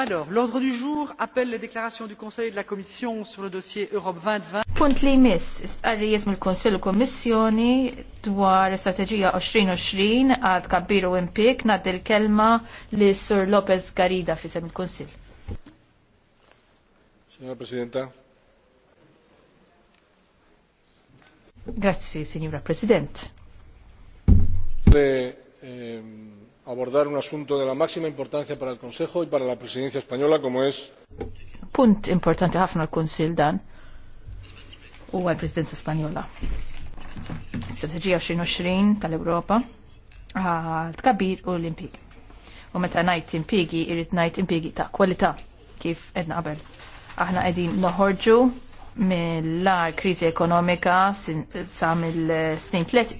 Alors, l'ordre du jour appelle les déclarations du Conseil et de la Commission sur le dossier Europe 2020. Punt li jmiss istqarrijiet mill konsil u Kommissjoni dwar l-Strategija 2020 għad kabbiru impik nad il-kelma li Sir Lopez Garida fi il konsil Signora Presidenta. Grazie, Signora President. Le, ehm abordar un asunto de la máxima importancia para el Consejo y para la presidencia española como es Punt importanti ħafna l-Kunsil dan u għal-Presidenza Spanjola. Strategija 2020 tal-Europa għal-tkabir ah, u l U meta najt irrit najt ta' kwalità kif edna qabel. Aħna noħorġu mill-lar kriżi ekonomika sa mill-snin tlet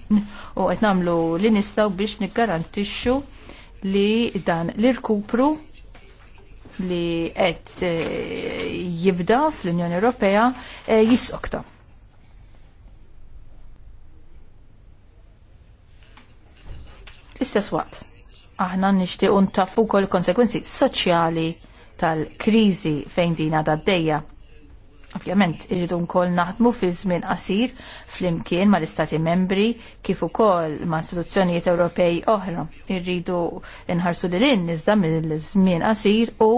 u qed nagħmlu li nistgħu biex niggarantixxu li dan l-irkupru li qed eh, jibda fl-Unjoni Ewropea eh, jisokta. Istess waqt, aħna nixtiequ ntafu kol konsekwenzi soċjali tal-kriżi fejn din għadha għaddejja. Ovvjament, irridu nkoll naħdmu fi żmien qasir flimkien mal-Istati membri kif ukoll ma' istituzzjonijiet Ewropej oħra. Irridu nħarsu lil in iżda mill-żmien qasir u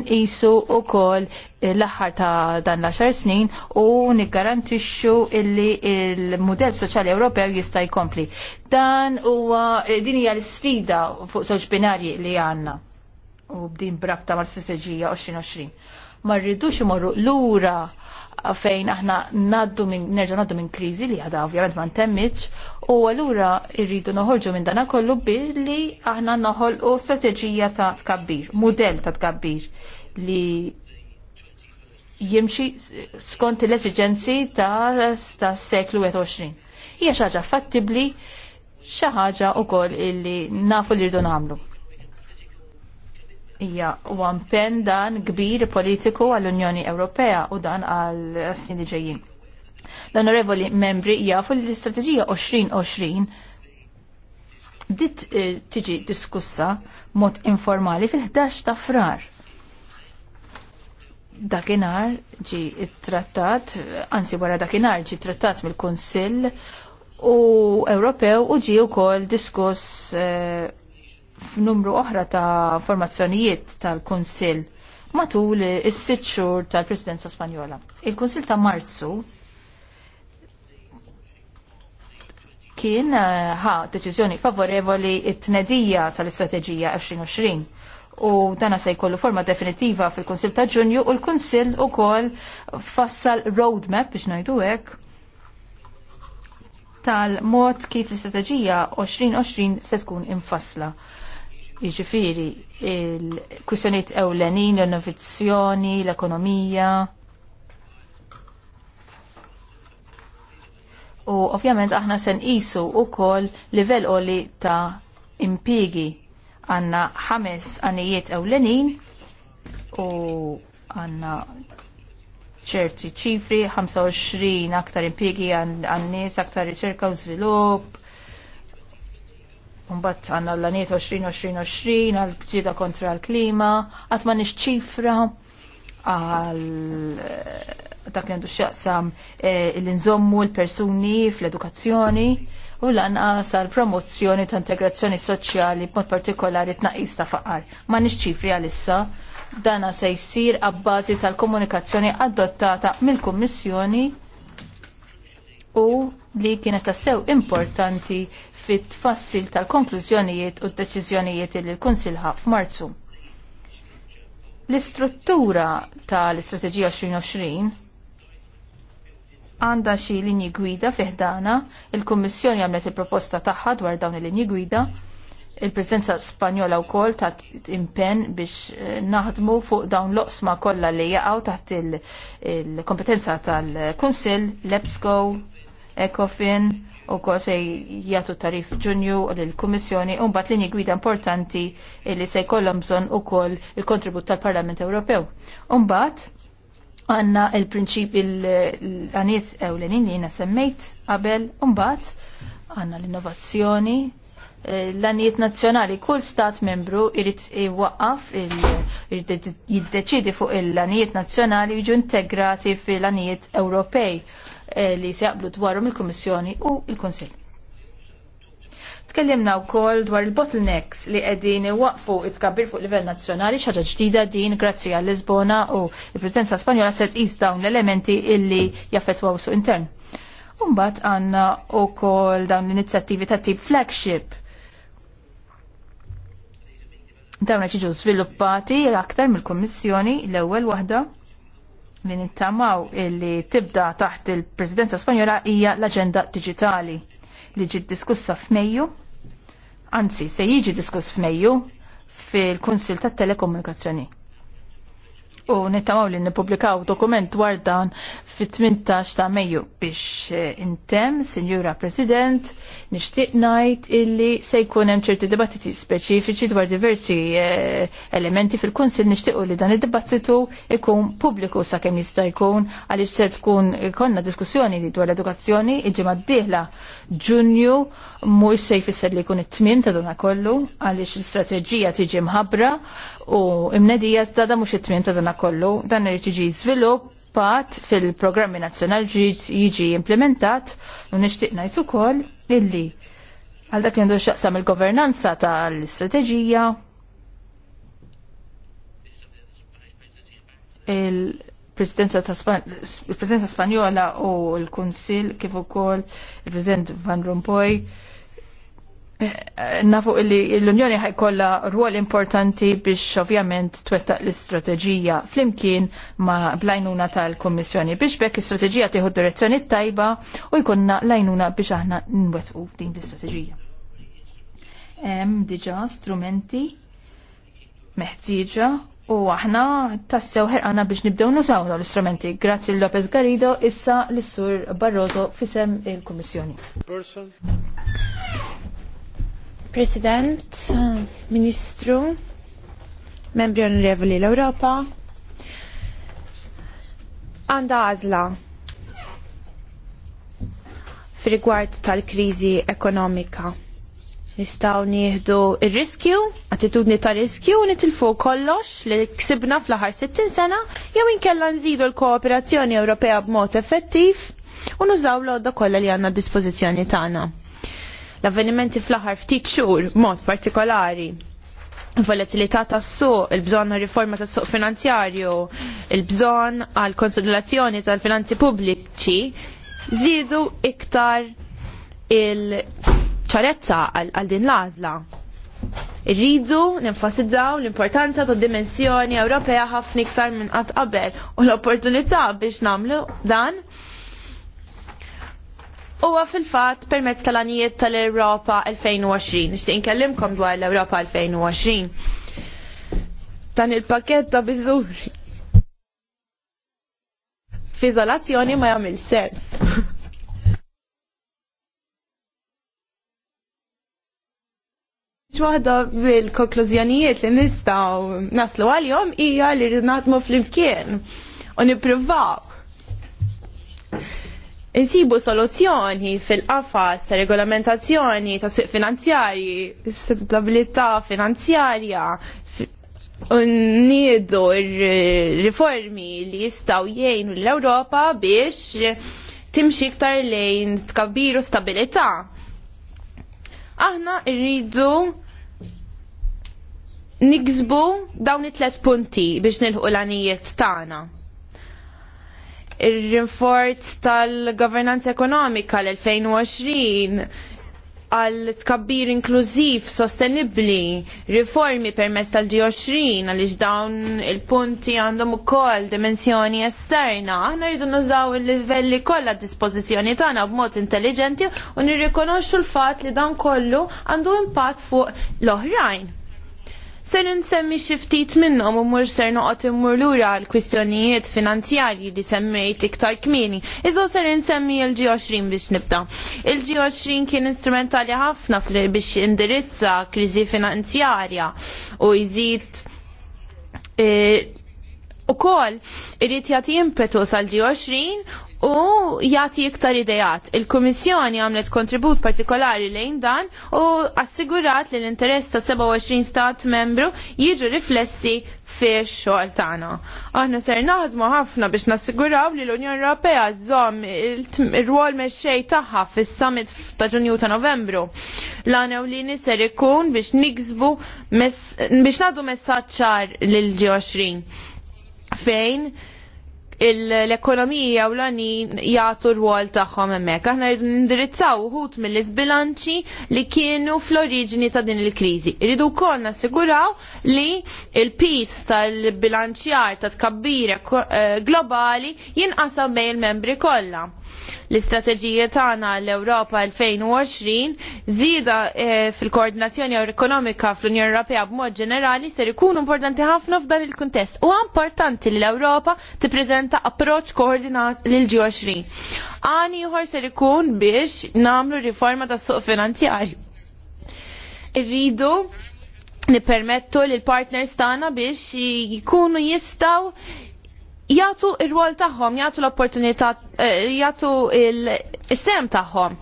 nqisu wkoll l-aħħar ta' dan l-10 snin u niggarantixxu illi il-mudell soċjali Ewropew jista' jkompli. Dan huwa din hija l-sfida fuq żewġ binarji li għandna u bdin brakta mal-istrateġija 2020 ma rridux imorru lura fejn aħna naddu minn nerġa' naddu minn kriżi li għadha ovvjament ma ntemmitx u allura rridu noħorġu minn dan kollu billi aħna noħolqu strateġija ta' tkabbir, mudell ta' tkabbir li jimxi skont l-esigenzi ta', ta seklu 21. Hija xi ħaġa fattibbli xi ħaġa wkoll illi nafu li rridu nagħmlu hija huwa pen dan kbir politiku għall-Unjoni Ewropea u dan għal snin ġejjin. L-onorevoli membri jafu li l-istrateġija 2020 dit eh, tiġi diskussa mod informali fil-11 ta' frar. Dakinar ġi trattat, anzi wara dakinar ġi trattat mill-Konsill u Ewropew u ġi u kol diskuss eh, numru oħra ta' formazzjonijiet tal-Kunsill matul is-sitt xhur tal-Presidenza Spanjola. Il-Kunsill ta' Marzu kien eh, ħa deċiżjoni favorevoli it-tnedija tal-Istrateġija 2020 u dana se jkollu forma definitiva fil kunsil ta' Ġunju u l kunsil u kol fassal roadmap biex najdu hekk tal-mod kif l-istrateġija 2020 se tkun infassla. Jiġifieri il-kwistjonijiet ewlenin, l-innovazzjoni, l-ekonomija. U ovvjament aħna se nqisu wkoll livell oli ta' impigi għandna ħames għanijiet ewlenin u għandna ċerti ċifri, 25 aktar impigi għan nies aktar riċerka u żvilupp, Mbatt għanna l-għaniet 20-20-20 għal-ġida kontra l-klima, għatman ċifra għal dak li għandu xaqsam eh, l-inżommu l-persuni fl-edukazzjoni u lanqas għal promozzjoni ta' integrazzjoni soċjali b'mod partikolari tnaqis ta' faqar. Ma ċifri għalissa dana se jsir għabbażi tal-komunikazzjoni adottata mill-Kummissjoni u li kienet tassew importanti fit tfassil tal-konklużjonijiet u d-deċiżjonijiet li l-Kunsil ħaf f'Marzu. L-istruttura tal-Istrateġija 2020 għandha xi linji gwida fiħdana, il-Kummissjoni għamlet il-proposta tagħha dwar dawn il-linji gwida, il-Presidenza Spanjola wkoll tat impenn biex eh, naħdmu fuq dawn l-oqsma kollha li jaqgħu taħt il-kompetenza tal-Kunsill, l-EPSCO, ECOFIN u se jagħtu tarif ġunju u lill-Kummissjoni u mbagħad linji gwida importanti li se jkollhom bżonn ukoll il-kontribut tal-Parlament Ewropew. Un bat għandna il-prinċip il-għaniet ewlenin li jiena semmejt qabel un bat għandna l-innovazzjoni l-għaniet nazzjonali kull stat membru irid iwaqqaf jiddeċidi fuq il-għaniet nazzjonali jiġu integrati fil-għaniet Ewropej Eh, li se jaqblu dwarhom il-Kummissjoni u il-Kunsill. Tkellimna wkoll dwar il-bottlenecks li qegħdin iwaqfu it-tkabbir fuq livell nazzjonali xaġa ġdida din grazzi għal Lisbona u l-Presidenza Spanjola se tqis dawn l-elementi illi jaffettwaw suq intern. Umbat għandna wkoll dawn l-inizjattivi ta' tip flagship dawn jiġu sviluppati aktar mill kummissjoni l-ewwel waħda li nittamaw illi tibda taħt il-Presidenza Spanjola hija l-aġenda digitali li ġiet diskussa f'Mejju, anzi se jiġi diskuss f'Mejju fil-Kunsil tat-Telekomunikazzjoni u nittamaw li nipublikaw dokument dwar dan fit-18 ta' Mejju biex eh, intem, Sinjura President, nixtieq ngħid illi se jkun hemm ċerti dibattiti speċifiċi dwar diversi eh, elementi fil-Kunsil nixtiequ li dan id-dibattitu ikun pubbliku sakemm jista' jkun għaliex se tkun konna diskussjoni dwar l-edukazzjoni il-ġimgħa d-dieħla Ġunju mhux se jfisser li jkun it tmien ta' dana kollu għaliex l-istrateġija tiġi mħabbra u imnedija dada mhux it tmien ta' dana kollu dan irid jiġi żviluppat fil-programmi nazzjonali jiġi implementat u nixtieq ngħid ukoll illi għal dak li għandu xaqsam il-governanza tal-istrateġija il-presidenza il-presidenza spanjola u l-kunsil kif ukoll il-president Van Rompuy nafu li l-Unjoni ħajkolla rwol importanti biex ovvjament twettaq l-istrateġija flimkien ma blajnuna tal-Kommissjoni biex bekk l-istrateġija tieħu direzzjoni tajba u jkunna lajnuna biex aħna nwettqu din l-istrateġija. Hemm diġà strumenti meħtieġa u aħna tassew ħerqana biex nibdew nużaw l-istrumenti. Grazzi l-Lopez Garrido issa l-Sur Barroso fisem il-Kommissjoni. President, Ministru, Membri Onorevoli l-Europa, għanda għazla fil-rigward tal-krizi ekonomika. Nistaw nieħdu ir-riskju, attitudni ta' riskju nitilfu kollox li ksibna fl-aħħar 60 sena jew inkella nżidu l-kooperazzjoni Ewropea b'mod effettiv u nużaw l-għodda kollha li għandna dispożizzjoni tagħna. L-avvenimenti fl-aħħar ftit xhur mod partikolari il volatilità tas suq il-bżon riforma tas suq finanzjarju, il-bżon għal konsolidazzjoni tal-finanzi pubbliċi, zidu iktar il-ċarezza għal din l-għażla. Irridu nenfasizzaw l-importanza ta' dimensjoni Ewropea ħafna iktar minn qatt qabel u l-opportunità biex nagħmlu dan huwa fil-fatt permezz tal-anijiet tal-Europa 2020. Nixtieq inkellimkom dwar l-Europa 2020. Dan il-pakett ta' biżuri. F'izolazzjoni ma jagħmel sens. waħda bil-konklużjonijiet li nistaw naslu għal-jom hija li rridu fl-imkien u nippruvaw insibu soluzzjoni fil-qafas ta' regolamentazzjoni ta' suq finanzjarji, stabilità finanzjarja, nidu riformi li jistaw jgħinu l-Europa biex timxi iktar lejn tkabbiru stabilità. Aħna rridu nigzbu dawn it-tlet punti biex nilħu l-anijiet tagħna ir-rinforz tal-governanza ekonomika l-2020 għal tkabbir inklużiv, sostenibli, riformi permess tal-G20 għaliex dawn il-punti għandhom ukoll dimensjoni esterna. Aħna rridu nużaw il-livelli kollha dispożizzjoni tagħna b'mod intelligenti u nirrikonoxxu l-fatt li dan kollu għandu impatt fuq l-oħrajn. Ser nsemmi xi ftit minnhom u mhux ser noqgħod immur lura għal kwistjonijiet finanzjarji li semmejt iktar kmieni. Iżda ser nsemmi l-G20 biex nibda. Il-G20 kien instrumentali ħafna biex indirizza kriżi finanzjarja u jżid ukoll eh, u kol irrit impetu sal-G20 u jagħti iktar idejat. Il-Kummissjoni għamlet kontribut partikolari lejn dan u assigurat li l-interess ta' 27 stat membru jiġu riflessi fix-xogħol tagħna. Aħna ser naħdmu ħafna biex nassiguraw li l-Unjoni Ewropea zom il rwol meċċej tagħha fis-summit ta' Ġunju ta' Novembru. L-għana niser ikun biex niksbu biex nagħdu messaċċar lil G20 fejn l-ekonomija u l-għanin jgħatu r-wol taħħom emmek. Aħna rridu nindirizzaw uħut mill-izbilanċi li kienu fl-oriġini ta' din il-krizi. Rridu kol nassiguraw li il piz tal-bilanċjar ta' tkabbir eh, globali jinqasaw bejn il-membri kollha L-istrateġija tagħna l-Ewropa 2020 żieda eh, fil-koordinazzjoni ekonomika fl-Unjoni Ewropea b'mod ġenerali ser ikunu importanti ħafna f'dan il-kuntest. U importanti li l-Ewropa tippreżenta approċċ koordinat lil G20. Għani ieħor ser ikun biex nagħmlu riforma tas-suq finanzjarju. Irridu nippermettu lill partners tagħna biex jkunu jistgħu jgħatu il wol tagħhom, jagħtu l-opportunità, eh, jagħtu il-sem tagħhom.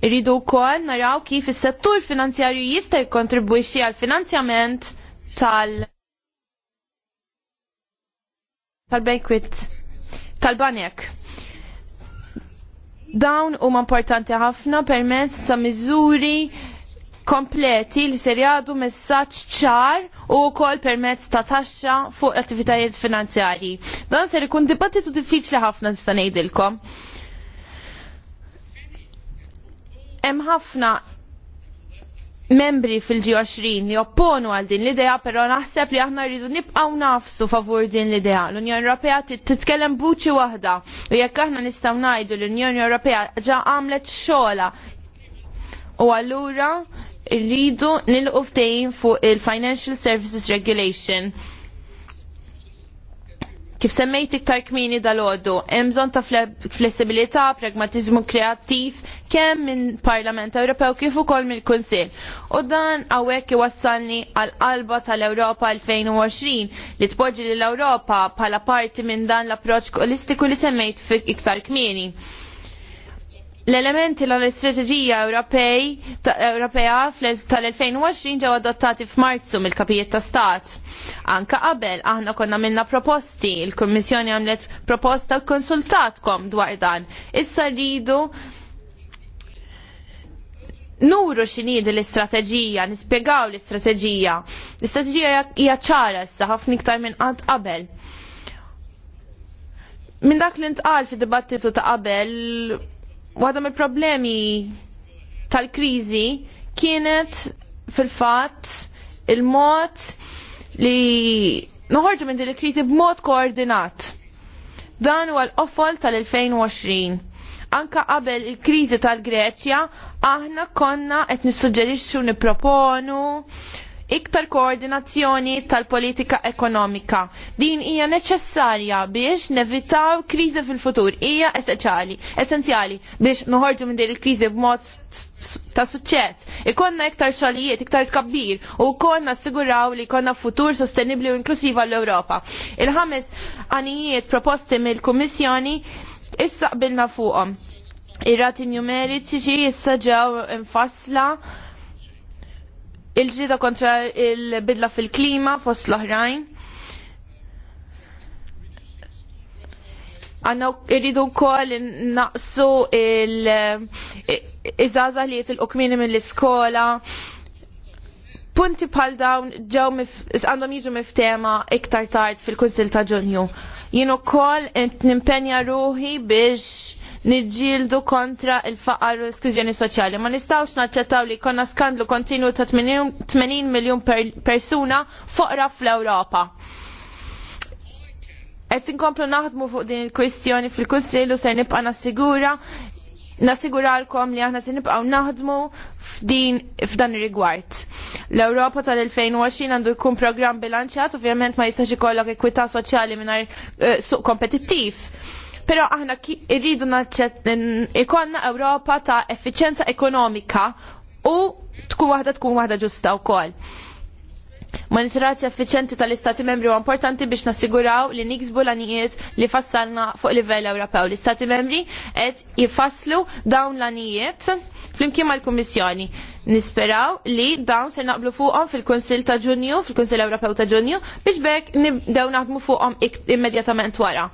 Irridu wkoll naraw kif is-settur finanzjarju jista' jikkontribwixxi għal finanzjament tal- tal tal-banek. Dawn huma importanti ħafna permezz ta' miżuri kompleti li ser jgħadu messaċ ċar u wkoll permezz ta' taxxa fuq attivitajiet finanzjarji. Dan ser ikun dibattitu diffiċli ħafna nista' ngħidilkom. Hemm ħafna membri fil-G20 li opponu għal din l-idea, però naħseb li aħna rridu nibqgħu nafsu favur din l-idea. L-Unjoni Ewropea titkellem buċi waħda u jekk aħna nistgħu ngħidu l-Unjoni Ewropea ġa għamlet xogħla u allura rridu nilqu ftehim fuq il-Financial Services Regulation. Kif semmejt iktar kmini dal-ħodu, bżonn ta' flessibilità, pragmatizmu kreattiv, kemm minn Parlament Ewropew kif ukoll mill kunsil U dan hawnhekk wassalni għal qalba tal-Ewropa 2020 li tpoġġi l ewropa bħala parti minn dan l-approċċ kolistiku li semmejt iktar kmieni. L-elementi l istrateġija Ewropej Ewropea tal-2020 ġew adottati f'Marzu mill-kapijiet ta' stat. Anka qabel aħna konna minna proposti, il-Kummissjoni għamlet proposta konsultatkom dwar dan. Issa rridu nuru xinid l-istrateġija, nispiegaw l-istrateġija. L-istrateġija hija ċara issa ħafna iktar minn qatt qabel. Minn dak li ntqal fi dibattitu ta' qabel waħda mill-problemi tal-kriżi kienet fil-fatt il-mod li noħorġu minn din il-kriżi b'mod koordinat. Dan huwa l-qofol tal-2020. Anka qabel il-kriżi tal-Greċja aħna konna qed nissuġġerixxu nipproponu iktar koordinazzjoni tal-politika ekonomika. Din hija neċessarja biex nevitaw kriżi fil-futur. Hija essenzjali, essenzjali biex noħorġu minn din il-kriżi b'mod ta' suċċess. Ikonna iktar xogħlijiet, iktar tkabbir u konna assiguraw li konna futur sostenibli u inklusiva l-Ewropa. Il-ħames għanijiet proposti mill-Kummissjoni issa qbilna fuqhom. Ir-rati numeriċi issa ġew infassla il-ġida kontra il-bidla fil-klima fost l-oħrajn. Għanna irridu kol naqsu il-izaza li jitil-ukmini mill-iskola. Punti bħal dawn ġew għandhom jiġu miftema iktar tard fil-Kunsil ta' Ġunju. Jienu kol nimpenja ruħi biex nidġildu kontra il-faqar u l-esklużjoni soċjali. Ma nistawx naċċettaw li konna skandlu kontinu ta' 80 miljon persuna foqra fl-Ewropa. Qed inkomplu naħdmu fuq din il-kwistjoni fil-Kunsillu se nibqa' nassigura nassiguralkom li aħna se nibqgħu naħdmu f'din f'dan ir-rigward. L-Ewropa tal-2020 għandu jkun programm bilanċjat, ovvjament ma jistax ikollok ekwità soċjali mingħajr eh, suq kompetittiv Pero aħna irridu ikonna Ewropa ta' effiċenza ekonomika u tkun waħda tkun waħda ġusta wkoll. Monitoraġġ effiċenti tal-Istati membri huwa importanti biex nassiguraw li niksbu l-anijiet li fassalna fuq livell Ewropew. L-Istati membri qed jifasslu dawn l-anijiet flimkien mal-Kummissjoni. Nisperaw li dawn se naqblu fuqhom fil konsil ta' Ġunju, fil konsil Ewropew ta' Ġunju biex bekk nibdew naħdmu fuqhom immedjatament wara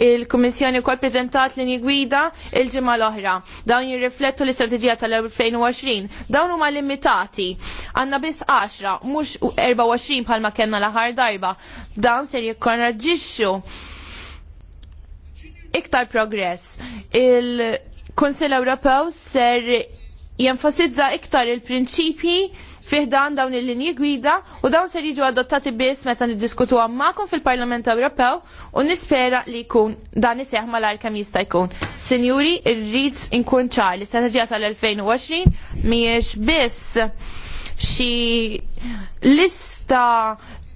il-Kummissjoni kol preżentat li gwida il-ġimgħa l-oħra. Dawn jirriflettu l istrategija tal-2020. Dawn huma limitati. Għanna biss 10, mhux 24 bħalma kellna l-aħħar darba. Dawn ser jikkoraġġixxu iktar progress. Il-Kunsill Ewropew ser jenfasizza iktar il-prinċipji fiħdan dawn il-linji gwida u dawn se jiġu adottati biss meta niddiskutu għammakom fil-Parlament Ewropew u nispera li jkun dan iseħ malajr kemm jista' jkun. Sinjuri, irrid inkun ċar l-istrateġija tal-2020 mhijiex biss xi lista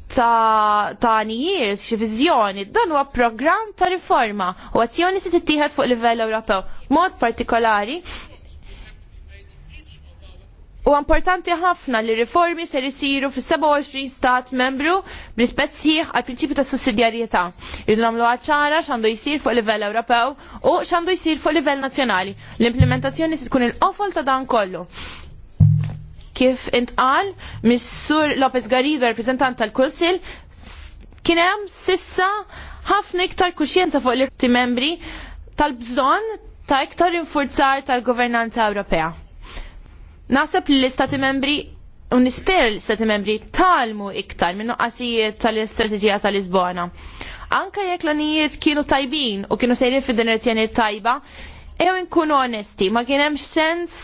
ta' għanijiet, xi viżjoni, dan huwa programm ta' riforma u azzjoni se tittieħed fuq livell Ewropew. Mod partikolari U importanti ħafna li riformi ser isiru fis-27 stat membru b'rispett sħiħ għal prinċipju ta' sussidjarjetà. Irdu nagħmlu ċara x'għandu jsir fuq livell Ewropew u x'għandu jsir fuq livell nazzjonali. L-implementazzjoni se tkun il-qofol ta' dan kollu. Kif intqal, Missur Lopez Garrido, reprezentant tal kulsil kien hemm sissa ħafna iktar kuxjenza fuq l-itti membri tal-bżonn ta' iktar infurzar tal-governanza Ewropea Naħseb li l-Istati membri u nisper l-Istati membri talmu iktar minnu nuqqasijiet tal-istrateġija tal-Lisbona. Anka jekk l-anijiet kienu tajbin u kienu sejrin fi direzzjoni tajba, Ew nkunu onesti, ma kien hemm sens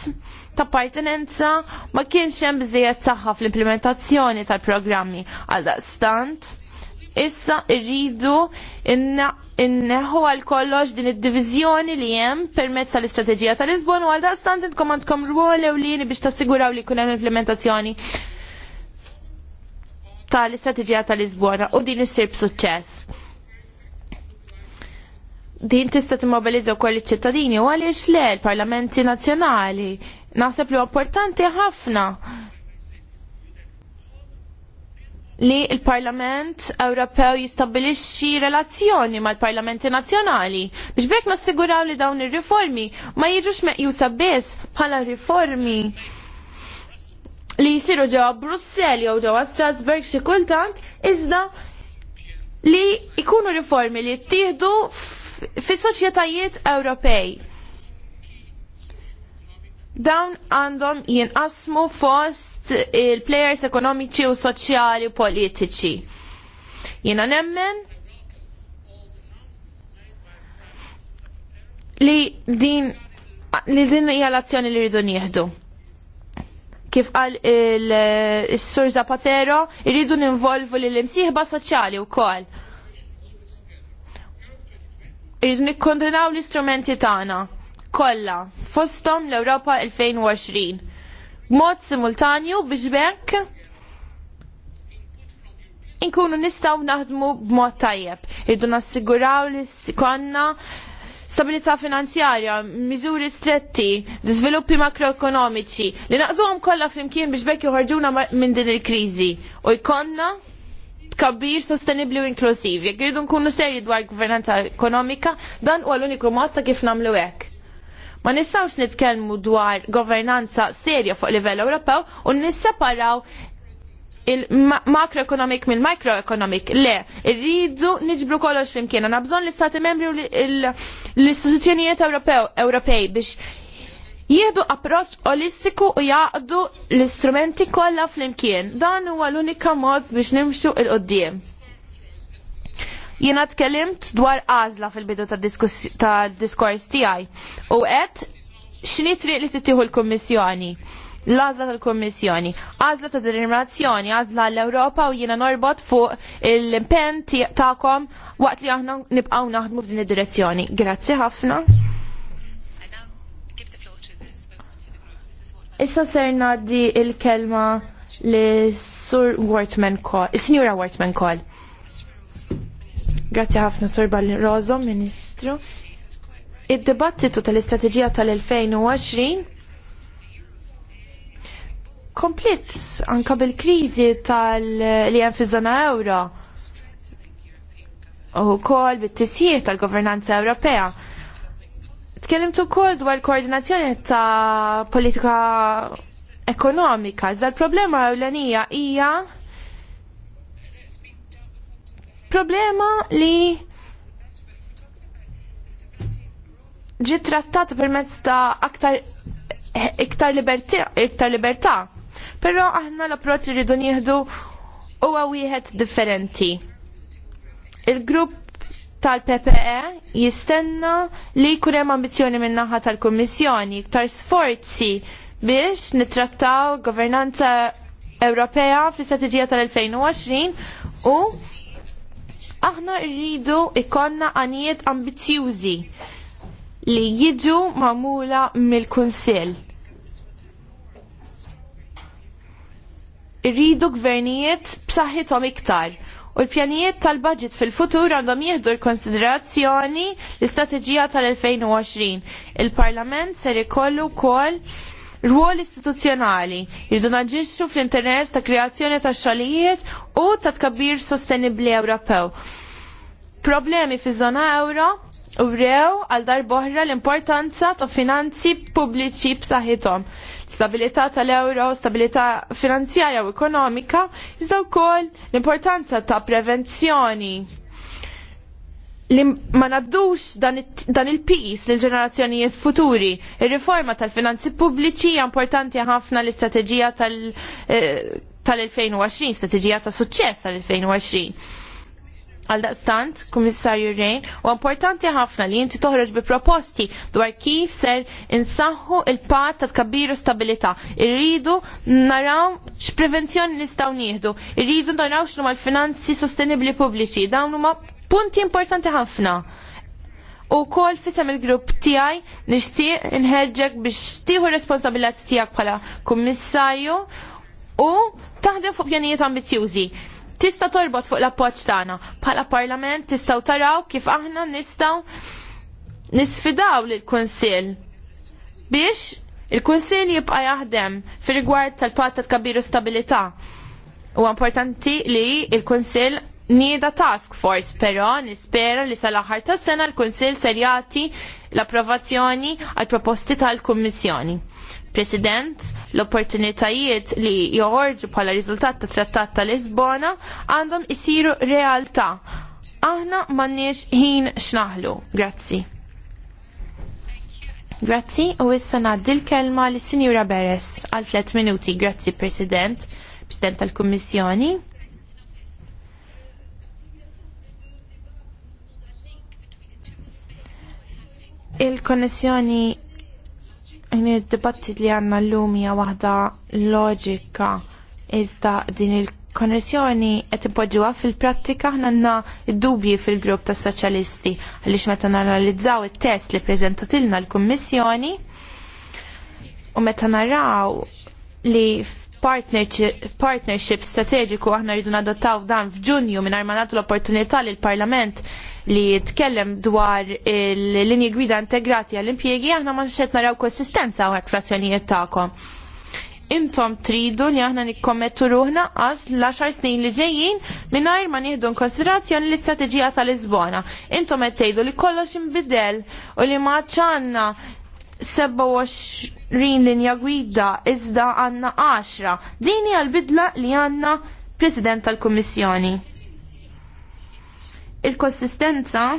ta' partenenza, ma kienx hemm bżejjed saħħa fl-implementazzjoni tal-programmi għal daqstant issa irridu inneħu għal kollox din id-divizjoni li hemm permezz tal-istrateġija tal-Lisbon u għal daqstant intkom għandkom rwol ewlieni biex tassiguraw li jkun hemm implementazzjoni tal-istrateġija tal-Lisbona u din issir b'suċċess. Din tista' timmobilizza wkoll iċ-ċittadini u għaliex le l-parlamenti nazzjonali. Naħseb li importanti ħafna li l parlament Ewropew jistabilixxi relazzjoni mal-Parlamenti Nazzjonali biex bekk nassiguraw li dawn ir-riformi ma jiġux meqjusa biss bħala riformi li jisiru ġewwa Brussell jew ġewwa Strasburg xi kultant iżda li jkunu riformi li jittieħdu fis-soċjetajiet Ewropej dawn għandhom jinqasmu fost il-plejers ekonomiċi u soċjali u politiċi. Jina nemmen li din li din hija l-azzjoni li rridu nieħdu. Kif qal il-Sur Zapatero, irridu ninvolvu li l-imsieħba soċjali wkoll. Irridu nikkondrinaw l-istrumenti tagħna kollha fosthom l-Ewropa 2020. Mod simultanju biex bekk inkunu nistaw naħdmu b'mod tajjeb. Irdu nassiguraw li konna stabilità finanzjarja, miżuri stretti, żviluppi makroekonomiċi li naqduhom kollha flimkien biex bekk joħorġuna minn din il-kriżi u jkollna tkabbir sostenibli u inklusiv. Jekk irridu nkunu serji dwar gvernanza ekonomika, dan huwa l-uniku mod ta' kif nagħmlu hekk. Ma nistgħux nitkellmu dwar governanza serja fuq livell Ewropew u nisseparaw il-makroekonomik mill microeconomic Le, irridu niġbru kollox flimkien. Għana bżon l-istati membri u l-istituzzjonijiet Ewropej biex jieħdu approċ olistiku u jaqdu l-istrumenti kollha flimkien. Dan huwa l-unika mod biex nimxu il-qoddim. Jiena tkellimt dwar għażla fil-bidu tad-diskors tiegħi u għed x'inhi triq li tittieħu l-Kummissjoni l-għazla tal-Kommissjoni, għazla ta' derimrazzjoni, għazla l-Europa u jiena norbot fuq l-impen ta'kom waqt li aħna nibqaw naħdmu f'din id-direzzjoni. Grazzi ħafna. Issa ser naddi il-kelma li Sur Wortman Call, Signora Wortman Call. Grazzi ħafna Sur Rozo, Ministru. Id-dibattitu tal-istrateġija tal-2020 komplet anka bil-krizi tal-li hemm fiż-żona euro u kol bit-tisjir tal-governanza Ewropea. Tkellimt ukoll dwar koordinazzjoni ta' politika ekonomika, iżda l-problema ewlenija hija Problema li ġi trattat permezz ta' aktar iktar libertà, iktar libertà. Però aħna l-approċċ li rridu nieħdu huwa wieħed differenti. Il-grupp tal-PPE jistenna li jkun hemm ambizzjoni min naħa tal-Kummissjoni, iktar sforzi biex nittrattaw governanza Ewropea fl-istrateġija tal-2020 u Aħna rridu ikonna għanijiet ambizjużi li jiġu mamula mill-Kunsill. Irridu gvernijiet b'saħħithom iktar u l-pjanijiet tal-budget fil-futur għandhom jieħdu l-konsiderazzjoni l-istrateġija tal-2020. Il-Parlament ser ikollu kol rwol istituzzjonali jridu naġixxu fl-interess ta' kreazzjoni ta' xogħlijiet u ta' tkabbir sostenibbli Ewropew. Problemi fi żona euro u rew għal darboħra l-importanza ta' finanzi pubbliċi b'saħħithom. Stabilità tal-euro, stabilità finanzjarja u ekonomika, iżda wkoll l-importanza ta' prevenzjoni li ma naddux dan il-pis l ġenerazzjonijiet futuri. Ir-riforma tal-finanzi pubbliċi hija importanti ħafna l-istrateġija tal- eh, tal-2020, strateġija ta' suċċess tal-2020. Għaldaqstant, Kummissarju Rejn, u importanti ħafna li inti toħroġ bi proposti dwar kif ser insaħħu il-pat ta' tkabbiru stabilita. Irridu naraw x'prevenzjoni nistgħu nieħdu, irridu naraw x'nu mal-finanzi sostenibbli pubbliċi, dawn huma punti importanti ħafna. U kol fisem il-grupp tijaj nishtiq nħedġek biex tiħu responsabilat tijak bħala kummissarju u taħdem fuq pjanijiet ambizjużi tista' torbot fuq l-appoġġ tagħna. Bħala Parlament tistgħu taraw kif aħna nistgħu nisfidaw lill-Kunsill biex il-Kunsill jibqa' jaħdem fir-rigward tal-patta tkabiru stabilità. U importanti li il-Kunsill nieda task force, però nispera li sal-aħħar tas-sena l-Kunsill ser jagħti l-approvazzjoni għal proposti tal-Kummissjoni. President, l-opportunitajiet li joħorġu bħala riżultat ta' trattat ta' Lisbona għandhom isiru realtà. Aħna m'għandniex ħin xnaħlu. Grazzi. Grazzi u issa ngħaddi l-kelma lis sinjura Beres għal tliet minuti. Grazzi President, President tal-Kummissjoni. il-konnessjoni id-dibattit li għanna l lumi hija waħda loġika izda din il konnessjoni qed ipoġġuha fil-prattika aħna għandna dubji fil-grupp tas soċjalisti għaliex meta nanalizzaw it-test li preżentatilna l kommissjoni u meta naraw li partnership strateġiku aħna rridu nadottaw dan f'Ġunju mingħajr ma nagħtu l-opportunità li l-Parlament li jitkellem dwar il-linji gwida integrati għall-impjegi aħna ma xed naraw konsistenza u frazzjonijiet tagħkom. Intom tridu li aħna nikkommettu ruħna għaz l-10 snin li ġejjin mingħajr ma nieħdu konsiderazzjoni l-istrateġija tal-Lisbona. Intom qed tgħidu li kollox inbidel u li ma ċanna 27 linja gwida iżda għanna 10. Dini għal-bidla li għanna President tal kummissjoni il-konsistenza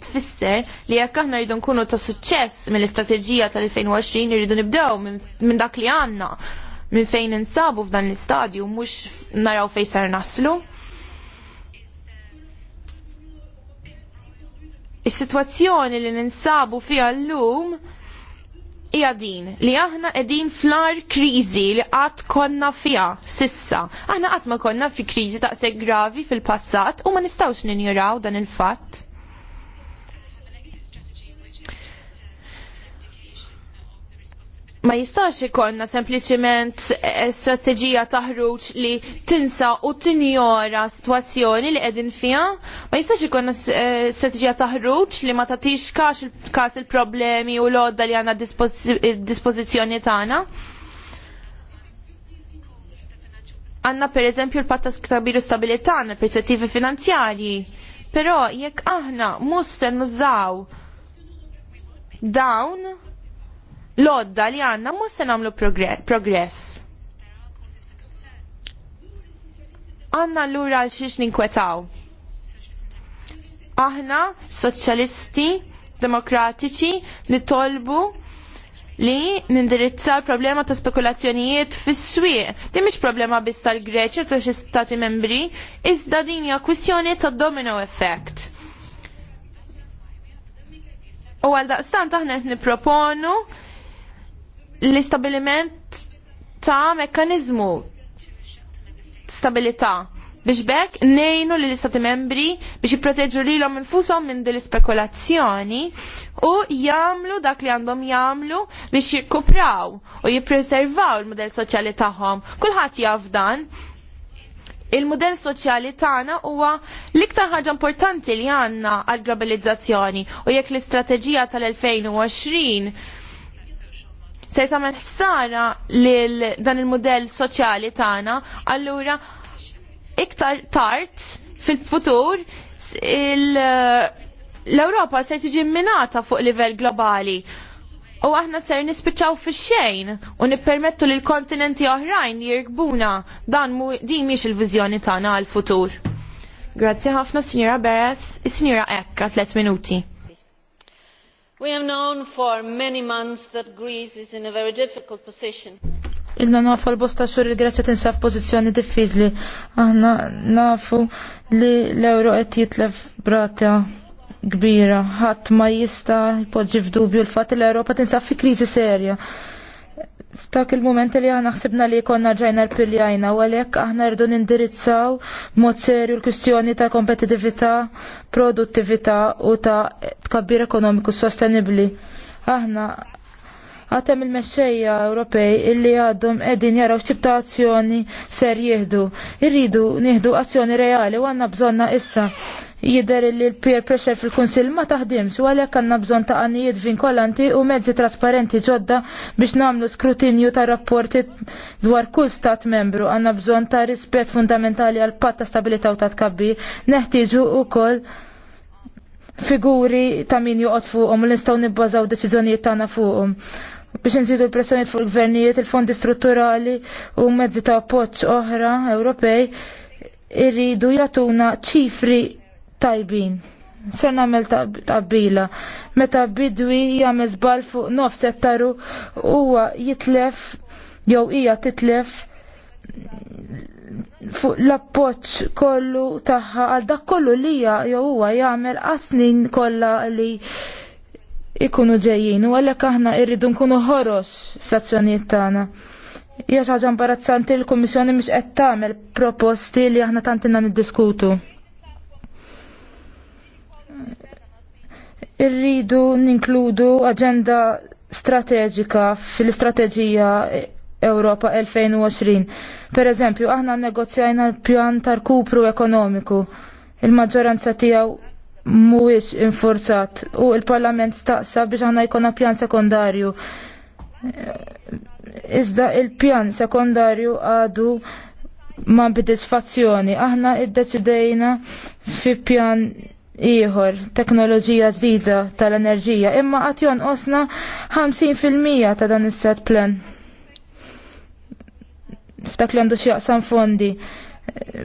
tfisser li jekk aħna rridu nkunu ta' suċċess mill-istrateġija tal-2020 rridu nibdew minn dak li għandna minn fejn insabu f'dan l-istadju mhux naraw fejn sar naslu. Is-sitwazzjoni li ninsabu fiha llum hija din li aħna qegħdin flar kriżi li qatt konna fiha sissa. Aħna qatt ma konna fi kriżi taqseg gravi fil-passat u ma nistgħux ninjuraw dan il-fatt. ma jistax ikonna sempliciment eh, strategija taħruġ li tinsa u tinjora situazzjoni li qegħdin fiha, ma jistax ikonna eh, strategija taħruġ li ma tagħtix kax każ il-problemi u l-odda li għandna dispożizzjoni tagħna. Għanna per eżempju l-patta stabilu stabilità għanna perspettivi finanzjarji, però jekk aħna mus se nużaw dawn Lodda li għanna mus se namlu progress. Għanna l-ura l-xiex ninkwetaw. Aħna, soċjalisti, demokratiċi, nitolbu li nindirizza l-problema ta' spekulazzjonijiet fis-swieq. Din problema biss tal-Greċja ta' xi stati membri, iżda din hija kwistjoni ta' domino effect. U għal daqstant aħna qed nipproponu l-istabiliment ta' mekanizmu stabilità biex bekk nejnu li l-istati membri biex jipproteġu li l-om infusom minn dil spekulazzjoni u jamlu dak li għandhom jamlu biex jikupraw u jipreservaw il-modell soċjali tagħhom. Kulħadd jaf dan il-modell soċjali tagħna huwa l-iktar ħaġa importanti li għandna għall-globalizzazzjoni u jekk l-istrateġija tal-2020 se tagħmel ħsara lil dan il-mudell soċjali tagħna, allura iktar tard fil-futur l-Ewropa ser tiġi minata fuq livell globali. U aħna ser nispiċċaw fix-xejn u nippermettu lil kontinenti oħrajn jirkbuna dan mu din mhix il-viżjoni tagħna għall-futur. Grazzi ħafna Sinjora Beres, is-Sinjora Ekka tliet minuti. We have known for many months that Greece is in a very difficult position. Illa nafu l-bosta xur il-Greċja tinsab pozizjoni diffiżli. Aħna nafu li l-euro qed jitlef bratja kbira. Ħadd ma jista' jpoġġi f'dubju l-fatt l-Ewropa tinsab fi kriżi serja f'dak il-moment li aħna ħsibna li konna ġajna l-piljajna u għalhekk aħna rridu nindirizzaw mod serju l kustjoni ta' kompetitività, produttività u ta' tkabbir ekonomiku sostenibbli. Aħna Għatem il-mexxejja Ewropej illi għaddum qegħdin jaraw x'ibta azzjoni ser jieħdu. Irridu nieħdu azzjoni reali u għandna bżonna issa jider li l-peer pressure fil-Kunsil ma taħdimx u għalhekk għandna bżonn ta' għannijiet vinkolanti u mezzi trasparenti ġodda biex nagħmlu skrutinju ta' rapporti dwar kull stat membru. Għandna bżonn ta' rispett fundamentali għal patt ta' u ta' tkabbi. Neħtieġu wkoll figuri ta' min joqgħod fuqhom u nistgħu nibbażaw deċiżjonijiet tagħna fuqhom biex nżidu l-pressjoni fuq il-gvernijiet, il-fondi strutturali u mezzi ta' appoġġ oħra Ewropej irridu jatuna ċifri tajbin. Se nagħmel tabbila. Meta bidwi jagħmel żball fuq nofs settaru huwa jitlef jew hija titlef fuq l-appoġġ kollu tagħha għal dak kollu li hija jew huwa jagħmel għas kollha li ikunu ġejjin u għalhekk aħna rridu nkunu ħoros fl-azzjonijiet tagħna. Hija xi ħaġa imbarazzanti l-Kummissjoni mhux qed tagħmel proposti li aħna tant inna niddiskutu. Irridu ninkludu aġenda strateġika fil-istrateġija Europa 2020. Per eżempju, aħna negozjajna l-pjan tal-kupru ekonomiku. Il-maġġoranza tiegħu mhuwiex infurzat u l parlament staqsa biex aħna jkollna pjan sekondarju. Iżda il-pjan sekondarju għadu ma bidisfazzjoni. Aħna iddeċidejna fi pjan ieħor teknoloġija ġdida tal-enerġija imma qatt jonqosna 50% ta' dan is-set plan. F'dak li għandu x'jaqsam fondi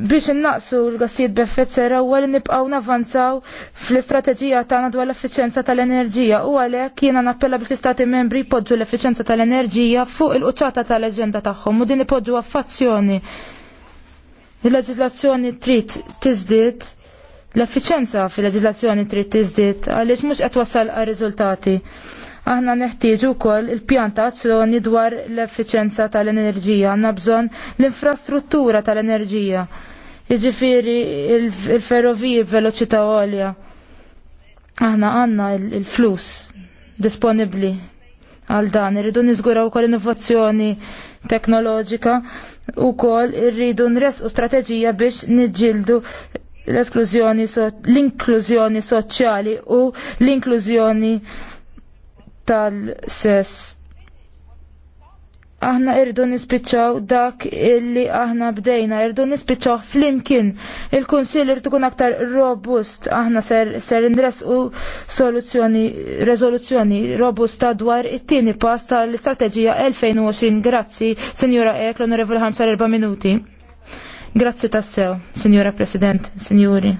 biex innaqsu l-gassijiet b'effett serra u għalli nibqaw navanzaw fl-istrateġija tagħna dwar l-effiċenza tal-enerġija u għalhekk jiena nappella biex l-istati membri jpoġġu l-effiċenza tal-enerġija fuq il-quċċata tal-eġenda tagħhom u din ipoġġu affazzjoni. Il-leġiżlazzjoni trid tiżdied l-effiċenza fil-leġiżlazzjoni trid tiżdied għaliex mhux qed wassal għar riżultati. Aħna neħtieġu wkoll il-pjantazzjoni dwar l-effiċenza tal-enerġija, għandna bżonn l-infrastruttura tal-enerġija. Jiġifieri il-ferroviji veloċità għolja. Aħna għandna il-flus disponibbli għal dan, irridu u ukoll innovazzjoni teknoloġika u kol irridu nresqu strateġija biex niġġildu l-esklużjoni, l-inklużjoni soċjali u l-inklużjoni tal-sess. Aħna irdu nispiċċaw dak illi aħna bdejna, irdu nispiċċaw flimkien. Il-Kunsill irdu kun aktar robust, aħna ser, ser indresqu soluzzjoni, rezoluzzjoni robusta dwar it-tieni pass tal-istrateġija 2020. Grazzi, Sinjura Ek, l-Onorevole Hamsar, erba' minuti. Grazzi tassew, Sinjura President, Sinjuri.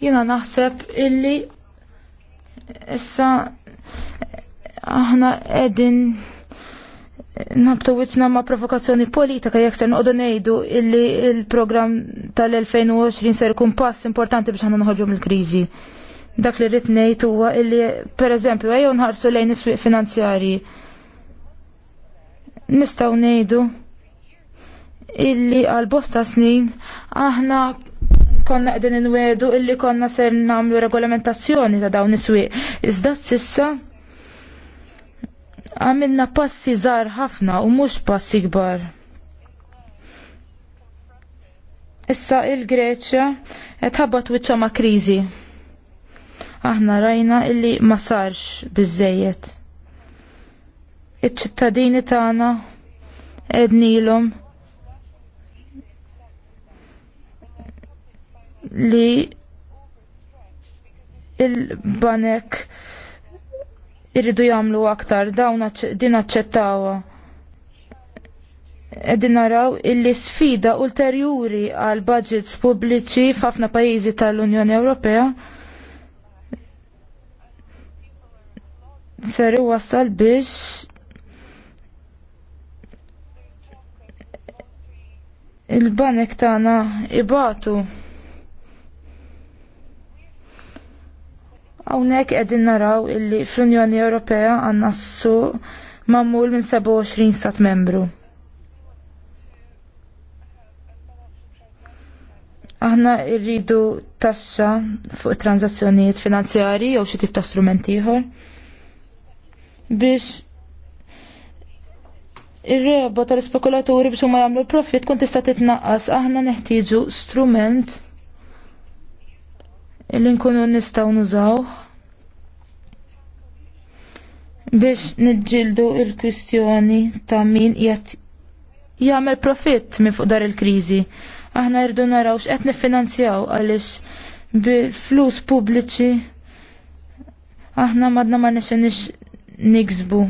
Jina naħseb illi Issa aħna qegħdin nabtu wiċna ma' provokazzjoni politika jekk ser noqogħdu ngħidu illi il program tal-2020 ser ikun pass importanti biex aħna noħorġu mill-kriżi. Dak li rrid ngħid huwa illi pereżempju ejjew nħarsu lejn is-swieq finanzjarji. Nistgħu ngħidu illi għal bosta snin aħna konna n inwedu illi konna ser nagħmlu regolamentazzjoni ta' dawn is-swieq. Iżda s'issa għamilna passi żgħar ħafna u mhux passi kbar. Issa il-Greċja qed wicċa ma' kriżi. Aħna rajna illi ma sarx bizzejiet. Iċ-ċittadini tagħna ednilhom li il-banek irridu jamlu aktar dawn din aċċettawa. Edin naraw illi sfida ulterjuri għal budgets pubbliċi f'ħafna pajjiżi tal-Unjoni Ewropea ser iwassal biex il-banek tagħna ibatu Hawnhekk qegħdin naraw illi fl-Unjoni Ewropea għanna s su mammul minn 27 stat membru. Aħna rridu tassa fuq transazzjonijiet finanzjarji jew xi tip ta' strument ieħor biex ir-reba tal-spekulaturi biex huma jagħmlu profit tkun tista' titnaqqas aħna neħtieġu strument illi nkunu nistgħu nużaw biex niġġieldu l kwistjoni ta' min qed jagħmel profitt minn fuq dar il-kriżi. Aħna rridu naraw x'qed niffinanzjaw għaliex bil-flus pubbliċi aħna madna ma nix niksbu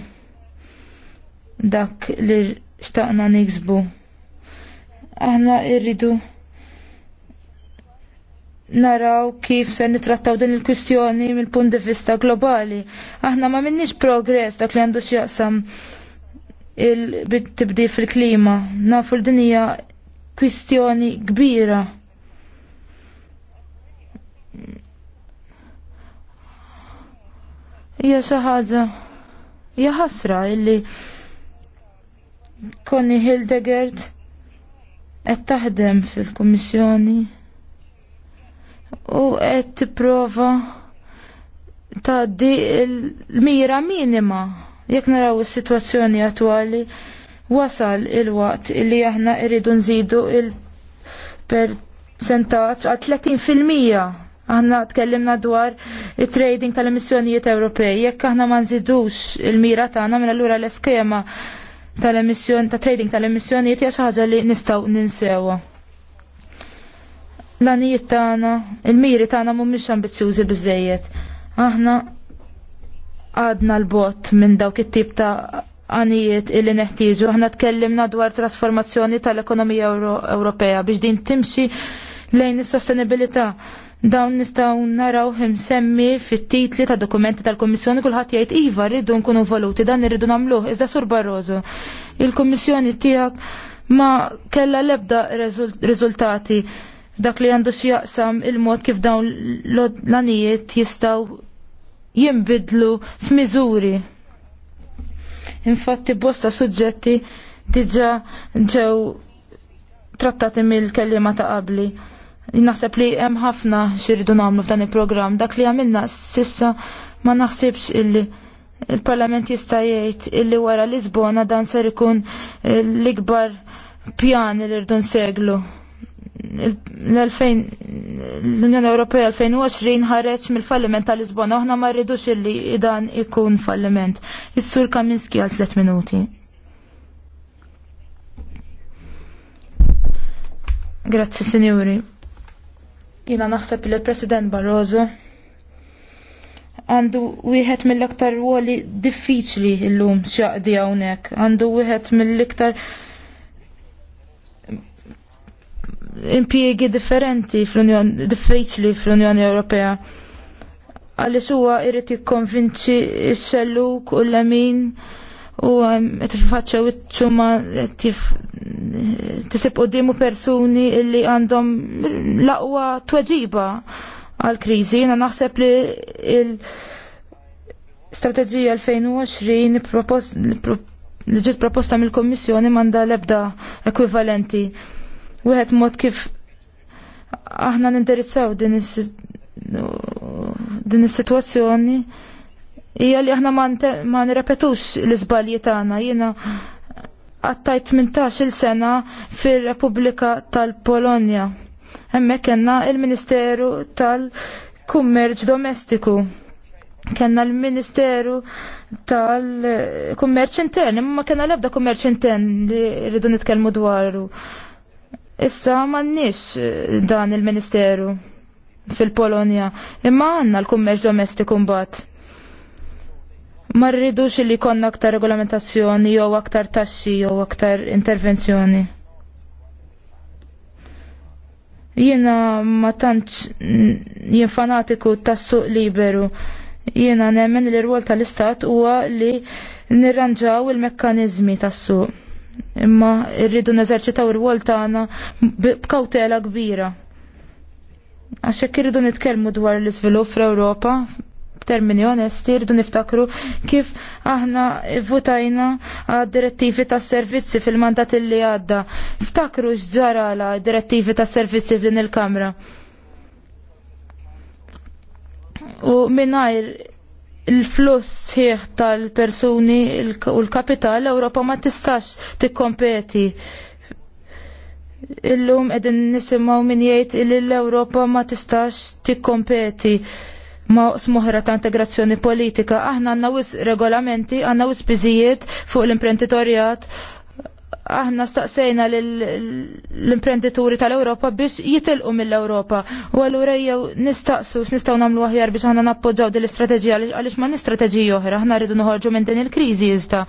dak li xtaqna niksbu. Aħna rridu naraw kif se nitrattaw din il-kwistjoni mill-punt di vista globali. Aħna ma minnix progress dak li għandu x'jaqsam il-tibdi fil-klima. Nafu l dinija kwistjoni kbira. Hija xi ħaġa. Hija ħasra illi Connie Hildegard qed taħdem fil-Kummissjoni u qed tipprova tgħaddi l-mira minima jekk naraw is-sitwazzjoni attwali wasal il-waqt li aħna rridu nżidu il-percentaġġ għal 30%. Aħna tkellimna dwar it-trading tal-emissjonijiet Ewropej. Jekk aħna ma nżidux il-mira tagħna minn mela allura l-eskema tal-emissjon ta' trading tal-emissjonijiet hija xi ħaġa li nistgħu ninsewha l-anijiet tagħna, il-miri tagħna mhumiex ambizzjużi biżejjed. Aħna għadna l-bot minn dawk it-tip ta' għanijiet illi neħtieġu. Aħna tkellimna dwar trasformazzjoni tal-ekonomija Ewropea biex din timxi lejn is-sostenibilità. Dawn nistgħu naraw semmi fit-titli ta' dokumenti tal kummissjoni kulħadd jgħid iva rridu nkunu voluti dan irridu nagħmluh iżda Sur Barroso. Il-Kummissjoni tiegħek ma kella l-ebda riżultati. Rezult dak li għandu jaqsam il-mod kif dawn l-anijiet jistaw jimbidlu f'miżuri. Infatti bosta suġġetti diġa ġew trattati mill-kellima ta' qabli. Naħseb li hemm ħafna xirridu nagħmlu f'dan il-programm. Dak li għamilna sissa ma naħsibx illi il-Parlament jista' jgħid illi wara Lisbona dan ser ikun l-ikbar pjan li rridu nseglu l-Unjoni Ewropea 2020 ħareġ mill-falliment tal-Lisbona, aħna ma rridux illi dan ikun falliment. Is-sur Kaminski għal 3 minuti. Grazzi, signori. Jina naħseb li l-President Barroso għandu wieħed mill-aktar ruoli diffiċli illum xaqdi hawnhekk, għandu wieħed mill-iktar impjiegi differenti fl-Unjoni diffiċli fl-Unjoni Ewropea. Għaliex huwa jrid jikkonvinċi s-selluk u l-lemin u qed ifaċċew iċ t-sib u persuni illi għandhom laqwa aqwa tweġiba għal kriżi Jiena naħseb li il strateġija 2020 li ġiet proposta mill komissjoni manda l-ebda ekwivalenti wieħed mod kif aħna nindirizzaw din is-sitwazzjoni hija li aħna ma nirrepetux l-iżbalji tagħna jiena għattajt minn il sena fir-Repubblika tal-Polonja. Hemmhekk kellna il-Ministeru tal-Kummerċ Domestiku. Kenna l-Ministeru tal-Kummerċ Intern, imma kellna l-ebda kummerċ intern li rridu nitkellmu dwaru. Issa m'għandniex eh, dan il-Ministeru fil-Polonja, imma għandna l-kummerċ domestiku mbagħad. Ma rridux li konna aktar regolamentazzjoni jew aktar taxxi jew aktar intervenzjoni. Jiena ma tantx jien fanatiku tas-suq liberu. Jiena nemmen li r-rwol tal-Istat huwa li nirranġaw il-mekkaniżmi tas-suq imma rridu neżerċitaw ir-wol tagħna b'kawtela kbira. Għax hekk irridu nitkellmu dwar l-iżvilupp fl-Ewropa, b'termini onesti, rridu niftakru kif aħna votajna għad direttivi tas servizzi fil-mandat li għadda. Ftakru x'ġara għala direttivi tas servizzi f'din il-Kamra. U minnajr il-fluss sħiħ tal-persuni u l-kapital l-Ewropa ma tistax tikkompeti. Illum qegħdin nisimgħu min jgħid li l-Ewropa ma tistax tikkompeti ma smuħra ta' integrazzjoni politika. Aħna għandna wis regolamenti, għandna wis biżijiet fuq l-imprenditorjat, aħna staqsejna l-imprenditori tal-Ewropa biex jitilqu mill-Ewropa. U allura jew nistaqsu nistgħu nagħmlu aħjar biex aħna nappoġġaw din l-istrateġija għaliex ma strateġija oħra, aħna rridu noħorġu minn din il-kriżi iżda.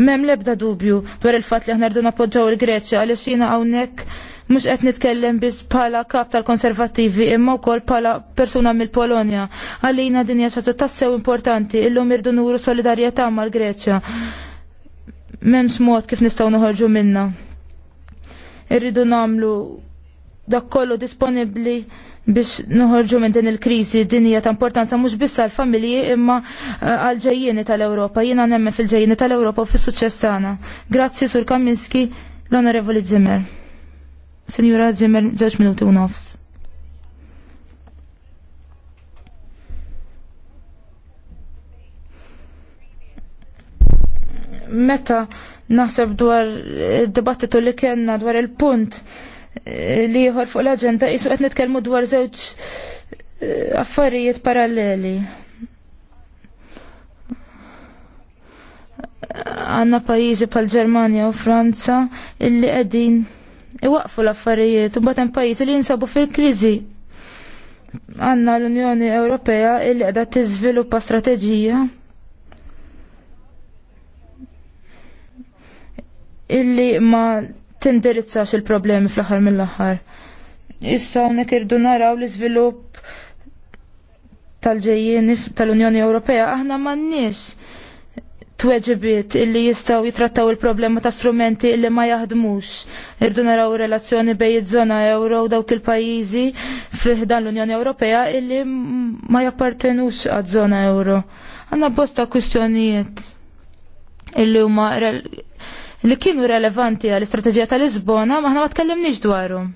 Mem lebda dubju dwar il-fatt li aħna rridu nappoġġaw il-Greċja għaliex jiena hawnhekk mhux qed nitkellem biss bħala kap tal-konservattivi imma wkoll bħala persuna mill-Polonja. Għalina din hija xi tassew importanti illum irdu nuru solidarjetà mal-Greċja. M'hemmx mod kif nistgħu noħorġu minna. Irridu nagħmlu dak kollu disponibbli biex noħorġu minn din il-kriżi din hija ta' importanza mhux biss għall-familji imma eh, għall-ġejjieni tal-Ewropa. Jiena nemmen fil-ġejjieni tal-Ewropa u fis-suċċess tagħna. Grazzi Sur Kaminski, l-Onorevoli Zimmer. Sinjura Zimmer, ġewġ minuti u nofs. meta naħseb dwar id-dibattitu li kellna dwar il-punt eh, li jħor fuq l-agenda jisu qed nitkellmu dwar żewġ eh, affarijiet paralleli. Għanna pajjiżi pal ġermanja u Franza illi qegħdin iwaqfu l-affarijiet u hemm pajjiżi li jinsabu fil-kriżi. Għanna l-Unjoni Ewropea illi qiegħda tiżviluppa strateġija illi ma tindirizzax il-problemi fl-aħħar mill-aħħar. Issa hawnhekk irdu naraw l-iżvilupp tal-ġejjien tal-Unjoni Ewropea aħna m'għandniex tweġibiet illi jistgħu jitrattaw il-problema ta' strumenti illi ma jaħdmux. Irdu naraw relazzjoni bejn iż-żona euro u dawk il-pajjiżi fl-ħdan l-Unjoni Ewropea illi ma jappartenux għad-żona euro. Għanna bosta kwistjonijiet illi huma li kienu relevanti għall istrateġija tal-Lisbona maħna ma tkellimniex dwarhom.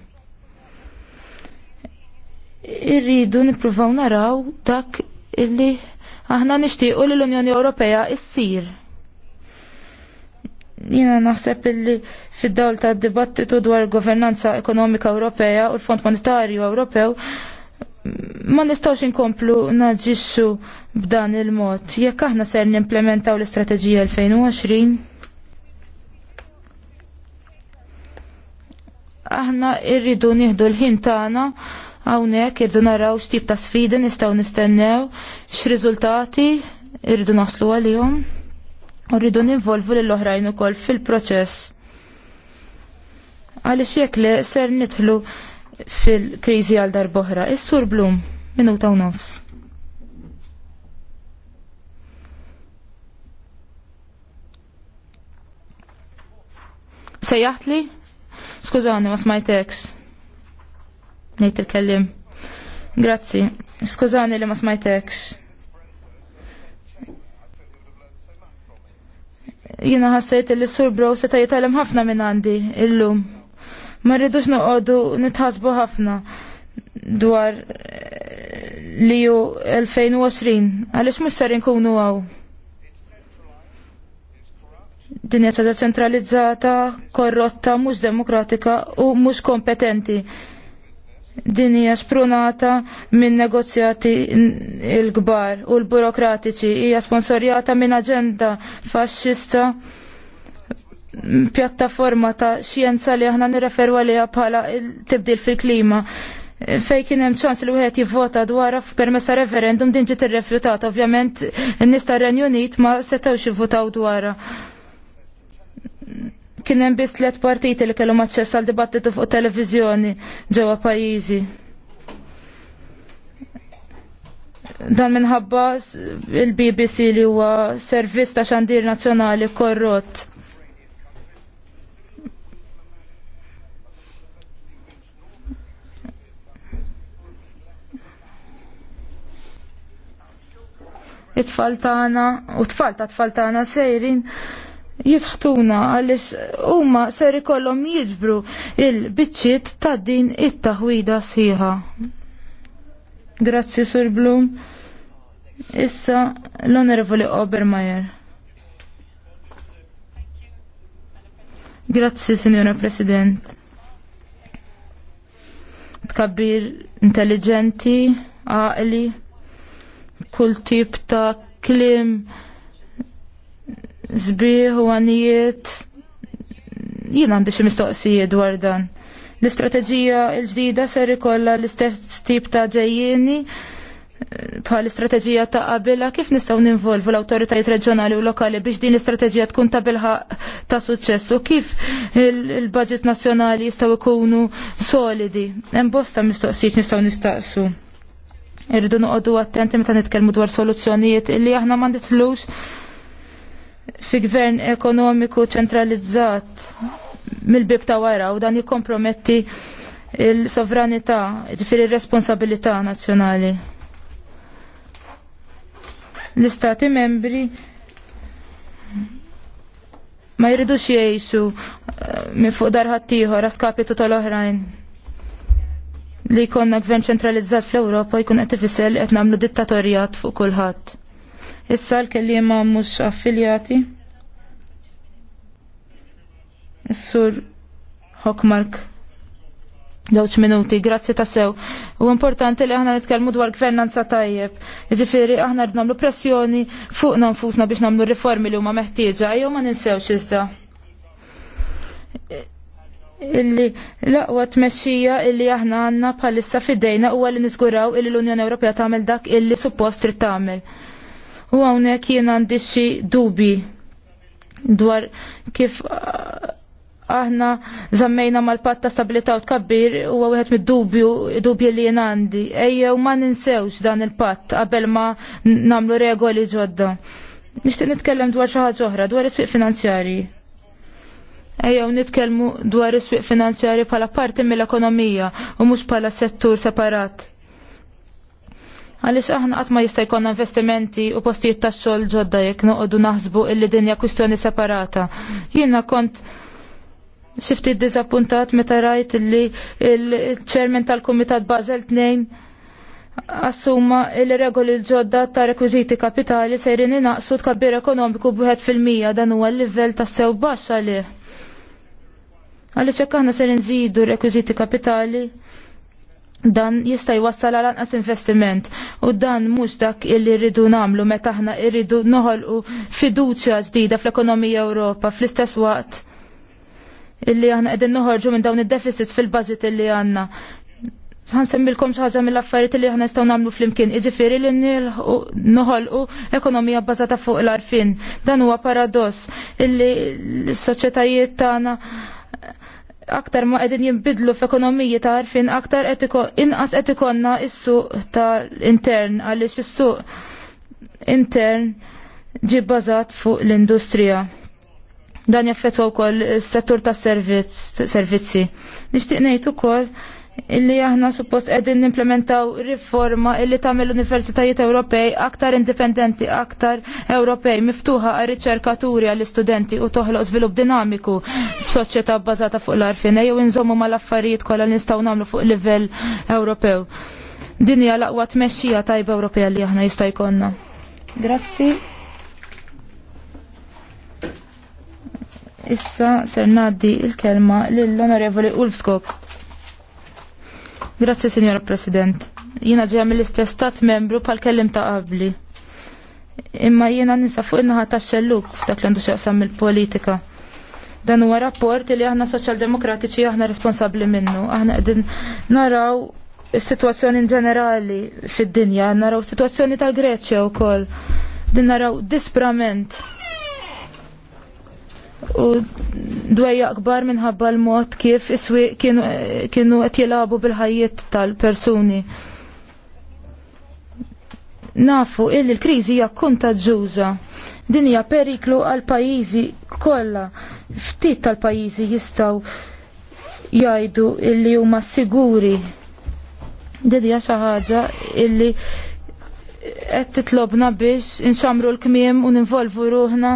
Irridu nippruvaw naraw dak illi aħna nixtiequ li l-Unjoni Ewropea issir. Jiena naħseb illi fid-dawl ta' dibattitu dwar governanza ekonomika Ewropea u l-Fond Monetarju Ewropew ma nistawx inkomplu naġixxu b'dan il-mod. Jekk aħna ser nimplementaw l-istrateġija 2020, aħna irridu nieħdu l-ħin tagħna hawnhekk irridu naraw x'tip ta' sfidi nistgħu nistennew, x'riżultati irridu naslu għalihom u rridu ninvolvu lill-oħrajn ukoll fil-proċess. Għaliex jekk le ser nidħlu fil-kriżi għal darboħra. Is-Sur Blum, minuta u nofs. Sejjaħtli? Skużani, ma smajtekx. Nejt il-kellim. Grazzi. Skużani li ma smajtekx. Jina ħassajt li sur bro se ta' jitalem ħafna minn għandi illum. Ma rridux noqodu nitħasbu ħafna dwar li ju 2020 għalix mux sarin kunu għaw din hija ċentralizzata, korrotta, mhux demokratika u mhux kompetenti. Din hija sprunata minn negozjati l-kbar u l-burokratiċi, hija sponsorjata minn aġenda faxxista pjattaforma ta' xjenza li aħna nirreferu għaliha bħala tibdil fil-klima fej kien hemm ċans li wieħed jivvota dwarha permezz ta' referendum din ġiet irrefjutata, ovvjament in-nies tar-Renju Unit ma setgħux jivvotaw dwarha kien hemm biss tliet partiti li kellhom aċċess għal dibattitu fuq televiżjoni ġewwa pajjiżi. Dan minħabba il-BBC li huwa servizz ta' xandir nazzjonali korrott. It-tfal tagħna u tfal ta' tfal tagħna sejrin jisħtuna għalix huma ser ikollhom jiġbru il-biċċiet ta' din it-taħwida siħa. Grazzi Sur Blum. Issa l-Onorevoli Obermeyer. Grazzi, Signora President. Tkabbir intelligenti, għaqli, kull tip ta' klim zbieħ u għanijiet. Jien għandi xi mistoqsijiet dwar dan. L-istrateġija l-ġdida ser ikollha l-istess tip ta' ġejjieni bħal l-istrateġija ta' qabila, kif nistgħu ninvolvu l-awtoritajiet reġjonali u lokali biex din l-istrateġija tkun ta' bilħa ta' suċċess u kif il-budget nazzjonali jistgħu jkunu solidi. Hemm bosta mistoqsijiet nistgħu nistaqsu. Irridu noqogħdu attenti meta nitkellmu dwar soluzzjonijiet illi aħna ma nitlux fi gvern ekonomiku ċentralizzat mill-bib ta' wara u dan jikkomprometti il-sovranità, ġifiri il-responsabilità nazzjonali. L-istati membri ma jridux jgħixu eh, minn fuq darħattijħor għaskapitu tal-oħrajn li jkollna gvern ċentralizzat fl-Ewropa jkun qed tifisser li qed nagħmlu dittatorjat fuq kulħadd. Issa l ma mhux affiljati. Sur Hockmark. Dawċ minuti, grazzi ta' sew. U importanti li aħna nitkellmu dwar gvernanza tajjeb. Ġifiri, aħna rid nagħmlu pressjoni fuq nfusna biex nagħmlu riformi li huma meħtieġa, jew ma ninsewx iżda. Illi l-aqwa tmexxija illi aħna għandna bħalissa fidejna huwa li niżguraw illi l-Unjoni Ewropea tagħmel dak illi suppost trid tagħmel u hawnhekk jien għandi xi dubi dwar kif uh, aħna zammejna mal-patt ta' stabilità u tkabbir u għawet mid-dubju, dubju li jien għandi. Ejjew ma ninsewx dan il-patt qabel ma namlu regoli ġodda. Nixtieq nitkellem dwar xi ħaġa oħra, dwar is-swieq finanzjarji. Ejjew nitkellmu dwar is-swieq finanzjarji bħala parti mill-ekonomija u mhux bħala settur separat. Għaliex aħna qatt ma jista' jkollna investimenti u postijiet tax-xogħol ġodda jekk noqogħdu naħsbu illi dinja kwistjoni separata. Jiena kont xifti dizappuntat meta rajt li il-ċermen tal-Kumitat Basel 2 assuma il-regoli l-ġodda ta' rekwiżiti kapitali sejrin inaqsu tkabbir ekonomiku b'wieħed fil-mija dan huwa l-livell ta' sew baxx għalih. Għaliex hekk aħna ser nżidu rekwiżiti kapitali dan jista' jwassal għal anqas investiment u dan mhux dak illi rridu nagħmlu meta aħna rridu noħolqu fiduċja ġdida fl-ekonomija Ewropa fl-istess waqt illi aħna qegħdin noħorġu minn dawn id-deficits fil-budget illi għandna. Għan semmilkom xaħġa mill-affarijiet li aħna nistgħu nagħmlu flimkien, iġifieri li noħolqu ekonomija bbażata fuq l-arfin. Dan huwa paradoss illi s-soċjetajiet tagħna aktar ma qegħdin jinbidlu f'ekonomiji ta' għarfien aktar etiko, inqas qed ikollna suq ta' intern għalix is-suq intern ġi bbażat fuq l-industrija. Dan jaffetwa wkoll is-settur tas-servizzi. Nixtieq ngħid ukoll illi aħna suppost qegħdin nimplementaw riforma illi tagħmel universitajiet Ewropej aktar indipendenti, aktar Ewropej, miftuħa għal riċerkaturi għall istudenti u toħloq żvilupp dinamiku f'soċjetà bbażata fuq l-arfin jew inżommu mal-affarijiet kollha li nistgħu nagħmlu fuq livell Ewropew. Din hija l-aqwa tmexxija tajba Ewropea li aħna jista' jkollna. Grazzi. Issa ser ngħaddi l kelma lill-Onorevoli Ulfskog. Grazzi, Signora President. Jina ġeja mill-istess stat membru pal-kellim ta' qabli. Imma jiena nisa fuq innaħa ta' xelluk f'dak li għandu xaqsam mill-politika. Dan huwa rapport li aħna soċjaldemokratiċi aħna responsabbli minnu. Aħna qegħdin naraw is-sitwazzjoni ġenerali fid-dinja, naraw situazzjoni sitwazzjoni tal-Greċja wkoll. Din naraw disprament u dwejja akbar minħabba l-mod kif iswi kienu qed jilabu bil-ħajjiet tal-persuni. Nafu illi l-kriżi hija kontaġġuża. Din hija periklu għal pajjiżi kollha. Ftit tal-pajjiżi jistgħu jgħidu illi huma siguri. Din hija xi ħaġa illi qed titlobna biex inxamru l-kmiem u ninvolvu ruħna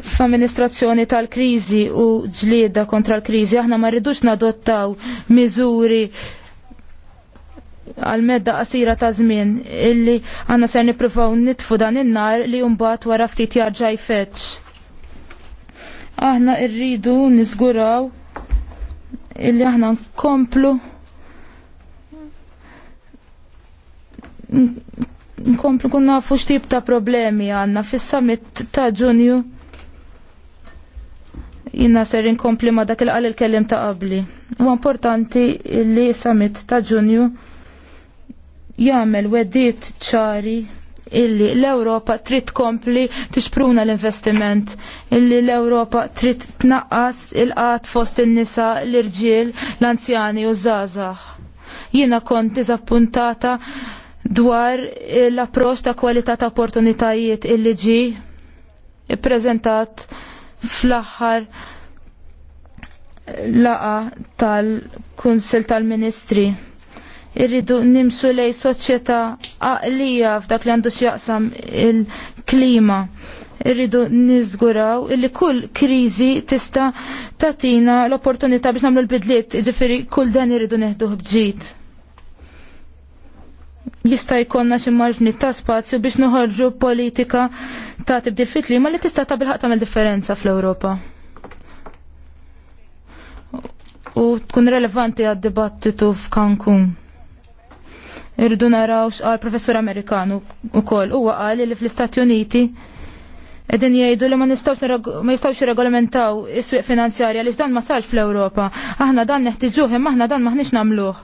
f'amministrazzjoni tal-kriżi u ġlieda kontra l-kriżi aħna ma rridux nadottaw miżuri għal medda qasira ta' żmien illi għanna ser nippruvaw nitfu dan in-nar li mbagħad wara ftit jarġa' jfetx. Aħna rridu niżguraw illi aħna nkomplu nkomplu kun nafu x'tip ta' problemi għandna fis-summit ta' Ġunju jina ser inkompli ma dak il-qal il-kellim ta' qabli. U importanti li summit ta' ġunju jagħmel weddiet ċari illi l-Ewropa trid tkompli tixpruna l-investiment, illi l-Ewropa trid tnaqqas il-qat fost in-nisa, l-irġiel, l-anzjani u żgħażagħ. Jiena kont diżappuntata dwar l-approċċ ta' kwalità ta' opportunitajiet illi ġi ppreżentat fl-aħħar laqa tal-Kunsil tal-Ministri. Irridu nimsu lej soċjetà għaqlija f'dak li għandu x'jaqsam il-klima. Irridu niżguraw illi kull kriżi tista' tatina l-opportunità biex nagħmlu l-bidliet, ġifieri kull dan irridu neħduh bġid jista' jkollna xi marġni ta' spazju biex noħorġu politika ta' tibdil fil-klima li tista' ta' bilħaq tagħmel differenza fl-Ewropa. U tkun relevanti għad-dibattitu f'Cancun. Irridu naraw x'qal professur Amerikanu ukoll huwa qal li fl-Istati Uniti Edin jgħidu li ma nistawx regolamentaw is-swieq finanzjarja li dan ma sarx fl-Ewropa. Aħna dan neħtiġuħ, imma aħna dan maħniex nagħmluh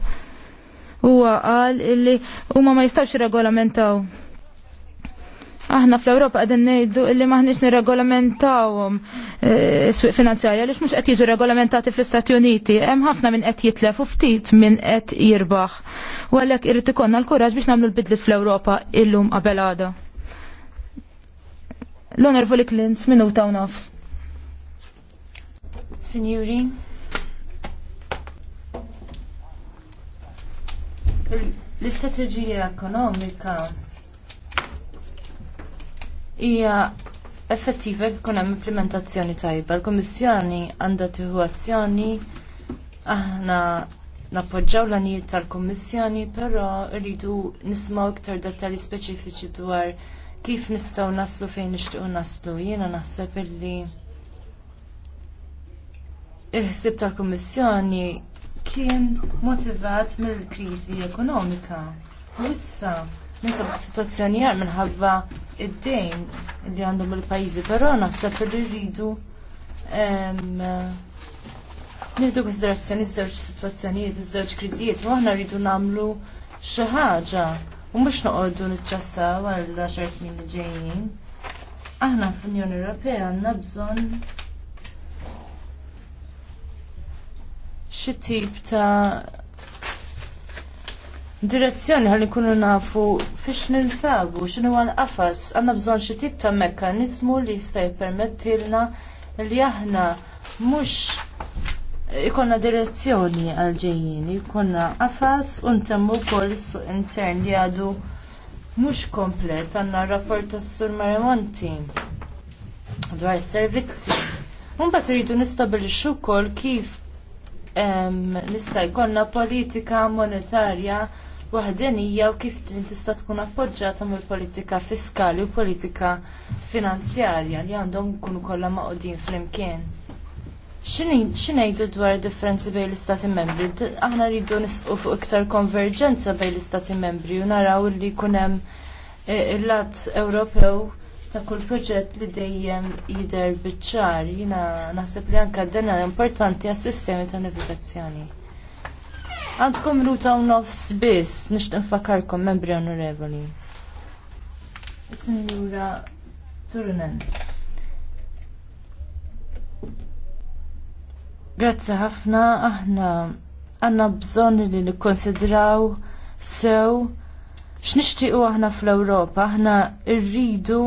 huwa qal illi huma ma jistgħux jirregolamentaw. Aħna fl-Ewropa qegħdin ngħidu illi maħniex nirregolamentawhom eh, is-swieq finanzjarja għaliex mhux qed jiġu regolamentati fl-Istati Uniti. Hemm ħafna min qed jitlef u ftit min qed jirbaħ. U għalhekk irid ikollna l-kuraġġ biex nagħmlu l bidli fl-Ewropa illum qabel għada. L-Onorevoli Klins, minuta u nofs. Signori, L-istrateġija ekonomika hija effettiva jekk ikun hemm implementazzjoni tajba. Il-Kummissjoni għandha tieħu azzjoni aħna nappoġġaw l-għanijiet tal-Kummissjoni, però rridu nismaw iktar dettalji speċifiċi dwar kif nistgħu naslu fejn nixtiequ naslu. Jiena naħseb illi il ħsieb tal-Kummissjoni kien motivat mill-kriżi ekonomika. U issa nisab situazzjoni għal minħabba id-dejn li għandhom il-pajjiżi, però naħseb li rridu Nirdu konsiderazzjoni żewġ situazzjonijiet, żewġ kriżijiet, u għahna rridu nagħmlu xi ħaġa u mhux noqogħdu niċċassaw għal 10 smin li ġejjin. Aħna fl-Unjoni Ewropea għandna bżonn xi tip ta' direzzjoni ħalli nkunu nafu fiex ninsabu, xinu għan qafas għandna bżonn xi tip ta' mekkaniżmu li jista' jipermettilna li aħna mhux ikonna direzzjoni għal ġejjin, ikonna qafas u ntemmu wkoll is-suq intern li għadu mhux komplet għandna r-rapport tas-Sur Marimonti dwar is-servizzi. Mbagħad iridu nistabilixxu wkoll kif nista' jkollna politika monetarja waħdenija u kif tista' tkun appoġġjata mill-politika fiskali u politika finanzjarja li għandhom ikunu kollha maqudin flimkien. X'ingħidu dwar differenzi bejn l-Istati membri? Aħna rridu nisqu fuq iktar konverġenza bejn l-Istati membri u naraw li jkun hemm eh, il-lat Ewropew ta' kull proġett li dejjem jidher biċ-ċar, jiena naħseb li anke dan importanti għas-sistemi ta' navigazzjoni. Għandkom ruta u nofs biss, nixtieq nfakarkom membri onorevoli. Signora Turunen. Grazzi ħafna, aħna għandna bżonni li nikkonsidraw sew x'nixtiequ aħna fl-Ewropa, aħna rridu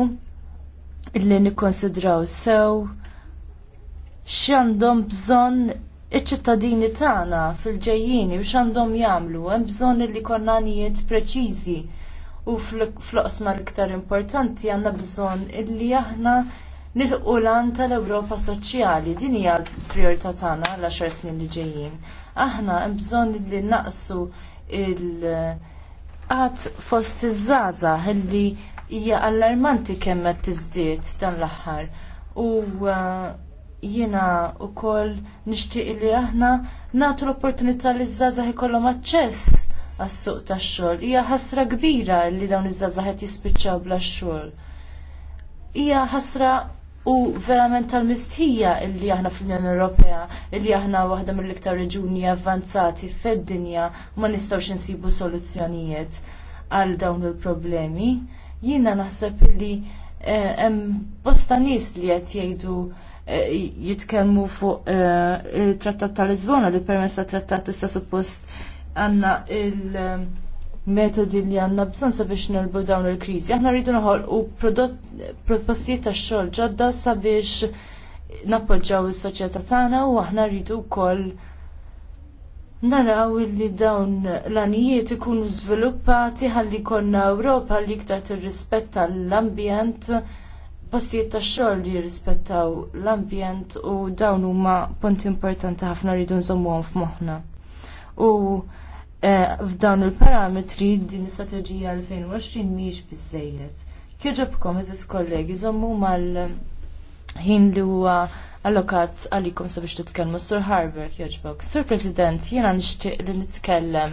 illi nikkonsidraw sew x'għandhom bżonn iċ-ċittadini tagħna fil-ġejjini biex għandhom jagħmlu hemm bżonn illi konna nijiet preċiżi u fl-oqsma l-iktar importanti għandna bżonn illi aħna nilqu lan tal-Ewropa Soċjali din hija l-prijorità tagħna għal xar snin li ġejjin. Aħna hemm bżonn illi naqsu il qatt fost iż-żaża illi hija allarmanti kemm qed tiżdied dan l-aħħar. U uh, jiena wkoll nixtieq li aħna nagħtu l-opportunità li żgħażagħ ikollhom aċċess għas-suq tax-xogħol. Hija ħasra kbira li dawn iż-żgħażagħ qed jispiċċaw bla xogħol. Hija ħasra U verament tal mistħija li aħna fl-Unjoni Ewropea, li aħna waħda mill-iktar reġuni avvanzati fed-dinja ma nistgħux insibu soluzzjonijiet għal dawn il-problemi. Jiena naħseb li eh, hemm bosta nies li qed jgħidu eh, jitkellmu fuq eh, il-Trattat ta' Lisbona li permess ta' trattat tista' suppost għandna il-metodi li għandna bżonn sabiex nelbu dawn il-kriżi. Aħna rridu noħolqu propostijiet ta' xogħol ġodda sabiex nappoġġaw is-soċjetà tagħna u aħna rridu wkoll naraw li dawn l-anijiet ikunu sviluppati ħalli konna Ewropa li iktar tirrispetta l-ambjent postijiet ta' xogħol li jirrispettaw l-ambjent u dawn huma punti importanti ħafna rridu nżommuhom f'moħħna. U eh, f'dawn il-parametri din l-istrateġija 2020 mhijiex biżejjed. Kieġobkom eżis kollegi żommu mal-ħin li huwa allokat għalikum sabiex titkellmu. Sur Harber, joġbok. Sur President, jiena nixtieq li nitkellem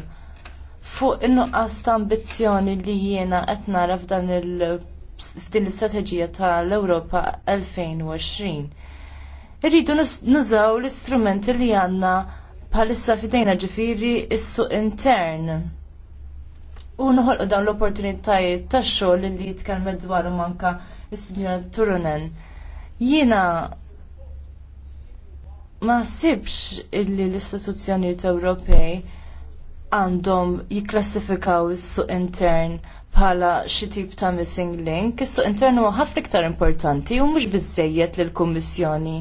fuq in-nuqqas ta' ambizzjoni li jiena qed nara f'dan il- f'din l-istrateġija tal-Ewropa 2020. Irridu nużaw l-istrumenti li għandna bħalissa fidejna ġifiri is-suq intern. U noħolqu dawn l-opportunitajiet tax xogħol li jitkellmet dwaru manka is-Sinjora Turunen. Jiena ma sibx illi l-istituzzjonijiet Ewropej għandhom jiklassifikaw is-suq intern bħala xi tip ta' missing link, is-suq intern huwa ħafna iktar importanti u mhux biżejjed li l-Kummissjoni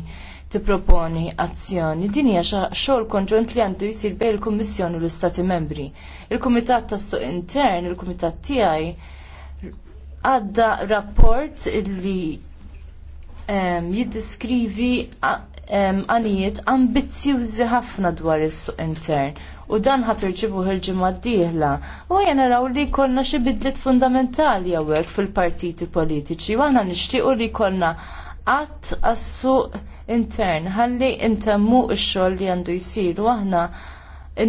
tipproponi azzjoni. Din hija xogħol konġunt li għandu jsir bejn il-Kummissjoni u l-Istati Membri. Il-Kumitat tas-Suq Intern, il-Kumitat tiegħi għadda rapport li jiddiskrivi għanijiet ambizzjużi ħafna dwar is-suq intern u dan ħatirġibu il-ġimgħa d-dieħla. U jena naraw li jkollna xi bidliet fundamentali għawek fil-partiti politiċi u aħna nixtiequ li jkollna qatt għas-suq intern ħalli intemmu x-xogħol li għandu jisir u aħna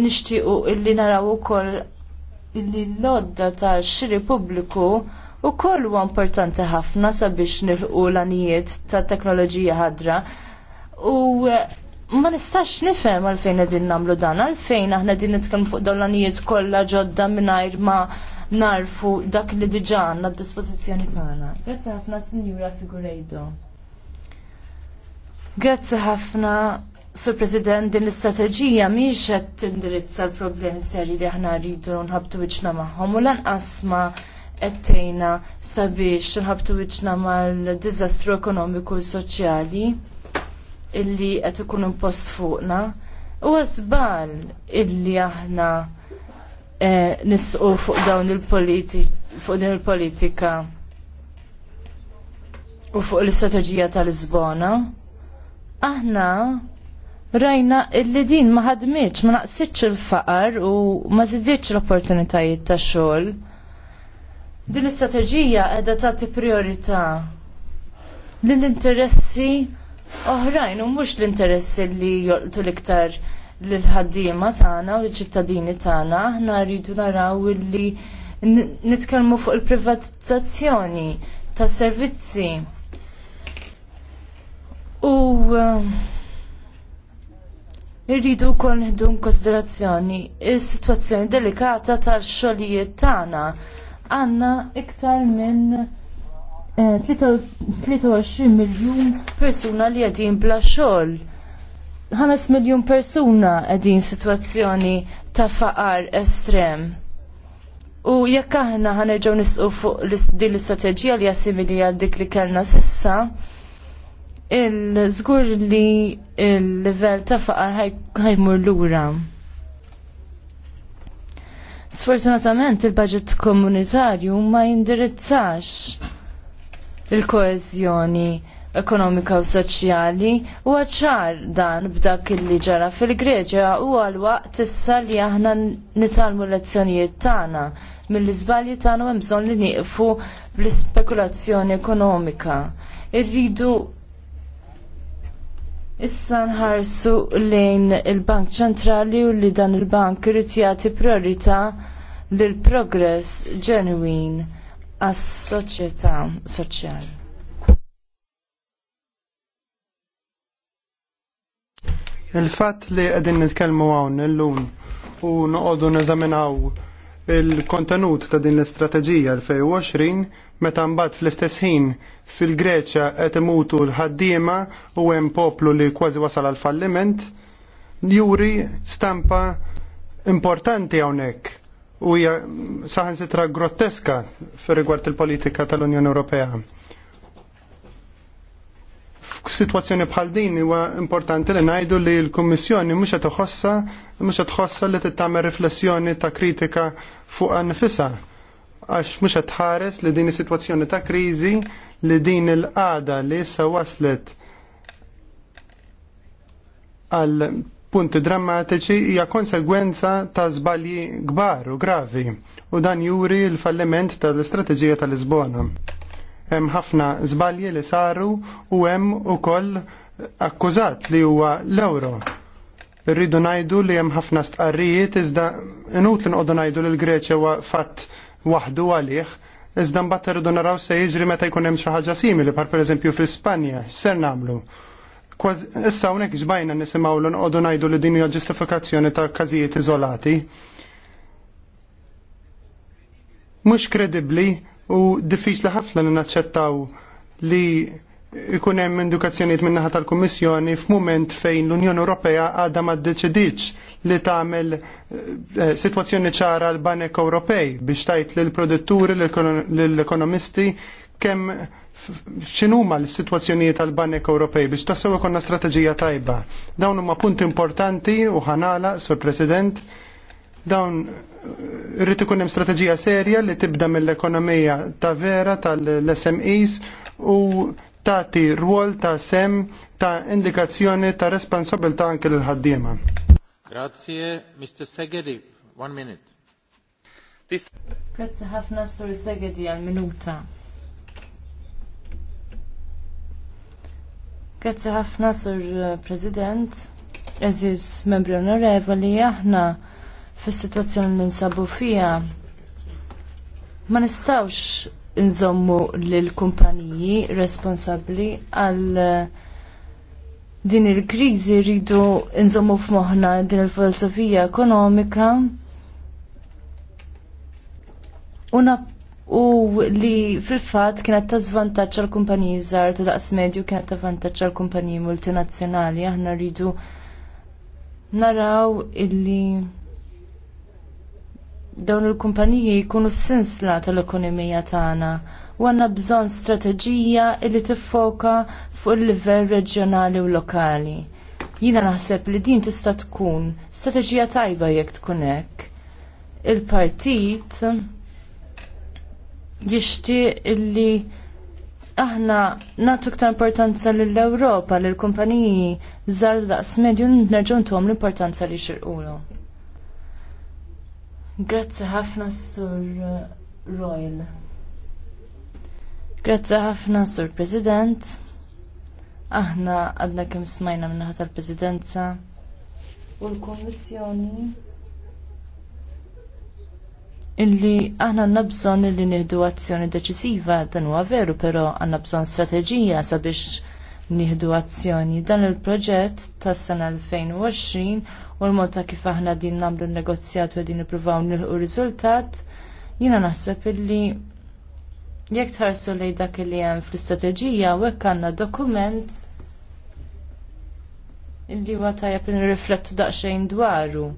nixtiequ illi naraw ukoll li l-lodda ta' xiri pubbliku u koll huwa importanti ħafna sabiex nilqu l għanijiet ta' teknoloġija ħadra U eh, ma nistax nifhem għalfejn għedin nagħmlu dan, għalfejn aħna din nitkellmu fuq dawlanijiet kollha ġodda mingħajr ma narfu dak li diġà għandna d-dispożizzjoni tagħna. Grazzi ħafna Sinjura Figurejdo. Grazzi ħafna Sur President, din l-istrateġija miex qed tindirizza l-problemi serji li aħna rridu nħabtu wiċċna magħhom u lanqas ma qed tgħinna sabiex nħabtu wiċċna mal-diżastru ekonomiku u soċjali illi qed ikun impost fuqna. Huwa żball illi aħna eh, nisqu fuq dawn il-politika fuq din il-politika u fuq l-istrateġija tal-Lisbona. Aħna rajna illi din ma ħadmitx, ma naqsitx il-faqar u ma żidietx l-opportunitajiet ta' xogħol. Din l-istrateġija qiegħda tagħti priorità lill-interessi oħrajn u mhux l interessi li jolqtu l-iktar l-ħaddiema tagħna u l-ċittadini tagħna, aħna rridu naraw li nitkellmu fuq il-privatizzazzjoni tas servizzi. U eh, Irridu wkoll nħdu konsiderazzjoni s sitwazzjoni delikata tal-xogħlijiet tagħna għandna iktar minn 23 eh, miljon persuna li għedin bla xol. 5 miljon persuna għedin situazzjoni ta' faqar estrem. U jekk aħna ħanerġgħu nisqu fuq din l-istrateġija li jassimili għal dik li kellna sissa, il-żgur li il-livell ta' faqar ħajmur lura. Sfortunatament il-budget komunitarju ma jindirizzax il-koezjoni ekonomika u soċjali u għacċar dan b'dak li ġara fil-Greċja u għal-waqt issa li aħna nitalmu lezzjonijiet tagħna mill-iżbalji tagħna hemm bżonn li nieqfu bl-ispekulazzjoni ekonomika. Irridu issa nħarsu lejn il-Bank Ċentrali u li dan il-bank irid jagħti priorità lill progress ġenwin għas-soċjetà soċjali. Il-fatt li qegħdin nitkellmu hawn illum u noqogħdu neżaminaw il-kontenut ta' din l-istrateġija 2020 meta mbagħad fl-istess ħin fil-Greċja qed imutu l-ħaddiema u hemm poplu li kważi wasal għal falliment, juri stampa importanti hawnhekk u hija saħansitra grotteska fir-rigward il-politika tal-Unjoni Ewropea F'sitwazzjoni bħal din huwa importanti li ngħidu li l-Kummissjoni mhux qed tħossa mhux qed tħossa li tagħmel riflessjoni ta' kritika fuq anfisha għax mhux qed tħares li din is-sitwazzjoni ta' kriżi li din il qada li issa waslet għal punti drammatiċi hija konsegwenza ta' żbalji kbar u gravi u dan juri l-falliment tal-istrateġija tal-Lisbona. Hemm ħafna żbalji li saru u hemm ukoll akkużat li huwa l-euro rridu najdu li hemm ħafna stqarrijiet iżda inutli li nqogħdu ngħidu l Greċja huwa fatt waħdu għalih, iżda mbagħad irridu naraw se jiġri meta jkun hemm xi ħaġa simili par pereżempju fl-Ispanja, ser nagħmlu. Issa hawnhekk xbajna nisimgħu l nqogħdu ngħidu li din hija ġustifikazzjoni ta' każijiet iżolati. Mhux kredibbli u diffiċli ħafna li naċċettaw li ikun hemm indukazzjonijiet min-naħa tal-Kummissjoni f'mument fejn l-Unjoni Ewropea għadha ma ddeċidiċ li tagħmel eh, sitwazzjoni ċara l-Banek Ewropej biex tajt lill produtturi lill ekonomisti kemm x'inhuma l-sitwazzjonijiet tal-Banek Ewropej biex tassew konna strateġija tajba. Dawn huma punti importanti u ħanala, Sur President, dawn eh, irrid ikun hemm strateġija serja li tibda mill-ekonomija ta' vera tal-SMEs u tagħti rwol ta' sem ta' indikazzjoni ta' responsabilta' anke l ħaddiema. Grazie, Mr. Segedi, one minute. Grazie ħafna Sur Segedi għal minuta. Grazzi ħafna, Sur President. Eżis, membri onorevoli, aħna fis-sitwazzjoni li nsabu fija ma nistawx nżommu l-kumpaniji responsabbli għal eh, din il-krizi rridu nżommu f'moħħna din il-filosofija ekonomika Una u li fil-fat kienet ta' zvantaċ għal kumpaniji żgħar ta' daqs medju kienet ta' vantaġġ għal kumpaniji multinazzjonali. Aħna rridu naraw illi dawn il-kumpaniji jkunu sinsla tal-ekonomija tagħna u għanna bżon strategija illi tiffoka fuq il-livell reġjonali u lokali. Jina naħseb li din tista' tkun strateġija tajba jekk tkun hekk. Il-partit jixtieq illi aħna nagħtu ta' importanza lill-Ewropa l kumpaniji żgħar daqs medju nerġgħu ntuhom l-importanza li xirqulu. Grazzi ħafna sur Royal. Grazzi ħafna sur President. Aħna għadna kemm smajna minnaħat tal-Presidenza u l-Kommissjoni illi aħna għandna bżonn li nieħdu azzjoni deċisiva dan huwa veru, però għandna bżonn strateġija sabiex nieħdu azzjoni. Dan il-proġett tas-sena 2020 u l-mod ta' kif aħna din nagħmlu n-negozjat u din nippruvaw nilħu riżultat, jiena naħseb illi jekk tħarsu lejn dak li hemm fl-istrateġija u hekk għandna dokument illi huwa tajjeb li nirriflettu daqsxejn dwaru.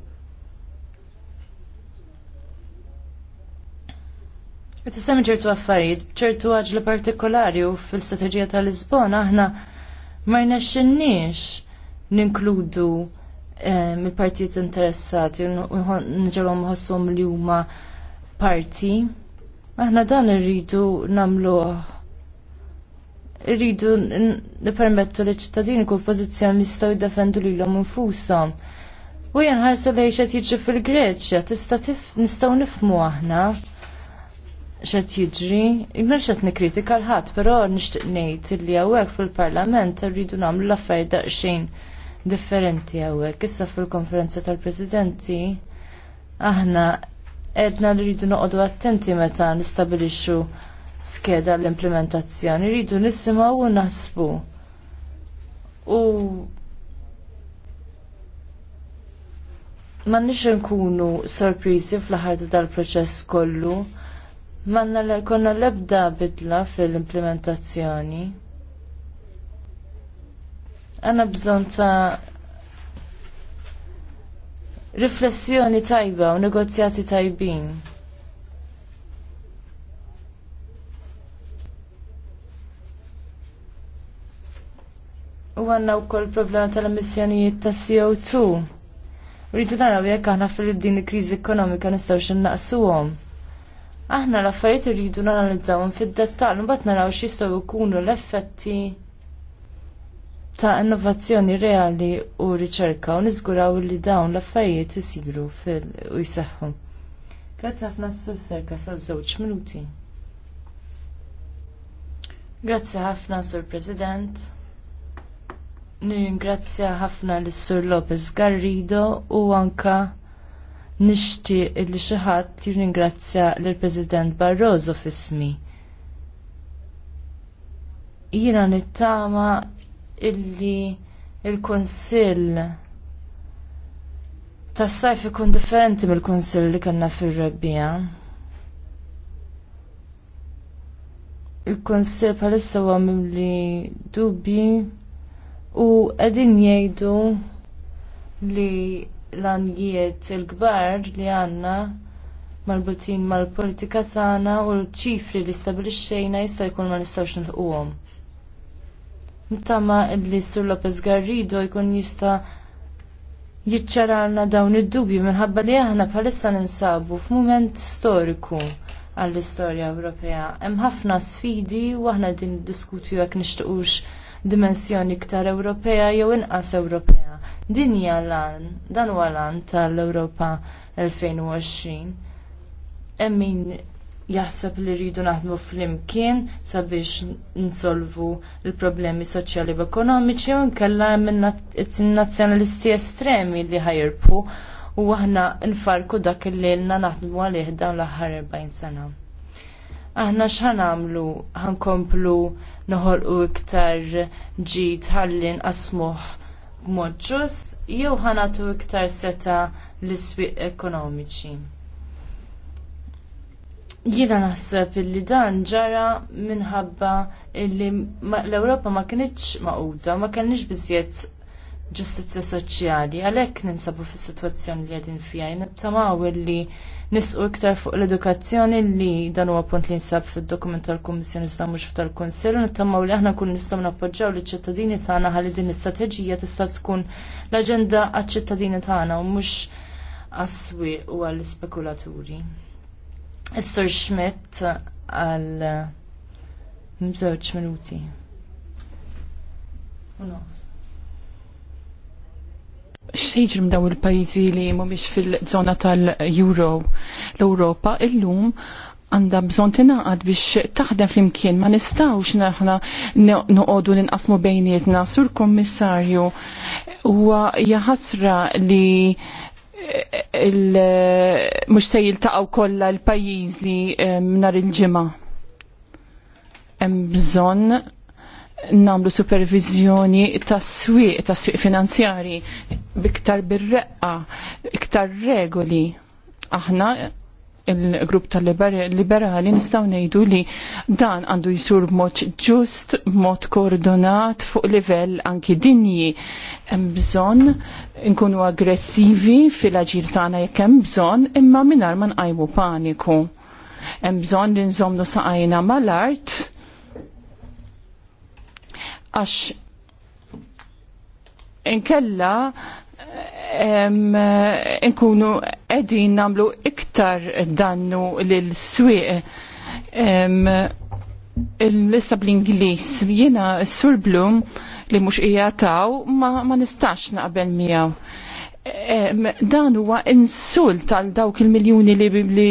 Qed issemmi ċertu affarijiet, ċertu għaġla partikolari u fil-strateġija tal-Lisbona aħna ma jnexxinniex ninkludu eh, mill-partijiet interessati u nġelhom ħossom li huma parti. Aħna dan irridu nagħmluh irridu nipermettu li ċittadini kull pozizjon li staw jiddefendu li l-om infusom. U jenħarsu li xed jiġi fil-Greċja, tista' nistgħu nifmu aħna xed jiġri, imma qed nikkritika l-ħadd, però nixtieq ngħid li għawek fil-Parlament rridu nagħmlu l-affarijiet daqxin differenti għawek. Issa fil-konferenza tal-Presidenti aħna edna li rridu noqogħdu attenti meta nistabilixxu skeda l-implementazzjoni, rridu nisimgħu u naħsbu. U ma nix nkunu sorpriżi fl ħarta dal-proċess kollu manna li jkollna l-ebda bidla fil-implementazzjoni. Għanna bżon ta' riflessjoni tajba u negozjati tajbin. U għanna u koll problema tal-emissjonijiet ta' CO2. Rridu naraw jekk aħna fil-din il-kriżi ekonomika nistgħu għom aħna l-affarijiet irridu nanalizzawhom fid-dettall mbagħad naraw x'jistgħu jkunu l-effetti ta' innovazzjoni reali u riċerka u niżguraw li dawn l-affarijiet isiru fil u jseħħu. Grazzi ħafna s-sur serka sa' żewġ minuti. Grazzi ħafna sur President. Nirringrazzja ħafna l-Sur Lopez Garrido u anka nishti li xi ħadd jirringrazzja lill President Barroso fismi. Jiena nittama illi il-Kunsill tas-sajf ikun differenti mill-Kunsill li kellna fir-rebbija. Il-Kunsill bħalissa huwa mimli dubji u qegħdin jgħidu li l-angijiet il-kbar li għandna marbutin mal-politika tagħna u l-ċifri li stabilixxejna jista' jkun ma nistgħux nilquhom. Nittama li Sur Lopez Garrido jkun jista' jiċċaralna dawn id-dubju minħabba li aħna bħalissa ninsabu f'mument storiku għall-istorja Ewropea. Hemm ħafna sfidi u aħna din niddiskutu jekk nixtiequx dimensjoni iktar Ewropea jew inqas Ewropea. Din hija lan, dan huwa lan tal-Ewropa 2020. Hemm min jaħseb li rridu naħdmu flimkien sabiex nsolvu l problemi soċjali u ekonomiċi u nkella nazzjonalisti estremi li ħajrpu u aħna nfarku dak li lna naħdmu għalih dawn l-aħħar 40 sena aħna x'ħan għamlu ħankomplu u iktar ġid ħalli nqasmuh b'mod ġust jew għatu iktar seta l iswiq ekonomiċi. Jiena naħseb illi dan ġara minħabba illi l-Ewropa ma kinitx maquda, ma kellniex biżjed ġustizja soċjali, għalhekk ninsabu fis-sitwazzjoni li qegħdin fiha, jien nittamaw illi nisqu iktar fuq l-edukazzjoni li dan huwa punt li nsab fid-dokument tal-Kummissjoni iżda mhux tal-Kunsill u nittamaw li aħna kun nistgħu nappoġġjaw liċ ċittadini tagħna ħalli din l-istrateġija tista' tkun l-aġenda għaċ-ċittadini tagħna u mhux għas-swi u għall-spekulaturi. Is-Sur Schmidt għal mżewġ minuti. U xsejġ daw il pajzi li mumiex fil-zona tal-Euro l-Europa illum għanda bżon tinaqad biex taħdem fl-imkien ma nistawx naħna noqodu inqasmu bejnietna sur kommissarju u jaħasra li eh, mux se jiltaqaw kolla l-pajizi eh, nar il ġima Bżon namlu supervizjoni ta' swiq, ta' swiq finanzjari biktar bir-reqqa, iktar regoli. Aħna il-grupp tal-liberali nistaw nejdu li dan għandu jisur mod ġust, mod koordonat fuq livell anki dinji. Hemm bżonn nkunu aggressivi fil-aġir tagħna jekk hemm bżonn imma mingħajr ma nqajmu paniku. Hemm bżonn li nżommu saqajna mal-art għax inkella nkunu edin namlu iktar dannu lil-swieq l-issa l inglis jiena s-sur li mux ijataw ma, ma nistax naqbel miegħu dan huwa insult għal dawk il-miljuni li bibli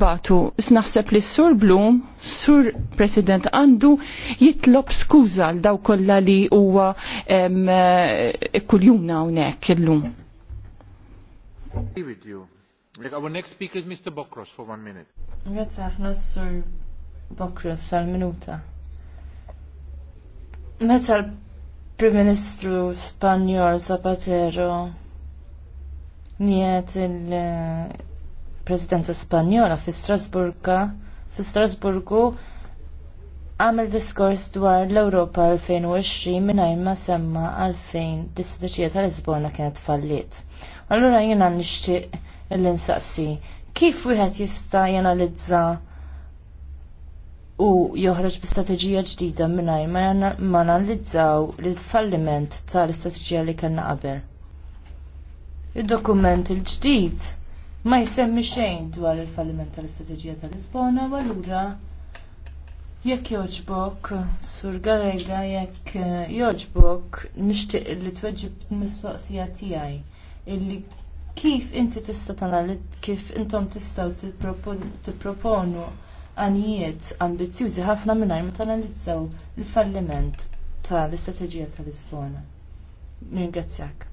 batu. Snaħseb li Sur Blum, Sur President għandu jitlob skuża għal dawk kollha li huwa eh, kuljumna hawnhekk illum. Our next speaker is Mr. Bokros for one minute. Grazie ħafna Sur Bokros għal minuta. Meta l-Prim Ministru Spanjol Zapatero Nijet il-Presidenza eh, Spanjola fi Strasburga, fi Strasburgu għamil diskors dwar l-Europa 2020 minna ma semma għalfejn l-istrateġija tal-Lisbona kienet fallit. Allura jena nixtieq l-insaqsi. Kif wieħed jista' janalizza u joħroġ b'istrateġija ġdida mingħajr ma, ma analizzaw l-falliment tal-istrateġija li kellna qabel? Id-dokument il-ġdid ma jsemmi xejn dwar il-falliment tal-istrateġija tal-Lisbona, u allura jekk jogħġbok, sur Galega, jekk eh, jogħġbok, nixtieq li tweġib mistoqsija tiegħi illi kif inti tista tagħmel kif intom tistgħu tipproponu għanijiet ambizjużi ħafna mingħajr ma tanalizzaw il-falliment tal-istrateġija tal-Lisbona. Ringrazzjak.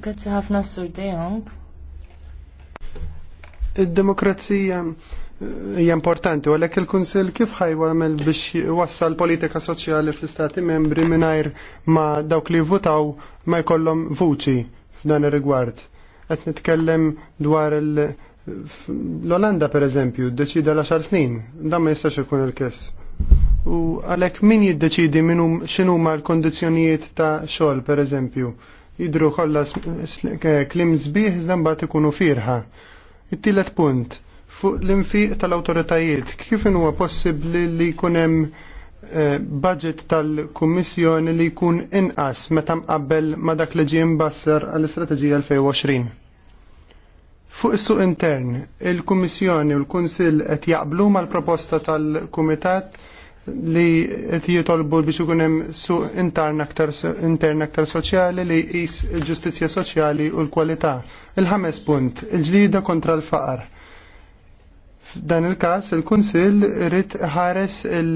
Grazzi ħafna Sur Id-demokrazija eh, hija importanti, u għalhekk il-Kunsill kif ħajwamel biex wassal politika soċjali fl-Istati membri mingħajr ma dawk li votaw ma jkollhom vuċi f'dan ir-rigward. Qed nitkellem dwar l-Olanda pereżempju ddeċida l-10 snin, dan ma jistax ikun il-kess. U għalhekk min jiddeċidi minnu x'inhuma l-kondizzjonijiet ta' xogħol pereżempju. eżempju jidru kollha klim sbieħ iżda mbagħad ikunu firħa. It-tielet punt fuq l-infiq tal-awtoritajiet kif huwa possibbli li jkun hemm eh, budget tal-Kummissjoni li jkun inqas meta mqabbel ma dak li ġie mbassar għall-Istrateġija 2020. Fuq is-suq intern, il-Kummissjoni u l-Kunsill qed jaqblu mal-proposta tal-Kumitat li qed jitolbu biex ikun hemm suq intern aktar soċjali li jqis il-ġustizzja soċjali u l-kwalità. Il-ħames punt, il-ġlida kontra l-faqar. F'dan il-każ il-Kunsill rrit ħares il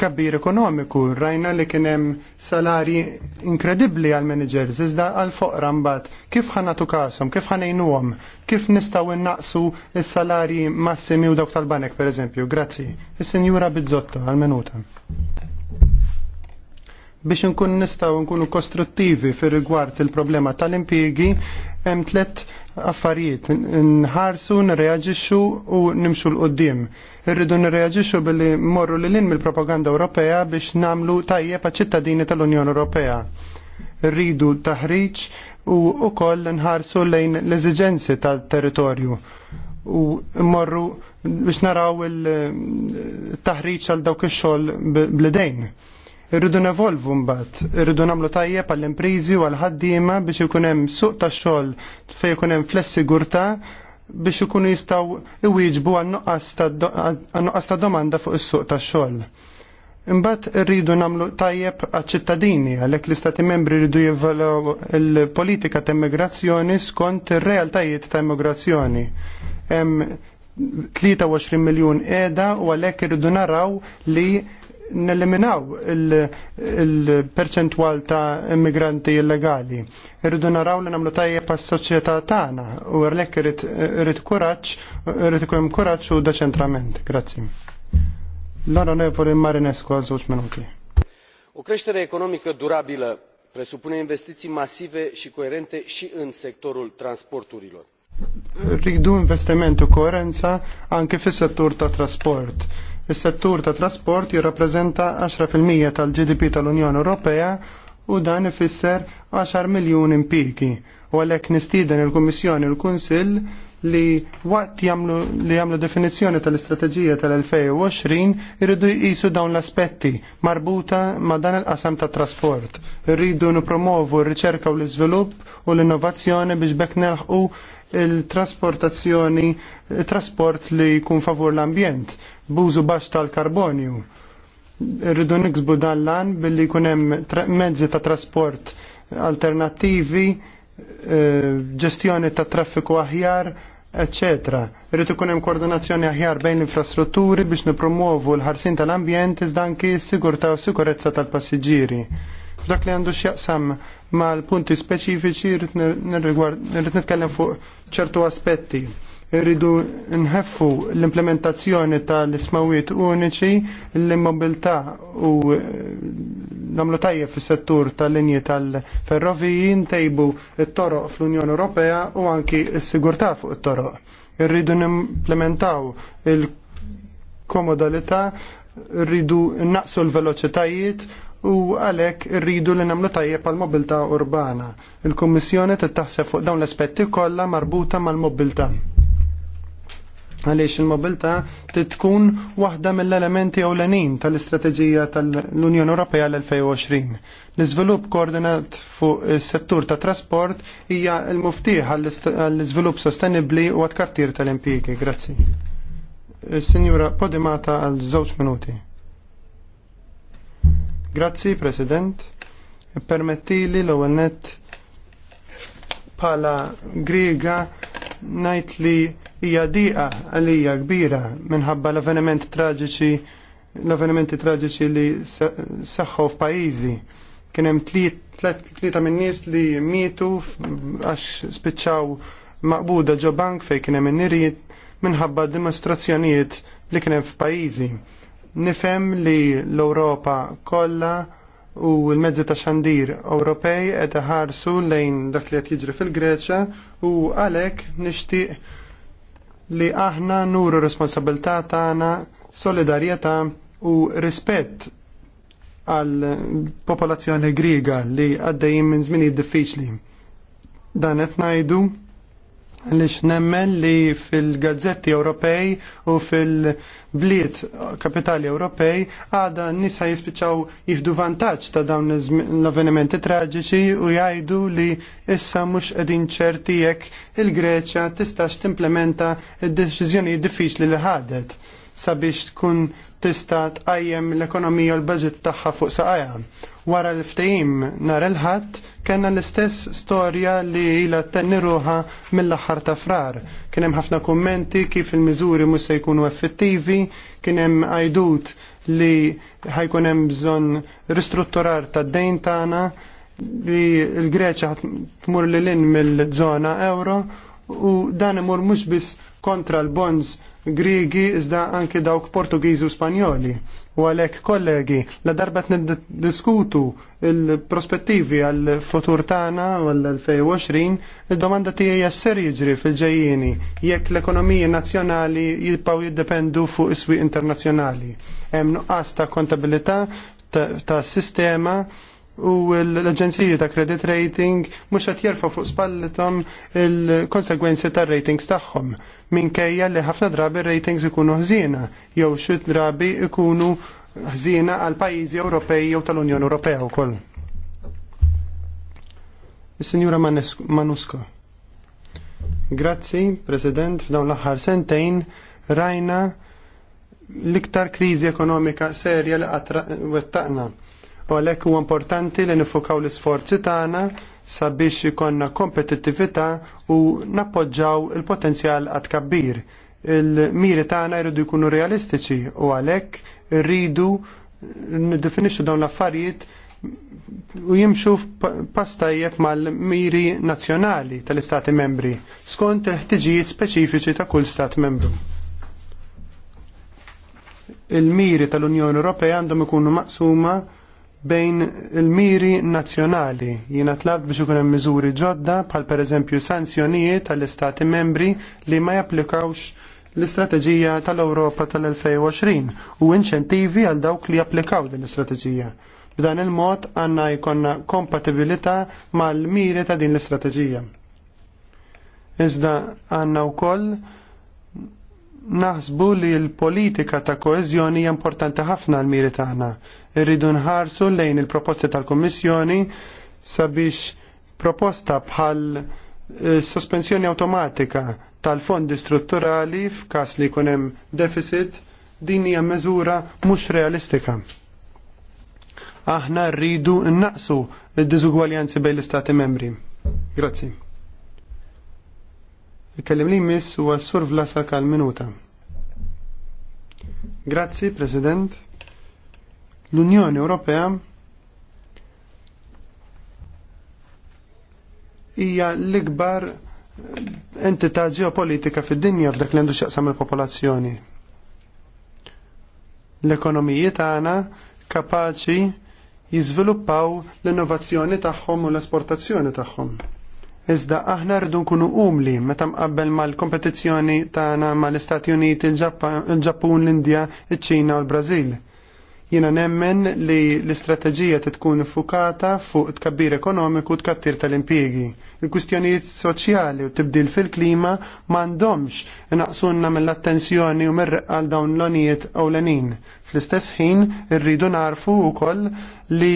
kabbir ekonomiku. Rajna li kien hemm inkredibli inkredibbli għal managers iżda għal foqra mbagħad. Kif ħanatu każhom, kif ħanejnuhom, kif nistgħu innaqsu s salari massimi u dawk tal-banek pereżempju. Grazzi. Is-Sinjura Bizzotto għal menuta biex nkun nistaw nkunu kostruttivi fir rigward il-problema tal-impjegi hemm tliet affarijiet, nħarsu, nreagġiċu u nimxu l-qoddim. Irridu nreagġiċu billi morru l in mill-propaganda Ewropea biex namlu tajjeb ċittadini tal-Unjoni Ewropea. Rridu taħriċ u koll nħarsu lejn l-eżigenzi tal-territorju u morru biex naraw il-taħriġ eh, għal dawk ix-xogħol bl-idejn. Irridu nevolvu mbagħad, irridu nagħmlu tajjeb għall impriżi u għall ħaddiema biex ikun hemm suq tax-xogħol fejn ikun hemm flessigurtà biex ikunu jistgħu iwieġbu għan-nuqqas ta' domanda fuq is-suq tax-xogħol. Imbagħad irridu nagħmlu tajjeb għaċ-ċittadini għalhekk l-istati membri rridu jivvalaw il-politika ta' immigrazzjoni skont ir-realtajiet ta' immigrazzjoni. 23 miljun qiegħda u għalhekk irridu naraw li nelliminaw il percentual il ta' immigranti illegali. Irridu naraw li namlu tajja pas soċieta tana u għarlek irid kuraċ, irid kujem kuraċ u deċentrament. Grazzi. l vorim marinesku għal zoċ minuti. U creștere economică durabilă presupune investiții masive și coerente și în sectorul transporturilor. Ridu investimentu koerenza anke fi settur ta' trasport Is-settur ta' trasport jirrappreżenta 10% tal-GDP tal-Unjoni Ewropea u dan ifisser 10 miljun impiki. U għalhekk nistieden il-Kummissjoni u l-Kunsill li waqt jamlu, li jamlu definizzjoni tal-istrateġija tal-2020 irridu jqisu dawn l-aspetti marbuta ma' dan il-qasam ta' trasport. Irridu nipromovu r-riċerka u l-iżvilupp u l-innovazzjoni biex bekk nelħqu il-trasportazzjoni, trasport li jkun favur l-ambjent buzu baxx tal-karbonju. Rridu niksbu dan lan billi jkun hemm mezzi ta' trasport alternattivi, eh, ġestjoni ta' traffiku aħjar, eccetera. Rridu kunem hemm koordinazzjoni aħjar bejn l-infrastrutturi biex nipromuovu l-ħarsin tal-ambjent iżda anki s-sigurtà u sikurezza tal-passiġġieri. F'dak li għandu x'jaqsam mal-punti speċifiċi rrid nitkellem fuq ċertu aspetti irridu nħeffu l-implementazzjoni tal-ismawiet uniċi l-immobilità u eh, namlu tajje fis settur tal-linji tal-ferroviji ntejbu il toroq fl-Unjoni Ewropea u anki s-sigurtà fuq it-toroq. Irridu nimplementaw il-komodalità, irridu naqsu l-veloċitajiet u għalek rridu li namlu tajjeb pal mobilta urbana. Il-Kommissjoni tittaħseb fuq dawn l-aspetti kollha marbuta mal-mobilta għaliex il-mobilità tkun waħda mill-elementi ewlenin tal-istrateġija tal-Unjoni Ewropea l-2020. L-iżvilupp koordinat fuq is-settur ta' trasport hija l-muftiħ għall-iżvilupp sostenibbli u għat-kartir tal-impjiegi. Grazzi. Signora Podimata għal żewġ minuti. Grazzi, President. Permettili l-ewwel net pala Griega najt li hija diqa għalija kbira minħabba l avvenimenti traġiċi l-avvenimenti traġiċi li saħħu f'pajjiżi. Kien hemm tlieta min-nies li mietu għax spiċċaw maqbuda ġo bank fejn kien hemm in minħabba dimostrazzjonijiet li kien hemm f'pajjiżi. Nifhem li l-Ewropa kollha u l-mezzi ta' xandir Ewropej qed iħarsu lejn dak li qed jiġri fil-Greċja u għalhekk nixtieq li aħna nuru responsabilità tagħna, solidarjetà u rispett għal popolazzjoni griega li għaddejjin minn żminijiet diffiċli. Dan qed ngħidu għaliex nemmen li fil-gazzetti Ewropej u fil-bliet kapitali Ewropej għada nisa jispiċaw jifdu vantaġġ ta' dawn l-avvenimenti traġiċi u jgħidu li issa mhux qegħdin ċerti jekk il-Greċja tistax timplementa d deċizjoni diffiċli li ħadet sabiex tkun tista tqajjem l-ekonomija u l-budget tagħha fuq saqajja. Wara l-ftehim nhar il-ħadd kellna l-istess storja li ilha tenni ruha mill-aħħar ta' frar. Kien hemm ħafna kummenti kif il-miżuri mhux se jkunu effettivi, kien hemm għajdut li ħajkun hemm bżonn ristrutturar tad-dejn tagħna li l-Greċa tmur lil lin mill-żona euro u dan imur mhux biss kontra l-bonds Grigi iżda anki dawk Portugiżi u Spanjoli. U għalhekk kollegi, la darba niddiskutu l prospettivi għal futur tagħna u għall-2020, id-domanda tiegħi ser jiġri fil-ġejjieni jekk l-ekonomiji nazzjonali jibqgħu jiddependu fuq is-swieq internazzjonali. Hemm nuqqas ta' kontabilità ta' sistema u l-Aġenziji ta' Credit Rating mhux qed jerfa' fuq spallithom il-konsegwenzi tar-ratings tagħhom minkejja li ħafna drabi ratings ikunu ħżiena jew xi drabi ikunu ħżiena għal pajjiżi Ewropej jew tal-Unjoni Ewropea wkoll. Is-Sinjura Manusko. Grazzi, President, f'dawn l-aħħar sentejn rajna l-iktar kriżi ekonomika serja li qatt wettaqna U għalhekk huwa importanti li nifukaw l-isforzi tagħna sabiex ikonna kompetittività u nappoġġaw il-potenzjal għad kabbir. Il-miri tagħna jridu jkunu realistiċi u għalhekk rridu niddefinixxu dawn l-affarijiet u jimxu pastajjeb mal-miri nazzjonali tal-Istati membri skont il-ħtiġijiet speċifiċi ta' kull Stat membru il-miri tal-Unjoni Ewropea għandhom ikunu maqsuma bejn il-miri nazzjonali. Jiena tlab biex ikun hemm miżuri ġodda bħal pereżempju sanzjonijiet tal-istati membri li ma japplikawx l-istrateġija tal-Ewropa tal-2020 u inċentivi għal dawk li japplikaw din l-istrateġija. B'dan il-mod għandna jkollna kompatibilità mal-miri ta' din l-istrateġija. Iżda għandna wkoll naħsbu li l-politika ta' koeżjoni hija importanti ħafna l miri tagħna. Irridu nħarsu lejn il-proposti tal-Kummissjoni sabiex proposta bħal eh, sospensjoni awtomatika tal-fondi strutturali f'każ li jkun hemm deficit din hija meżura mhux realistika. Aħna rridu nnaqsu d-diżugwaljanzi bejn l-Istati membri. Grazzi. Ikellim li jmiss u għassur vlasa kal-minuta. Grazzi, President. L-Unjoni Ewropea hija l-ikbar entità ġeopolitika fid-dinja f'dak li għandu xaqsam il-popolazzjoni. L-ekonomiji tagħna kapaċi jiżviluppaw l-innovazzjoni tagħhom u l-esportazzjoni tagħhom. Iżda aħna rridu nkunu umli meta mqabbel mal-kompetizzjoni tagħna mal-Istati Uniti, il-Ġappun, l-Indja, iċ-Ċina u l-Brażil. Jiena nemmen li l-istrateġija tkun fukata fuq tkabbir ekonomiku u tkattir tal-impjiegi. Il-kwistjonijiet soċjali u tibdil fil-klima m'għandhomx inaqsunna mill-attenzjoni u mir għal dawn l-onijiet ewlenin. Fl-istess ħin irridu narfu wkoll li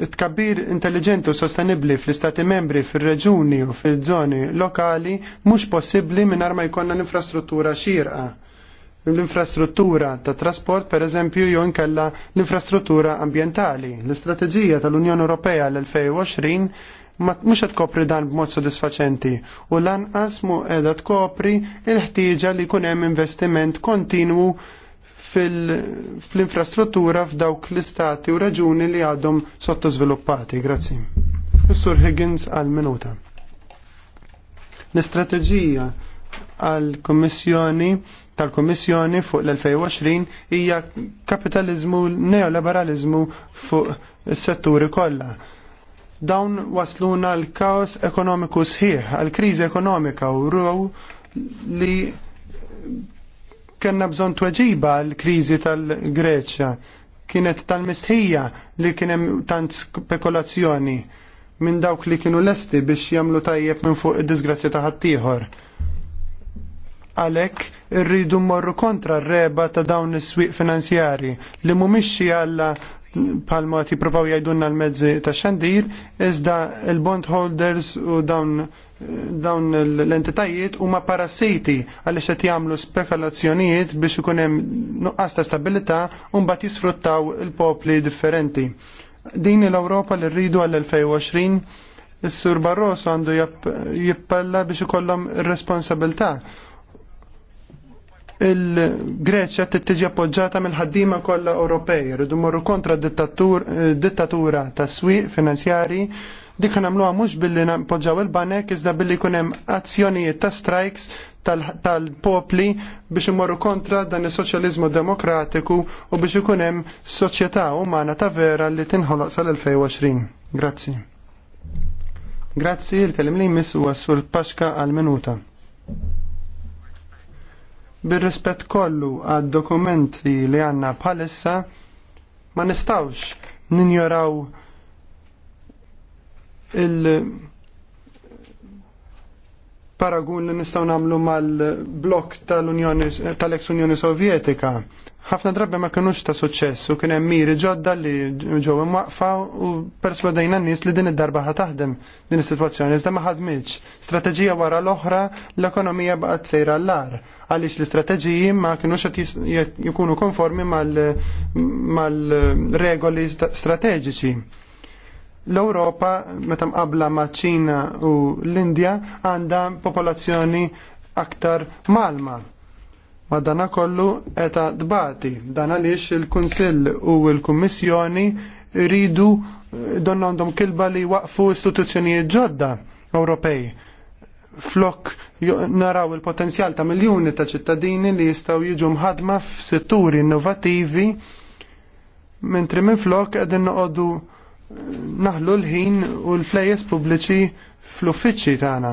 tkabbir intelligenti u sostenibli fl-istati membri, fil-reġuni u fil-żoni lokali mhux possibbli mingħajr ma jkollna l-infrastruttura xierqa. L-infrastruttura ta' trasport, per eżempju, jo inkella l-infrastruttura ambientali. L-istrateġija tal-Unjoni Ewropea l-2020 mhux qed tkopri dan b'mod sodisfaċenti u lanqas mu qiegħda tkopri l ħtieġa li jkun hemm investiment kontinwu fil-infrastruttura f'dawk l-istati u raġuni li għadhom sottosviluppati. Grazzi. Mr. Higgins għal-minuta. L-istrateġija għal-Kommissjoni tal-Kommissjoni fuq l-2020 hija kapitalizmu neoliberalizmu fuq is-setturi kollha. Dawn wasluna l-kaos ekonomiku sħiħ, għal kriżi ekonomika u li kena bżonn tweġiba l-kriżi tal-Greċja. Kienet tal-mistħija li kien hemm tant spekulazzjoni minn dawk li kienu lesti biex jagħmlu tajjeb minn fuq id-disgrazja ta' ħaddieħor. Għalhekk irridu mmorru kontra r-reba ta' dawn is-swieq finanzjari li mhumiex xi għalla palma ti provaw jajdunna l-mezzi ta' xandir, iżda il holders u dawn dawn l-entitajiet huma parasiti għaliex qed jagħmlu spekulazzjonijiet biex ikun hemm nuqqas ta' stabilità u mbagħad jisfruttaw il-popli differenti. Din l-Ewropa li rridu għall-2020 is-Sur Barroso għandu jippalla biex ikollhom ir responsabilta il-Greċja tiġi appoġġata mill ħaddiema kollha Ewropej, rridu morru kontra dittatura ta' swieq finanzjari dik nagħmluha mhux billi nappoġġaw il-banek iżda billi jkun hemm azzjonijiet ta' strikes tal-popli biex imorru kontra dan is-soċjaliżmu demokratiku u biex ikun hemm soċjetà umana ta' vera li tinħoloq sal-2020. Grazzi. Grazzi, il-kelim li jmiss huwa sur Paxka għal-minuta bir-rispett kollu għad dokumenti li għanna bħalissa ma nistawx ninjoraw il- paragun li nistgħu nagħmlu mal-blok tal-Unjoni tal-eks Unjoni Sovjetika. Ħafna drabi ma kinux ta' suċċess u kien hemm miri ġodda li ġew imwaqfa u perswadejna n-nies li din id-darba ħa taħdem din is-sitwazzjoni iżda ma ħadmitx. Strateġija wara l-oħra l-ekonomija baqgħet sejra l ar għaliex l-istrateġiji ma kinux qed jikunu konformi mal-regoli strateġiċi l-Europa, meta mqabla ma' ċina u l-Indja, għandha popolazzjoni aktar malma. Ma dana kollu eta dbati, dan għaliex il-Kunsill u l-Kummissjoni ridu eh, donna għandhom kilba li waqfu istituzzjonijiet ġodda Ewropej. Flok naraw il-potenzjal ta' miljoni ta' ċittadini li jistaw jiġu mħadma f'setturi innovativi, mentri minn flok għedin noqogħdu naħlu l-ħin u l-flejes pubbliċi fl-uffiċċji tagħna.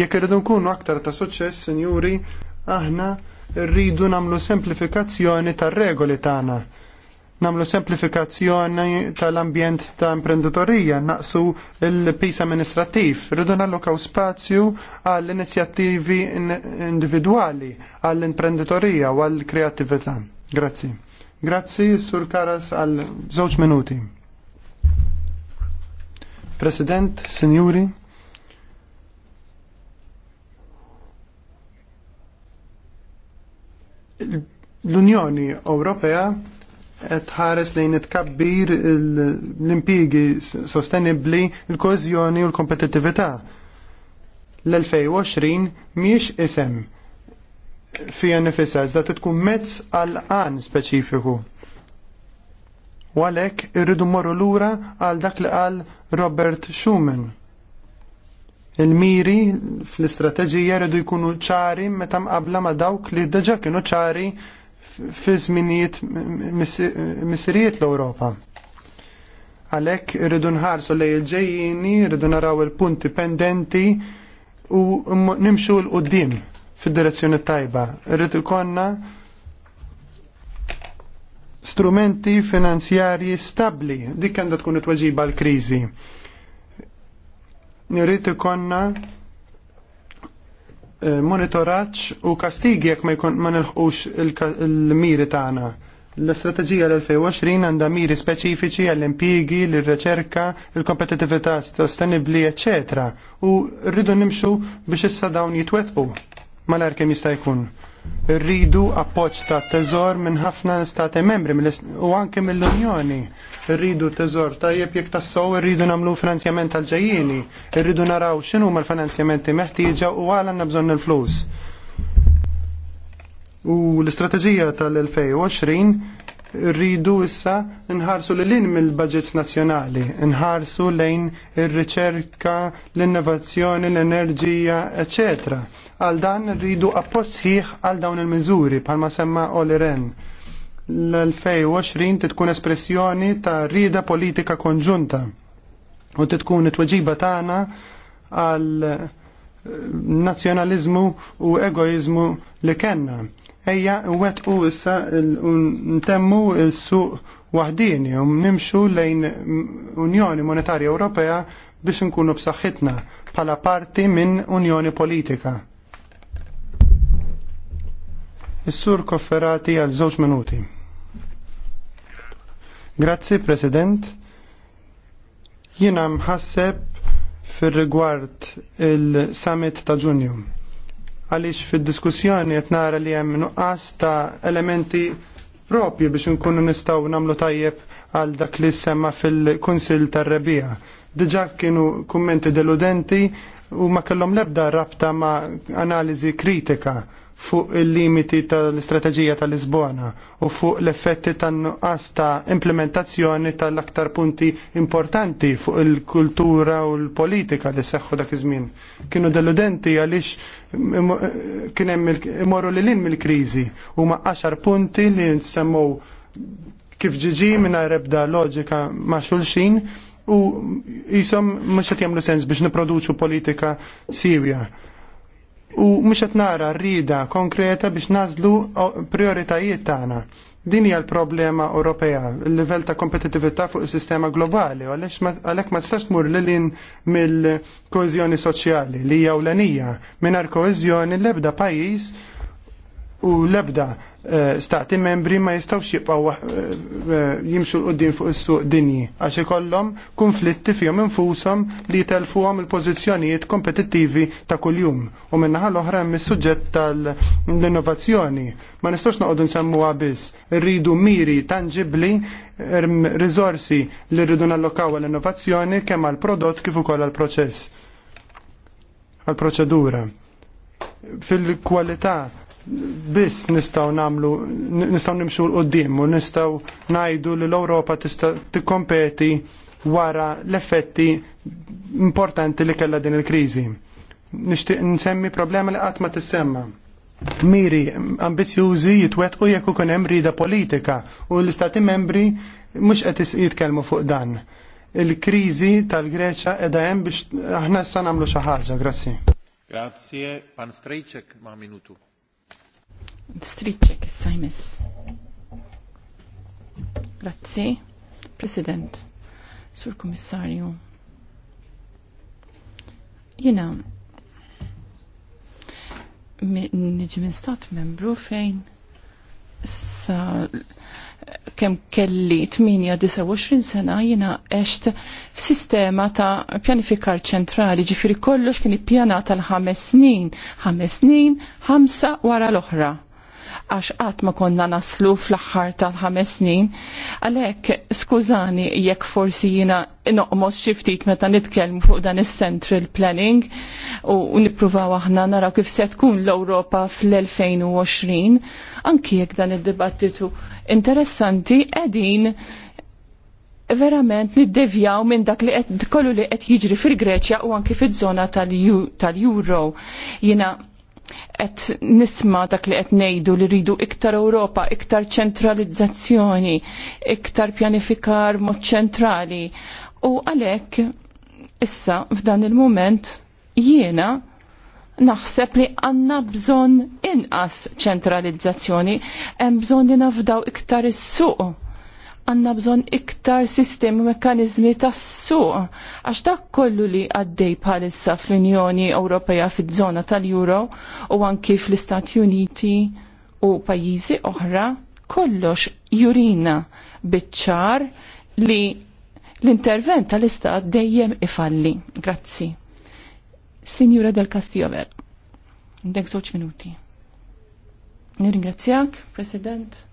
Jekk irridu nkunu aktar ta' suċċess, sinjuri, aħna rridu nagħmlu semplifikazzjoni tar-regoli tagħna. Namlu semplifikazzjoni tal-ambjent ta' imprenditorija, naqsu l-pis amministrattiv, rridu nallokaw spazju għall-inizjattivi individwali, għall-imprenditorija u għall-kreattività. Grazzi. Grazzi, Sur Karas, għal żewġ minuti. President, signori, l-Unjoni Ewropea qed ħares lejn itkabbir l-impigi sostenibbli, il-koeżjoni u l-kompetittività. L-2020 miex isem fija nifissa, iżda tkun mezz għal-qan speċifiku U għalhekk irridu morru lura għal dak li qal Robert Schumann. Il-miri fl-istrateġija rridu jkunu ċari meta qabla ma' dawk li deġa kienu ċari fi żminijiet misrijiet l-Ewropa għalek irridu nħarsu lej il-ġejjini, irridu naraw il-punti pendenti u nimxu l-qoddim fid direzzjoni tajba. Rridu konna strumenti finanzjarji stabli. Dik kanda tkun it-tweġiba l-kriżi. Nirrit ikonna eh, monitoraċ u kastigi jekk ma jkun ma nilħqux il-miri tagħna. L-istrateġija l-2020 għandha miri speċifiċi għall-impjigi, l reċerka l-kompetitività sostenibbli, eċċetera. U rridu nimxu biex issa dawn jitwetbu malar kemm jista' jkun rridu appoċ ta' teżor minn ħafna stati membri u anke mill-Unjoni. Rridu teżor tajjeb jekk tassow rridu nagħmlu finanzjament tal ġejjini irridu naraw ma' l finanzjamenti meħtieġa u għala nabżon il-flus. U l-istrateġija tal-2020 rridu issa nħarsu l lin mill-budgets nazzjonali, nħarsu lejn ir-riċerka, l-innovazzjoni, l-enerġija, etc. Għal dan rridu appoġġ sħiħ għal dawn il-miżuri bħalma semma Oliren. L-2020 titkun espressjoni ta' rida politika konġunta u titkun it-tweġiba tagħna għal nazjonalizmu u egoizmu li kenna ejja wet u issa ntemmu il-suq wahdini u nimxu lejn Unjoni Monetarja Ewropea biex nkunu b'saħħitna bħala parti minn Unjoni Politika. Is-sur kofferati għal żewġ minuti. Grazzi, President. Jiena mħasseb fir rigward il-summit ta' Ġunju għaliex fid-diskussjoni qed nara li hemm nuqqas ta' elementi propju biex nkunu nistgħu nagħmlu tajjeb għal dak li semma fil konsil tar-Rebija. Dġa kienu kummenti deludenti u ma kellhom l-ebda rabta ma' analiżi kritika fuq il-limiti tal-istrateġija tal-Lisbona u fuq l-effetti tan-nuqqas ta' implementazzjoni tal-aktar punti importanti fuq il-kultura u l-politika li seħħu dak iż-żmien. Kienu deludenti għaliex kien hemm imorru lil mill-kriżi huma 10 punti li nsemmu kif ġiġi minna rebda loġika ma' xulxin u jisom mux jagħmlu sens biex niproduċu politika Sirja u mhux qed nara rrida konkreta biex nażlu prioritajiet tagħna. Din hija l-problema Ewropea, il-livell ta' kompetitività fuq is-sistema globali, u għalhekk ma tistax tmur lilin mill-koeżjoni soċjali li hija ewlenija mingħajr koeżjoni l-ebda pajjiż u l-ebda Eh, stati membri ma jistawx jibqaw eh, eh, jimxu l-qoddim fuq is-suq dinji għax ikollhom konflitti fihom infushom li jitelfuhom il-pożizzjonijiet kompetittivi ta' kuljum. U minnaħa l-oħra hemm is-suġġett tal-innovazzjoni. Ma nistgħux noqogħdu nsemmuha biss. Irridu miri tangibbli rizorsi li rridu nallokaw għal innovazzjoni kemm għall-prodott kif ukoll għall-proċess għall-proċedura fil-kwalità biss nistaw namlu, nistaw nimxu l-qoddim u nistaw najdu li l-Europa tista tikkompeti wara l-effetti importanti li kella din il-krizi. Nishtiq nsemmi problema li għatma tissemma. Miri, ambizjużi jitwet u jekku ukoll hemm rida politika u l-istati membri mhux qed jitkellmu fuq dan. Il-kriżi tal-Greċa qiegħda hemm biex aħna issa nagħmlu xi ħaġa, grazzi. Grazie, pan Strejček ma' minutu. Street check is Simis. Grazzi, President, Sur Commissario. Jina, niġi minn stat membru fejn sa kem kelli 28 29 sena jina eċt f-sistema ta' pjanifikar ċentrali ġifiri kollox kien ippjana tal-ħames snin, ħames snin, ħamsa wara l-oħra għax qatt ma konna naslu fl-aħħar tal-ħames snin, għalhekk skużani jekk forsi jiena noqmos xi ftit meta nitkellmu fuq dan is-central planning u nippruvaw aħna naraw kif se tkun l-Ewropa fl-2020, anki jekk dan id-dibattitu interessanti qegħdin verament niddevjaw minn dak li qed kollu li qed jiġri fil-Greċja u anki fiż-żona tal-Euro. Jiena qed nisma dak li qed ngħidu li rridu iktar Ewropa, iktar ċentralizzazzjoni, iktar pjanifikar mod ċentrali. U għalhekk issa f'dan il-mument jiena naħseb li għanna bżonn inqas ċentralizzazzjoni, hemm bżonn li nafdaw iktar is-suq għanna bżon iktar sistemi mekkanizmi tas-suq. Għax dak kollu li għaddej bħalissa fl-Unjoni Ewropea fiż-żona tal-Euro u anki fl-Istati Uniti u pajjiżi oħra, kollox jurina biċċar li l-intervent tal-Istat dejjem ifalli. Grazzi. Signora del Castiover, dek zoċ minuti. Nirringrazzjak, President.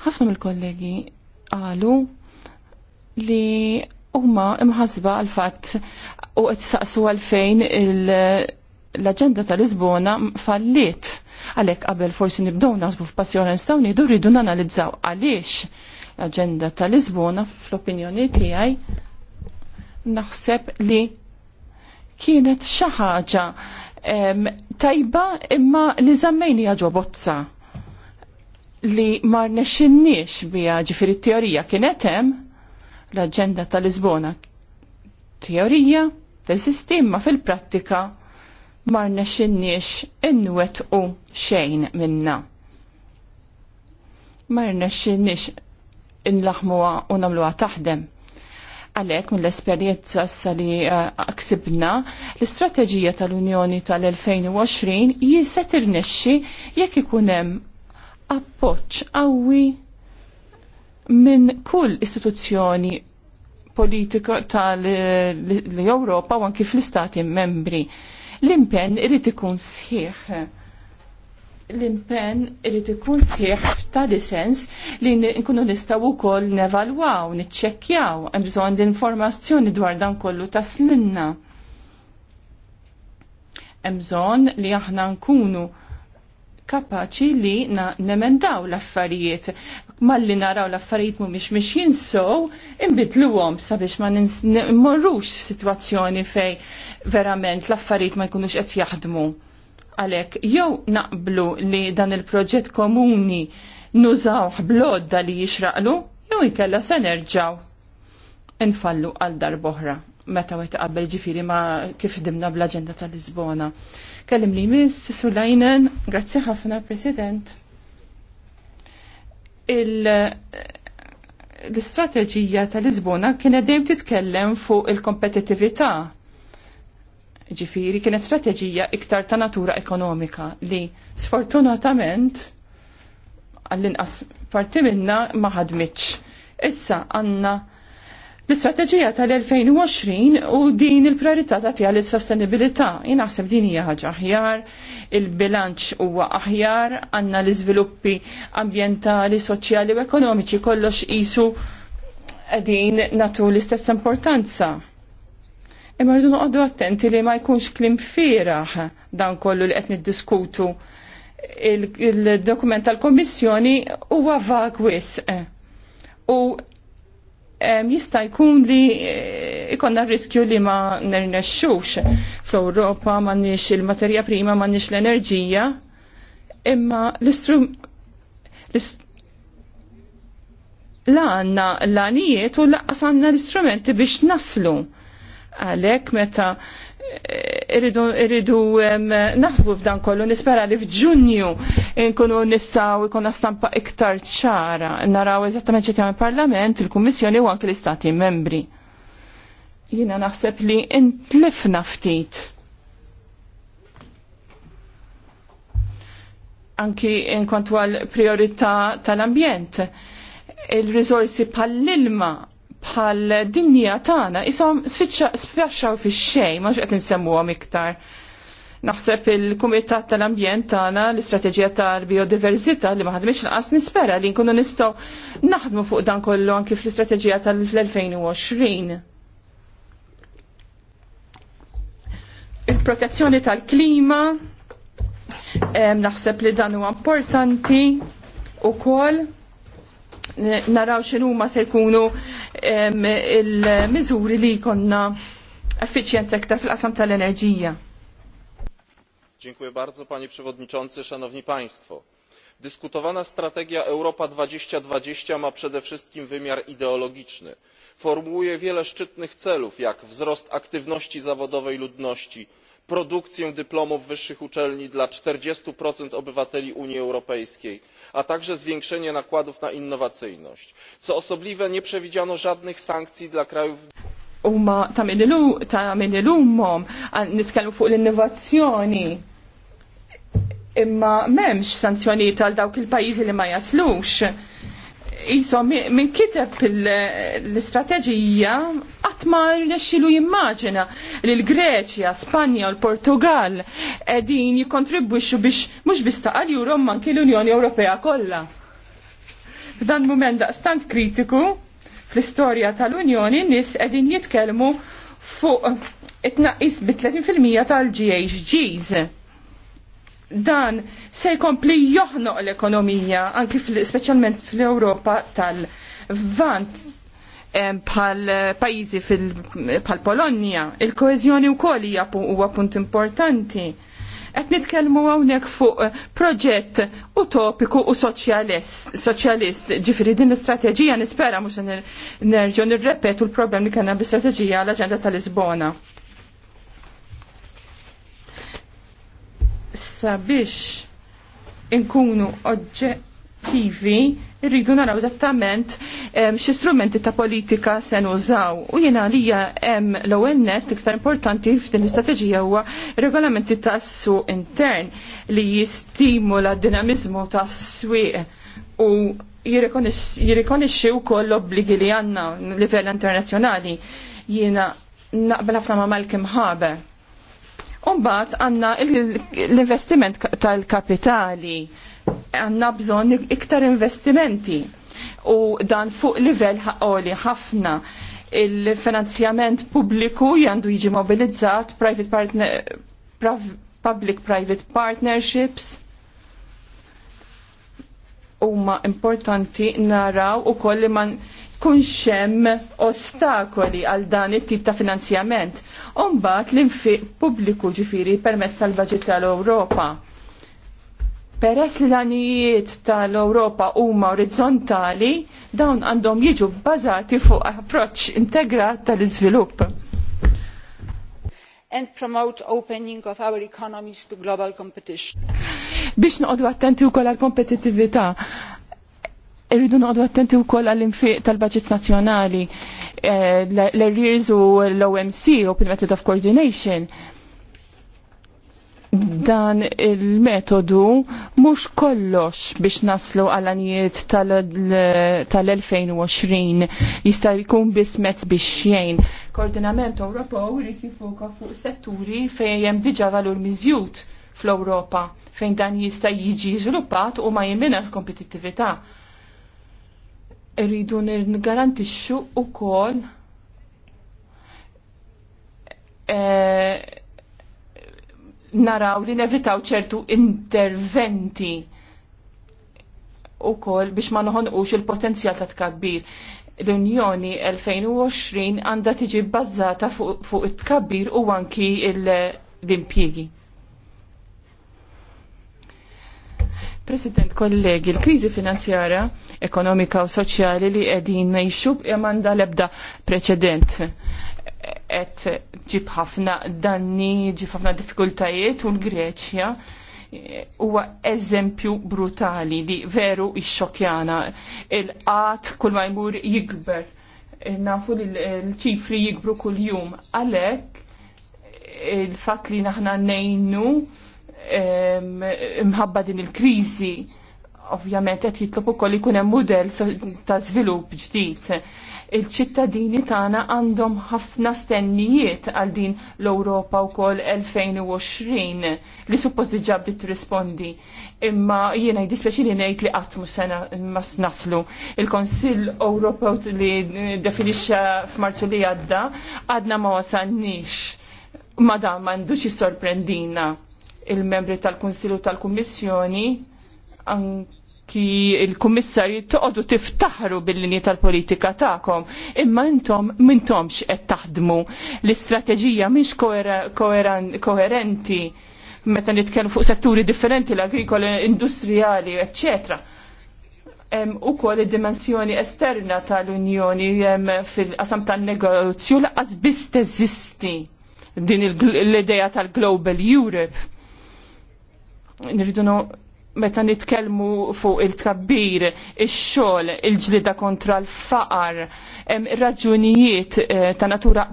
Ħafna mill-kollegi qalu li huma imħasba għal fatt u qed saqsu għalfejn l-aġenda tal-Lisbona falliet. Għalhekk qabel forsi nibdew naħsbu f'passjoni nistgħu ngħidu rridu nanalizzaw għaliex l-aġenda tal-Lisbona fl-opinjoni tiegħi naħseb li kienet xi ħaġa tajba imma li hija ġobozza li mar nexinniex bija ġifiri teorija kienet hemm l-aġenda tal-Lisbona teorija tal-sistema fil-prattika mar nexinniex inwet u xejn minna. Mar nexinniex inlaħmuha u nagħmluha taħdem għalek mill esperjenza issa li eh, aksibna l-istrateġija tal-Unjoni tal-2020 jiset irnexxi jekk ikun hemm appoċ qawwi minn kull istituzzjoni politika tal-Europa u anki fl-istati membri. L-impen irrit ikun sħiħ. L-impen irrit ikun sħiħ f'tali sens li nkunu nistaw ukoll nevalwaw, niċċekkjaw, hemm bżonn l-informazzjoni dwar dan kollu taslinna. Hemm bżonn li aħna nkunu kapaċi li nemendaw l-affarijiet. Malli naraw l-affarijiet mhumiex miex jinsow, għom sabiex ma nmorrux situazzjoni fej verament l-affarijiet ma jkunux qed jaħdmu. Għalek, jew naqblu li dan il-proġett komuni nużaw blodda li jixraqlu, jew ikella se nerġaw infallu għal darboħra meta għet qabel ġifiri ma kif dimna bl-agenda tal-Lisbona. Kellim li miss, Lajnen, grazzi ħafna, President. l-istrateġija tal-Lisbona kienet dejjem titkellem fuq il-kompetitività. Ġifiri, kienet strateġija iktar ta' natura ekonomika li sfortunatament għall-inqas parti minna ma ħadmitx. Issa għanna l-istrateġija tal-2020 u din il-priorità ta' tagħtiha lis-sostenibilità. Jien naħseb din hija ħaġa aħjar, il-bilanċ huwa aħjar, għandna l-iżviluppi ambjentali, soċjali u ekonomiċi kollox qisu qegħdin natu l-istess importanza. Imma rridu noqogħdu attenti li ma jkunx klim fieraħ dan kollu li qed niddiskutu il-dokument tal-Kommissjoni huwa vag wisq u jista' jkun li eh, ikonna riskju li ma nernexxux fl-Ewropa m'għandniex il-materja prima m'għandniex l-enerġija imma l-istrum la għanna l-għanijiet u laqqas għanna l-istrumenti biex naslu għalek meta eh, irridu naħsbu f'dan kollu nispera li f'Ġunju nkunu nistgħu jkunna stampa iktar ċara naraw eżattament ċetja il parlament il-Kummissjoni u anke l-Istati membri. Jiena naħseb li intlifna ftit. Anki nkont għal priorità tal-ambjent il-rizorsi pal ilma bħal dinja tagħna ishom sfaxxaw fix-xejn ma qed insemmuhom iktar. Naħseb il-Kumitat tal-Ambjent tagħna l-Istrateġija tal-Biodiversità li ma ħadmitx naqas nispera li nkunu nistgħu naħdmu fuq dan kollu anki fl-Istrateġija tal-2020. Il-protezzjoni tal-klima, naħseb li dan huwa importanti ukoll naraw x'inhuma se jkunu il-miżuri li jkollna effiċjenza iktar fil-qasam tal-enerġija. Dziękuję bardzo panie przewodniczący, szanowni państwo. Dyskutowana strategia Europa 2020 ma przede wszystkim wymiar ideologiczny. Formułuje wiele szczytnych celów, jak wzrost aktywności zawodowej ludności, produkcję dyplomów wyższych uczelni dla czterdzieści obywateli unii europejskiej a także zwiększenie nakładów na innowacyjność. co osobliwe nie przewidziano żadnych sankcji dla krajów huma ta' min nitkellmu fuq l-innovazzjoni. Imma m'hemmx sanzjonijiet għal dawk il-pajjiżi li ma jaslux. Iso, minn kiteb l-istrateġija għatma rnexxilu jimmaġina li l-Greċja, Spanja u l-Portugal edin jikontribwixu biex mux bistaqal jurom manki l-Unjoni Ewropea kollha. F'dan moment daqstant kritiku fl-istorja tal-Unjoni nis edin jitkelmu fuq it-naqis bit 30% tal-GHGs dan se jkompli joħnoq l-ekonomija, anki specialment fl-Europa tal-vant bħal pajizi bħal Polonja. Il-koezjoni u hija huwa punt importanti. Qed nitkellmu hawnhekk fuq proġett utopiku u soċjalist, ġifieri din l-istrateġija nispera mhux nerġgħu nirrepetu l-problem li kellna bl-istrateġija għall-Aġenda tal-Lisbona. sabiex inkunu oġġettivi rridu naraw eżattament xi strumenti ta' politika se nużaw. U jiena għalija hemm l-ewwel net iktar importanti f'din l-istrateġija huwa regolamenti tas su intern li jistimula d-dinamiżmu tas-swieq u jirrikonixxi wkoll l-obbligi li għandna livell internazzjonali. Jiena naqbel ħafna ma' Malcolm Harbour Umbat għanna l-investiment tal-kapitali, għanna bżon iktar investimenti u dan fuq livell ħaqoli ħafna il-finanzjament pubbliku jandu jiġi mobilizzat, private partner, public-private partnerships huma importanti naraw u kolli man tkunx hemm ostakoli għal dan it-tip ta' finanzjament. Umbat l-infiq pubbliku ġifiri permezz tal-Baġit tal-Ewropa. Peress li l-anijiet tal-Ewropa huma orizzontali, dawn għandhom jiġu bbażati fuq approċċ integrat tal-iżvilupp and promote opening of our economies to global competition. Biex noqogħdu attenti wkoll għall kompetittività irridu noqdu attenti u koll għall-infiq tal-budgets nazjonali, eh, l-arrears u l-OMC, Open Method of Coordination. Dan il-metodu mux kollox biex naslu għallaniet tal-2020 jista' jkun biss mezz biex xejn. Koordinament u irid jifoka fuq setturi fejn hemm diġà valur miżjud fl-Ewropa fejn dan jista' jiġi żviluppat u ma jimmina l-kompetittività Irridu nirgarantixxu ukoll eh, naraw li nevitaw ċertu interventi u kol biex ma noħonqux il-potenzjal ta' tkabbir. L-Unjoni 2020 għandha tiġi bbażata fuq it-tkabbir u anki l impjiegi President kollegi, l-krizi finanzjara, ekonomika u soċjali li edin nejxu jemanda lebda preċedent et ġib ħafna danni, ġib ħafna diffikultajiet u l-Greċja huwa eżempju brutali li veru xokjana Il-qat kull ma jmur jikber. Nafu li l-ċifri jikbru kull jum. Għalek il-fat li naħna nejnu imħabba din il-kriżi ovvjament qed jitlob ukoll ikun hemm mudell ta' żvilupp ġdid. Il-ċittadini tagħna għandhom ħafna stennijiet għal din l-Ewropa wkoll 2020 li suppost diġà bdiet tirrispondi. Imma jiena jdispjaċi li ngħid li qatt mhux sena naslu. Il-Konsill Ewropew li definixxa f'Marzu li għadda għadna ma wasalniex. Ma dan m'għandux jissorprendina il-membri tal-Kunsilu tal-Kummissjoni anki il-Kummissarji toqgħodu tiftaħru bil-linji tal-politika tagħkom, imma intom m'intomx qed taħdmu l-istrateġija mhix koerenti meta nitkellmu fuq setturi differenti l agrikoli industrijali, eccetera um, u kol dimensjoni esterna tal-Unjoni fil-qasam tal-negozju laqas biss teżisti din l-ideja tal-Global Europe nirridu meta nitkellmu fuq il-tkabbir, ix-xogħol, il tkabbir ix xogħol il ġlida kontra l-faqar, raġunijiet eh, ta' natura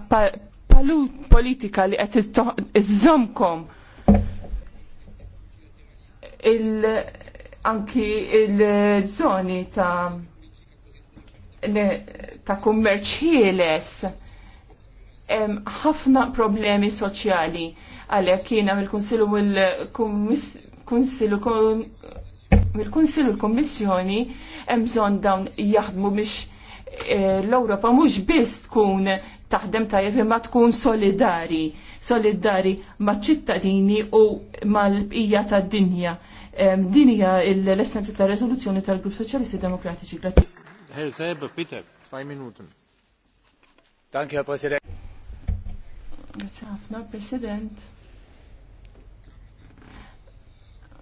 politika li qed iżżomkom anki il-żoni ta' ta' kummerċ ħieles ħafna problemi soċjali għalhekk jiena mill-Kunsillu mill kunsil il-Kunsil u l-Kommissjoni hemm bżonn dawn jaħdmu biex eh, l-Ewropa mhux biss tkun taħdem tajjeb imma tkun solidari, solidari maċ-ċittadini u mal-bqija tad-dinja. Din hija l-essenza tar-reżoluzzjoni tal-Grupp Soċjalisti Demokratiċi. Grazie. Herr bitte, zwei Minuten. Danke, Herr Präsident. Grazie, Herr Präsident.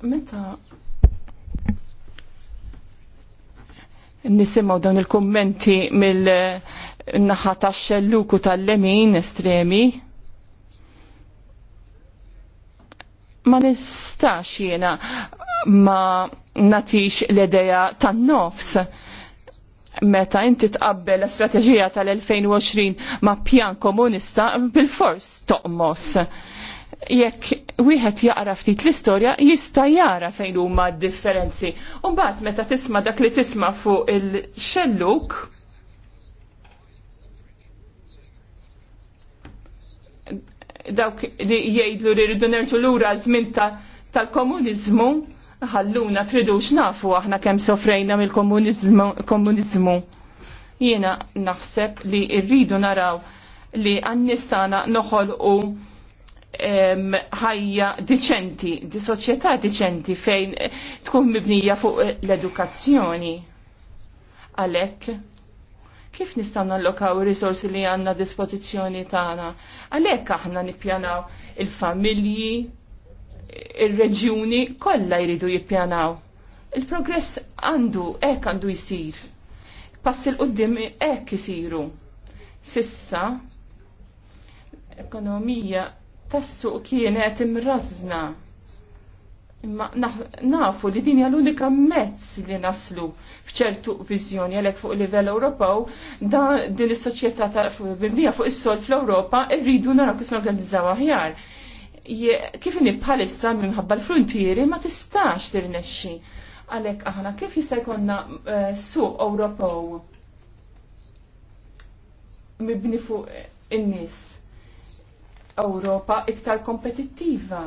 Meta nisimaw dawn il-kommenti mill-naħa tax xelluku tal-lemin estremi, ma nistax jiena ma natix l-ideja tan-nofs meta inti tqabbel l-istrateġija tal-2020 ma' pjan komunista bil-fors toqmos jekk wieħed jaqra ftit l-istorja jista' jara fejn huma d-differenzi. U mbagħad meta tisma' dak li tisma' fuq il-xelluk dawk li jgħidlu li rridu nerġu lura żmien tal-komuniżmu ħalluna tridux nafu aħna kemm sofrejna mill-komuniżmu. Jiena naħseb li rridu naraw li għannistana noħolqu ħajja diċenti, di soċjetà diċenti fejn tkun mibnija fuq l-edukazzjoni. Għalek, kif nistaw nallokaw il-risorsi li għanna dispozizjoni tagħna? Għalek aħna nippjanaw il-familji, il-reġjuni kollha jridu jippjanaw. Il-progress għandu hekk għandu jisir. Passi l qoddim hekk isiru. Sissa, ekonomija tas-suq kienet imrażna. Imma nafu li din hija l-unika mezz li naslu f'ċertu viżjoni għalhekk fuq livell Ewropew da din is-soċjetà mibnija fuq is-sol fl-Ewropa rridu naraw kif norganizzaw aħjar. Kif inhi bħalissa minħabba l-frontieri ma tistax tirnexxi għalhekk aħna kif jista' jkollna eh, suq Ewropew mibni fuq in-nies Ewropa iktar kompetittiva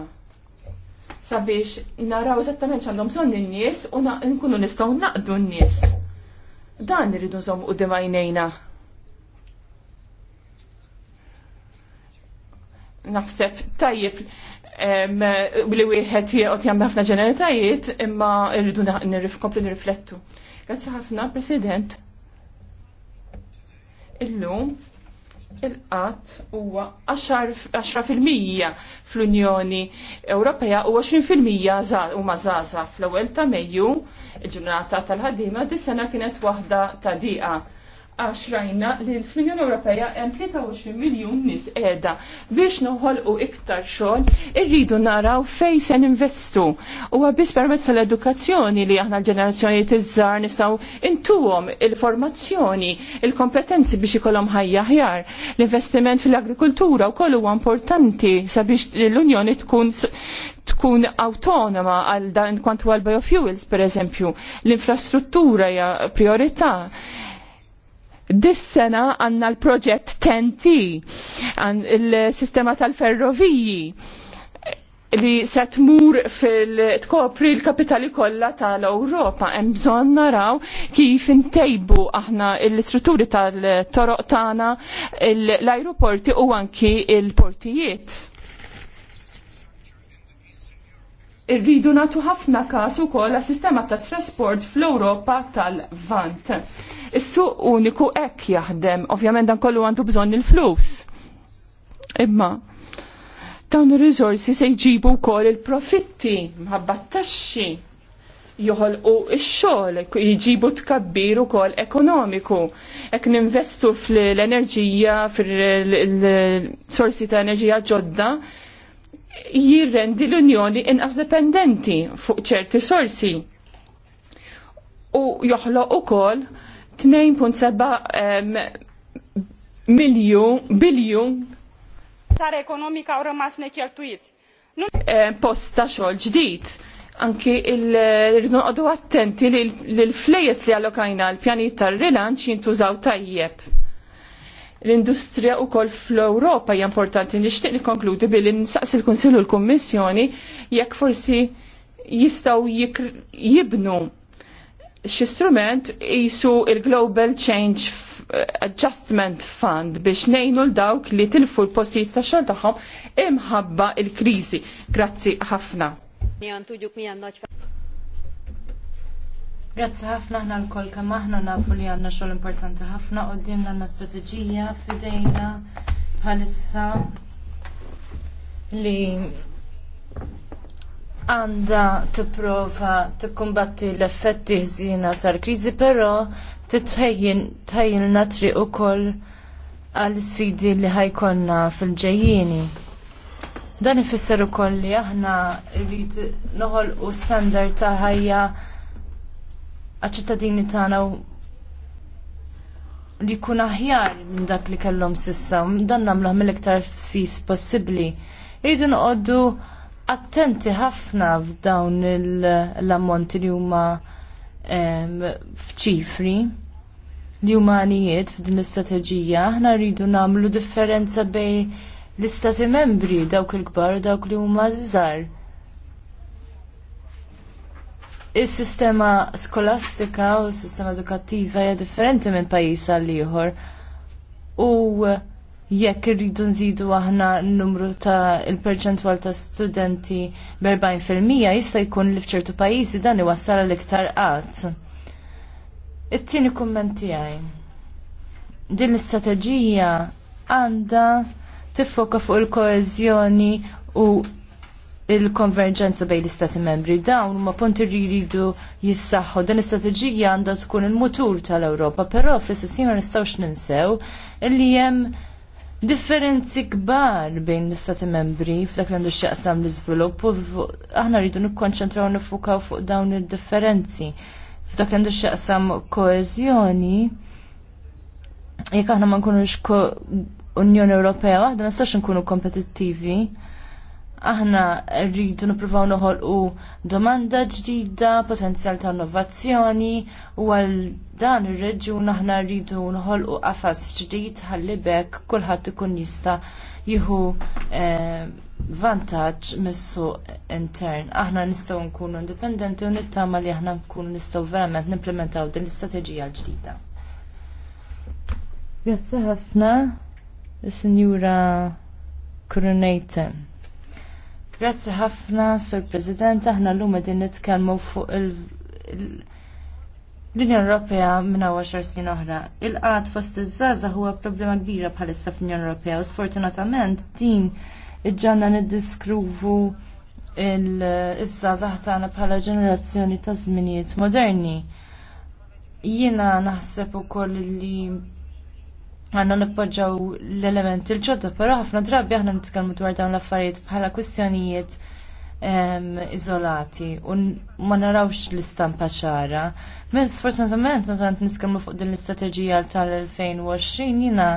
sabiex naraw eżattament x'għandhom bżonn in-nies u nkunu nistgħu naqdu n-nies. Dan irridu nżomm u dimajnejna. Naħseb tajjeb li wieħed jeqgħod jagħmel ħafna ġeneratajiet imma rridu nirrifkompli nirriflettu. Grazzi ħafna, President. Illum il-qatt huwa 10% fl-Unjoni Ewropea u 20% huma żgħażagħ fl-ewwel ta' Mejju, il-ġurnata tal-ħaddiema dis-sena kienet waħda ta' diqa' għax rajna li fl-Unjoni Ewropea hemm 23 miljun nies qiegħda biex noħolqu iktar xogħol irridu naraw fejn se ninvestu. Huwa biss permezz tal-edukazzjoni li aħna l-ġenerazzjoni żgħar nistgħu intuhom il-formazzjoni, il-kompetenzi biex ikollhom ħajja ħjar. L-investiment fil-agrikultura wkoll huwa importanti sabiex l-Unjoni tkun tkun autonoma għal dan kwantu għal biofuels per eżempju. L-infrastruttura hija priorità Dis-sena għanna l-proġett TNT, il-sistema tal-ferroviji li se tmur fil-tkopri l-kapitali kollha tal-Ewropa hemm bżonn naraw kif intejbu aħna l-istrutturi tal-toroq tagħna l-ajruporti u anki l-portijiet irridu natu ħafna kasu kol la sistema ta' trasport fl-Europa tal-Vant. Is-suq uniku ek jaħdem, ovvjament dan kollu għandu bżonn il-flus. Imma, dawn ir rizorsi se jġibu wkoll il-profitti mħabba taxxi joħolqu il xogħol jġibu tkabbir ukoll ekonomiku. Ek ninvestu fl-enerġija, fil-sorsi ta' enerġija ġodda, jirrendi l-Unjoni inqas dependenti fuq ċerti sorsi u joħloq ukoll 2.7 miljun biljun ekonomika u au rămas necheltuiți. Nu... Post ta' xogħol ġdid anki il-ridun attenti li l-flejes li allokajna l-pjanit tar-rilanċ jintużaw tajjeb l-industrija u kol fl-Europa hija importanti. Nixtieq nikkonkludi billi nsaqs il-Kunsill u l-Kummissjoni jekk forsi jistgħu jibnu xi strument jisu il-Global Change Adjustment Fund biex nejnu l-dawk li tilfu l-postijiet ta' xogħol tagħhom imħabba il-kriżi. Grazzi ħafna. Grazzi ħafna ħna l koll kemm aħna nafu li għandna xogħol importanti ħafna qudiemna għandna strateġija f'idejna bħalissa li għandha tipprova tikkumbatti l-effetti ħżiena tal-kriżi, però titħejjilna triq ukoll għall-isfidi li ħajkonna fil-ġejjieni. Dan ifisser ukoll li aħna rrid noħolqu standard ta' ħajja għacċittadini ċittadini tagħna li jkun aħjar minn dak li kellhom sissa, dan nagħmluh mill-iktar fis possibbli. Irridu noqogħdu attenti ħafna f'dawn l-ammonti li huma f'ċifri li huma għanijiet f'din l-istrateġija, aħna rridu nagħmlu differenza bejn l-istati membri dawk il-kbar u dawk li huma żgħar Is-sistema skolastika u s-sistema edukattiva hija differenti minn pajjiż għal ieħor. U jekk irridu nżidu aħna n-numru ta' il-perċentwal ta' studenti b'40% jista' jkun li f'ċertu pajjiżi dan iwassal l-iktar qatt. It-tieni kumment tiegħi. Din l-istrateġija għandha tiffoka fuq il-koeżjoni u il-konverġenza bejn l-istati membri dawn huma punti rridu jridu jissaħħu dan istrateġija għandha tkun il-mutur tal-Ewropa, però fl-istessin ma nistgħux ninsew li hemm differenzi kbar bejn l-istati membri f'dak li għandu x'jaqsam l-iżvilupp u aħna rridu nikkonċentraw nifukaw fuq dawn id-differenzi. F'dak li għandu x'jaqsam koeżjoni jekk aħna ma nkunux Unjoni Ewropea waħda ma nistax nkunu kompetittivi aħna rridu nippruvaw noħolqu domanda ġdida, potenzjal ta' innovazzjoni u għal dan ir-reġjun aħna rridu u qafas ġdid ħalli bekk kulħadd ikun jista' jieħu eh, vantaġġ mis-suq intern. Aħna nistgħu nkunu indipendenti u nittama li aħna nkunu nistgħu verament nimplementaw din l-istrateġija l-ġdida. Grazzi ħafna, Sinjura Coronate. Grazzi ħafna, Sur President, aħna l-lum din nitkellmu fuq il- l-Unjon Ewropea minn 10 snin oħra. Il-qad fost iż-żaza huwa problema kbira bħalissa fl-Unjon Ewropea u sfortunatament din iġġanna niddiskruvu il-żazah tagħna bħala ġenerazzjoni ta' żminijiet moderni. Jiena naħseb ukoll li għanna nippoġġaw l-element il-ġodda, pero ħafna drabi aħna nitkellmu dwar dawn l-affarijiet bħala kwistjonijiet ehm, izolati u ma narawx l-istampa ċara. Men sfortunatament meta nitkellmu fuq din l-istrateġija tal-2020 jina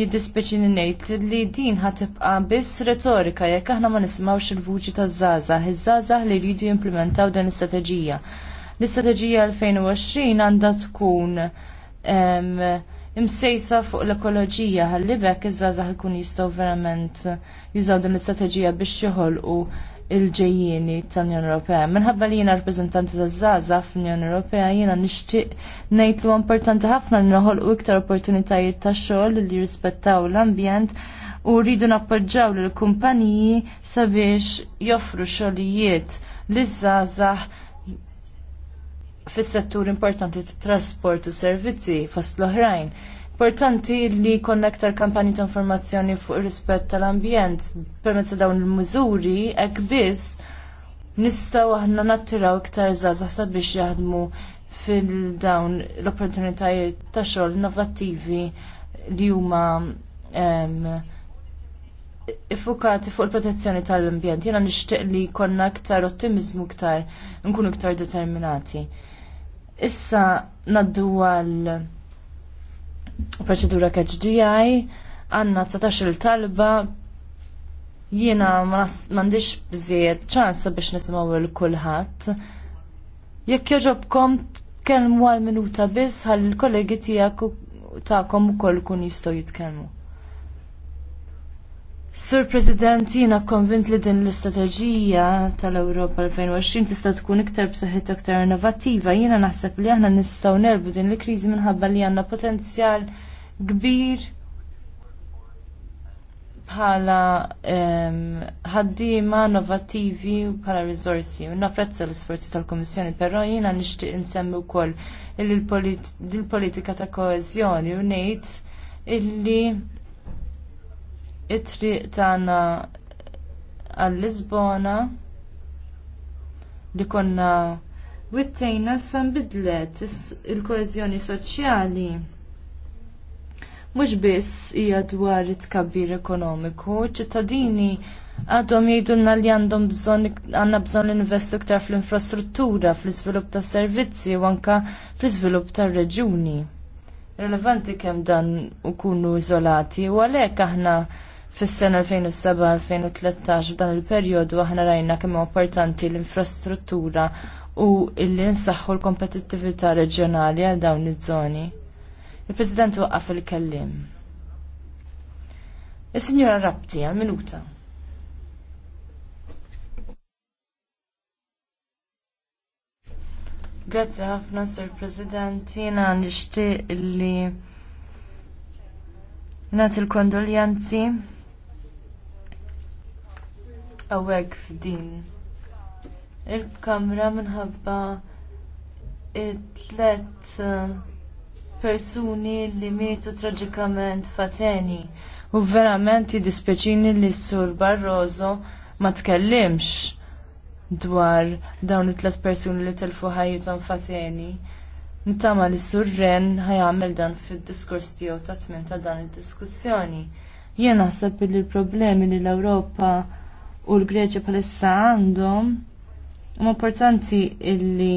jiddispeċi ngħid li din ħatibqa biss retorika jekk aħna ma nismawx il-vuċi ta' zaza, iż-żgħażagħ li jridu jimplementaw din l-istrateġija. L-istrateġija 2020 għandha tkun ehm, imsejsa fuq l-ekoloġija ħallibek iż-żgħażagħ ikun jistgħu verament jużaw din l-istrateġija biex joħolqu il-ġejjieni tal-Unjoni Ewropea. Minħabba li jiena rappreżentanti taż-żgħażagħ fl-Unjoni Ewropea jiena nixtieq ngħid li importanti ħafna li noħolqu iktar opportunitajiet ta' xogħol li jirrispettaw l-ambjent u rridu nappoġġaw lill kumpaniji sabiex joffru xogħlijiet ż żgħażagħ fis-settur importanti tat trasport u servizzi fost l-oħrajn. Importanti li jkollna aktar kampanji ta' informazzjoni fuq ir-rispett tal-ambjent permezz ta' dawn il-miżuri hekk biss nistgħu aħna nattiraw iktar żgħażagħ sabiex jaħdmu fil-dawn l-opportunitajiet ta' xogħol innovattivi li huma Ifukati fuq il-protezzjoni tal-ambjent, jena nixtieq li jkollna aktar ottimizmu aktar, nkunu aktar determinati. Issa naddu għal proċedura KHDI għanna 19 talba jiena mandiċ bżiet ċansa biex nisimaw il-kulħat. Jekk joġobkom tkellmu għal minuta biss għal kollegi tijak ta'kom u koll kun jistaw jitkelmu. Sur President, jiena konvint li din l-istrateġija tal-Europa 2020 tista' tkun iktar b'saħħit aktar innovattiva. Jiena naħseb li aħna nistgħu nerbu din l kriżi minħabba li għandna potenzjal kbir bħala ħaddiema um, innovattivi u bħala risorsi. Napprezza l-isforzi tal kummissjoni però jiena nixtieq insemmi wkoll il-politika ta' koeżjoni u ngħid illi it-triq tagħna għal-Lisbona li konna wittejna san bidlet il koezjoni soċjali mhux biss hija dwar it-tkabbir ekonomiku, ċittadini għadhom jgħidulna li għandhom bżonn għandna bżonn investu iktar fl-infrastruttura, fl-iżvilupp tas servizzi u anke fl-iżvilupp tar-reġuni. Relevanti kemm dan ukunu iżolati u għalhekk aħna fis-sena 2007-2013 f'dan il-perjodu aħna rajna kemm importanti l-infrastruttura u l insaħħu l-kompetittività reġjonali għal dawn iż-żoni. Il-President waqqaf il-kellim. Is-Sinjora Rabti għal minuta. Grazzi ħafna, Sir President, jena nishtiq li nagħti l-kondoljanzi għawek f'din. Il-kamra minħabba it-tlet eh, persuni li mietu traġikament fateni u verament jidispeċini li s-sur Barroso ma tkellimx dwar dawn it-tlet persuni li telfu ħajjutom fateni. Ntama li surren ħajamil dan fil-diskors tiegħu ta' tmim ta' dan id-diskussjoni. Jien naħseb li l-problemi li l-Ewropa u l-Greċja palissa għandhom huma importanti illi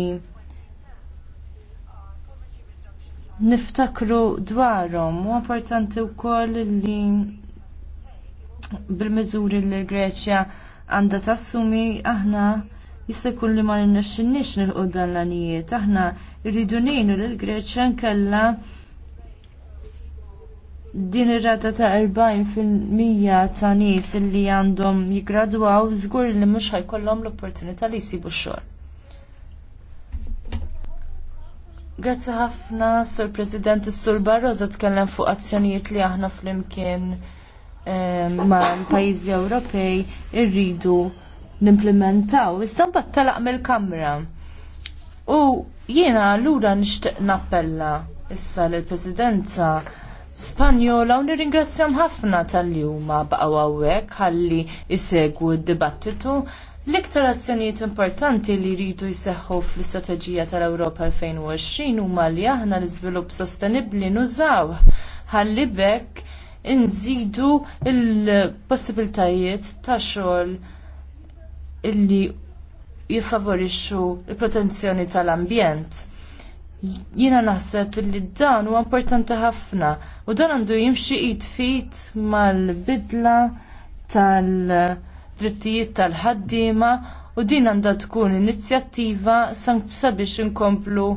niftakru dwarhom u importanti wkoll illi bil-miżuri li l-Greċja għandha tassumi aħna jista' jkun li ma ninnexxinniex nilqu dan l-għanijiet aħna rridu ngħinu lill-Greċja nkella din ir-rata ta' 40% ta' nies li għandhom jigradwaw żgur li mhux ħajkollhom l-opportunità li jsibu xogħol. Grazzi ħafna Sur President Sur Barroso tkellem fuq azzjonijiet li aħna flimkien ehm, ma' l-pajjiżi Ewropej irridu nimplementaw. Iżda mbagħad talaq mill-Kamra. U jiena allura nixtieq nappella issa lill-Presidenza Spanjola u nirringrazzjam ħafna tal-li huma baqgħu hawnhekk ħalli jsegwu d-dibattitu L-iktar azzjonijiet importanti li rridu jseħħu fl-istrateġija tal-Ewropa 2020 huma li aħna l-iżvilupp sostenibbli nużaw ħalli bekk inżidu l-possibiltajiet ta' xogħol illi jiffavorixxu l protezzjoni tal-ambjent. Jiena naħseb li dan huwa importanti ħafna U dan għandu jimxi id-fit mal-bidla tal-drittijiet tal-ħaddima u din għandha tkun inizjattiva sabiex inkomplu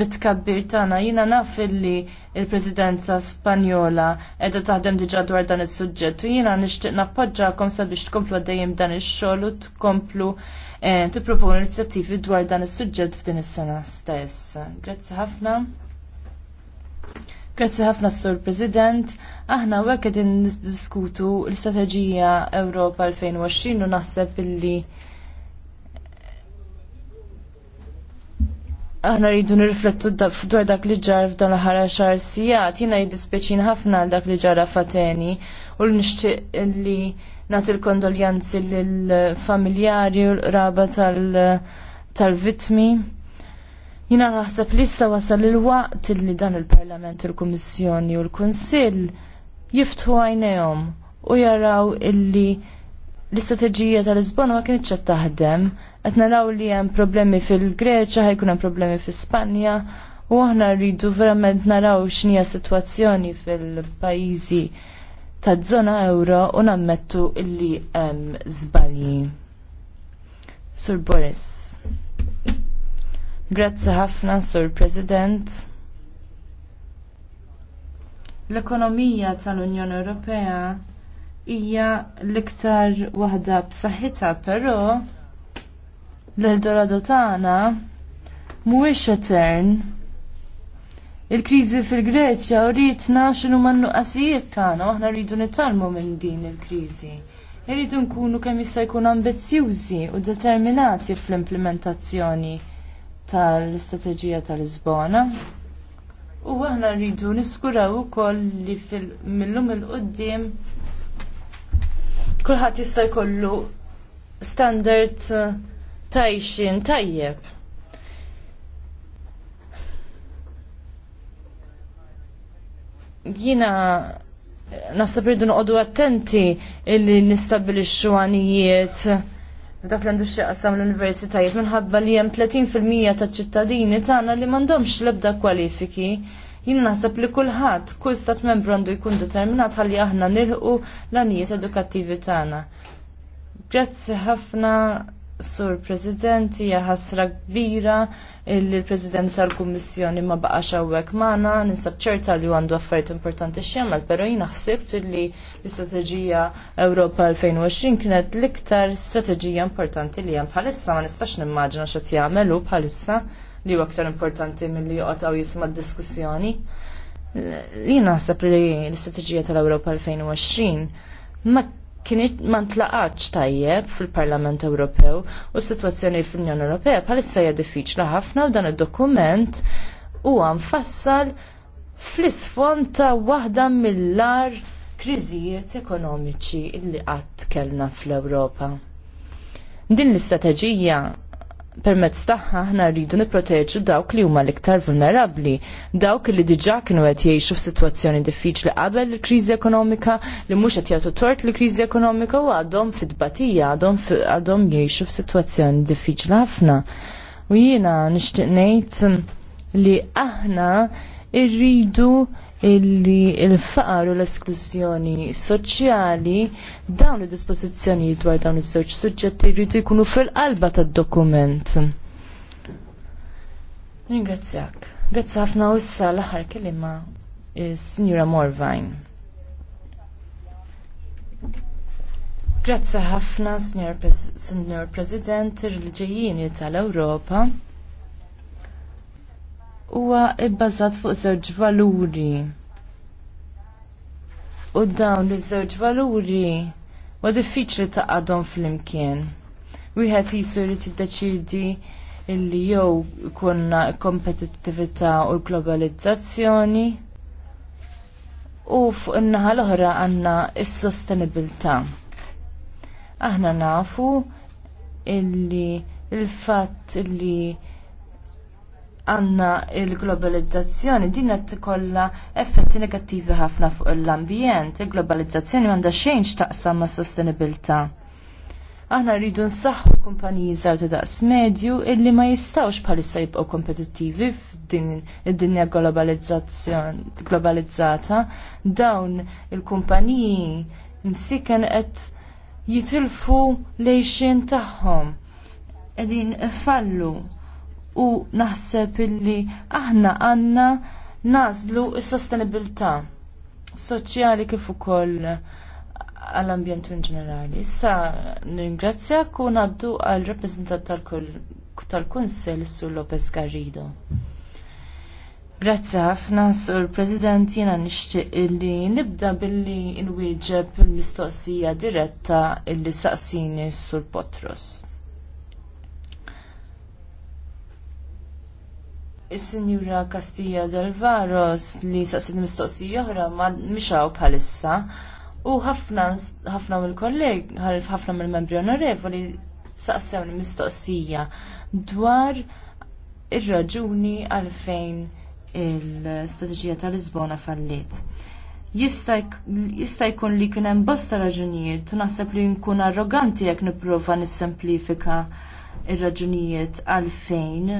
bitkabbir tagħna. Jiena naf illi il-Presidenza Spanjola qiegħda taħdem diġà dwar dan is-suġġett u jiena nixtieq nappoġġakom sabiex tkomplu għaddejjem dan ix-xogħol u tkomplu eh, tipproponu inizjattivi dwar dan is-suġġett f'din is-sena stess. Grazzi ħafna. Grazzi ħafna Sur President. Aħna u għek għedin diskutu l-strategija Europa 2020 u naħseb illi aħna rridu nirriflettu dwar dak li ġar f'dan l-ħara xar sijat, jina jiddispeċin ħafna għal dak li ġara fateni u l-nixtieq li nagħti l-kondoljanzi lill-familjari u l-qraba tal-vitmi. Jina naħseb li issa wasal il-waqt li dan il-Parlament, il-Kummissjoni u l-Kunsill jiftħu għajnejhom u jaraw illi l-istrateġija tal-Lisbona ma kienx qed taħdem, qed naraw li hemm problemi fil-Greċja, ħajkun hemm problemi fl Spanja, u aħna rridu verament naraw x'inhi sitwazzjoni fil-pajjiżi taż-żona euro u nammettu illi hemm żbalji. Sur Boris. Grazzi ħafna, Sur President. L-ekonomija tal-Unjoni Ewropea hija l-iktar waħda b'saħħitha, però l-Eldorado tagħna mhuwiex etern. Il-kriżi fil-Greċja uritna x'inhu man-nuqqasijiet tagħna u aħna rridu nitalmu minn din il-kriżi. Irridu nkunu kemm jista' jkun ambizzjużi u determinati fl-implementazzjoni tal-istrateġija tal-Lisbona. U aħna rridu niskuraw ukoll li fil-millum il-qoddim kulħadd jista' jkollu standard tajxin tajjeb. Jina nasab rridu noqogħdu attenti illi nistabilixxu għanijiet Dak l-għandu xieqsam l-universitajiet minħabba li jem 30% taċ ċittadini tagħna li m'għandhomx l-ebda kwalifiki. Jien naħseb li kulħadd, kull stat membru għandu jkun determinat ħalli aħna nilħu l-anijiet edukattivi tagħna. Grazzi ħafna Sur President, hija ħasra kbira li l-President tal-Kummissjoni ma baqax hawnhekk magħna, ninsab ċerta li għandu affarijiet importanti x'jagħmel, però jiena ħsibt li l-Istrateġija Ewropa 2020 kienet l-iktar strateġija importanti li hemm bħalissa ma nistax nimmaġina x'qed jagħmel hu bħalissa li huwa aktar importanti milli joqgħod jisma' d-diskussjoni. Jiena naħseb li l-istrateġija tal-Ewropa 2020 ma kienet ma ntlaqatx tajjeb fil-Parlament Ewropew u s-sitwazzjoni fl-Unjoni Ewropea bħalissa hija diffiċli ħafna u dan id-dokument huwa mfassal fl-isfond ta' waħda mill-ar kriżijiet ekonomiċi li qatt kellna fl-Ewropa. Din l-istrateġija permezz tagħha aħna rridu nipproteġu dawk li huma l-iktar vulnerabbli, dawk li diġà kienu qed jgħixu f'sitwazzjoni diffiċli qabel il-kriżi ekonomika li mhux qed jagħtu tort li kriżi ekonomika u għadhom fit-tbatija għadhom għadhom jgħixu f'sitwazzjoni diffiċli ħafna. U jiena nixtieq ngħid li aħna rridu illi il-faqar u l-esklusjoni soċjali dawn il-dispozizjoni dwar dawn iż-żewġ suġġetti jridu jkunu fil-qalba tad-dokument. Ringrazzjak. Grazzi ħafna u issa l-aħħar kelima is-Sinjura Morvine. Grazzi ħafna, Sinjor President, il-ġejjini tal-Ewropa huwa bbażat fuq żewġ valuri. U dawn iż-żewġ valuri ma diffiċli taqadhom flimkien. Wieħed jisu li tiddeċidi illi jew ikunna kompetittività u l-globalizzazzjoni u fuq in-naħa l-oħra għandna s-sostenibilità. Aħna nafu illi il-fatt illi għanna il-globalizzazzjoni din qed tikolla effetti negattivi ħafna fuq l-ambjent. Il-globalizzazzjoni m'għandha xejn x'taqsam ma' sostenibilità. Aħna rridu nsaħħu l-kumpaniji żgħar ta' daqs medju illi ma jistgħux bħalissa jibqgħu kompetittivi f'din id-dinja globalizzata. Dawn il-kumpaniji msiken qed jitilfu lejxin tagħhom. Qegħdin fallu u naħseb illi aħna għandna nażlu s-sostenibilità soċjali kif ukoll għall-ambjent in ġenerali. Issa ningrazzja u ngħaddu għal reprezentant tal-Kunsell Sur Lopez Garrido. Grazzi ħafna, Sur President, jiena nixtieq illi nibda billi nwieġeb il-mistoqsija diretta illi saqsini Sur Potros. Is-Sinjura Castilla del Varos li saqsit mistoqsija oħra ma mixaw bħalissa u ħafna ħafna mill-kolleg, ħafna mill-membri onorevoli saqsew mistoqsija dwar ir-raġuni għalfejn il strateġija tal-Lisbona fallit. Jista' jkun li kien hemm bosta raġunijiet u naħseb li nkun arroganti jekk nipprova nissemplifika ir-raġunijiet għalfejn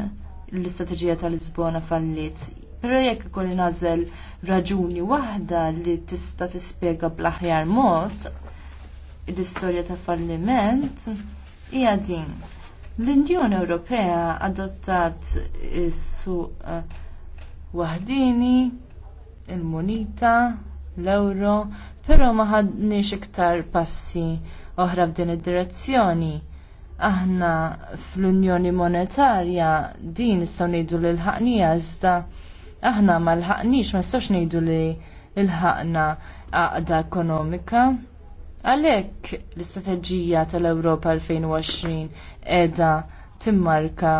l-istrateġija tal-Lisbona fallit. Però jekk ikun nażel raġuni waħda li tista' tispjega bl-aħjar mod l-istorja ta' falliment hija din. L-Indjoni Ewropea adottat is-suq eh, waħdini, il-munita, l-euro, però ma ħadniex iktar passi oħra f'din id-direzzjoni aħna fl-Unjoni Monetarja din nistgħu ngħidu li l-ħaqnija iżda aħna ma l-ħaqnix ma nistgħux ngħidu li l-ħaqna għaqda ekonomika. Għalhekk l-istrateġija tal-Ewropa 2020 qiegħda timmarka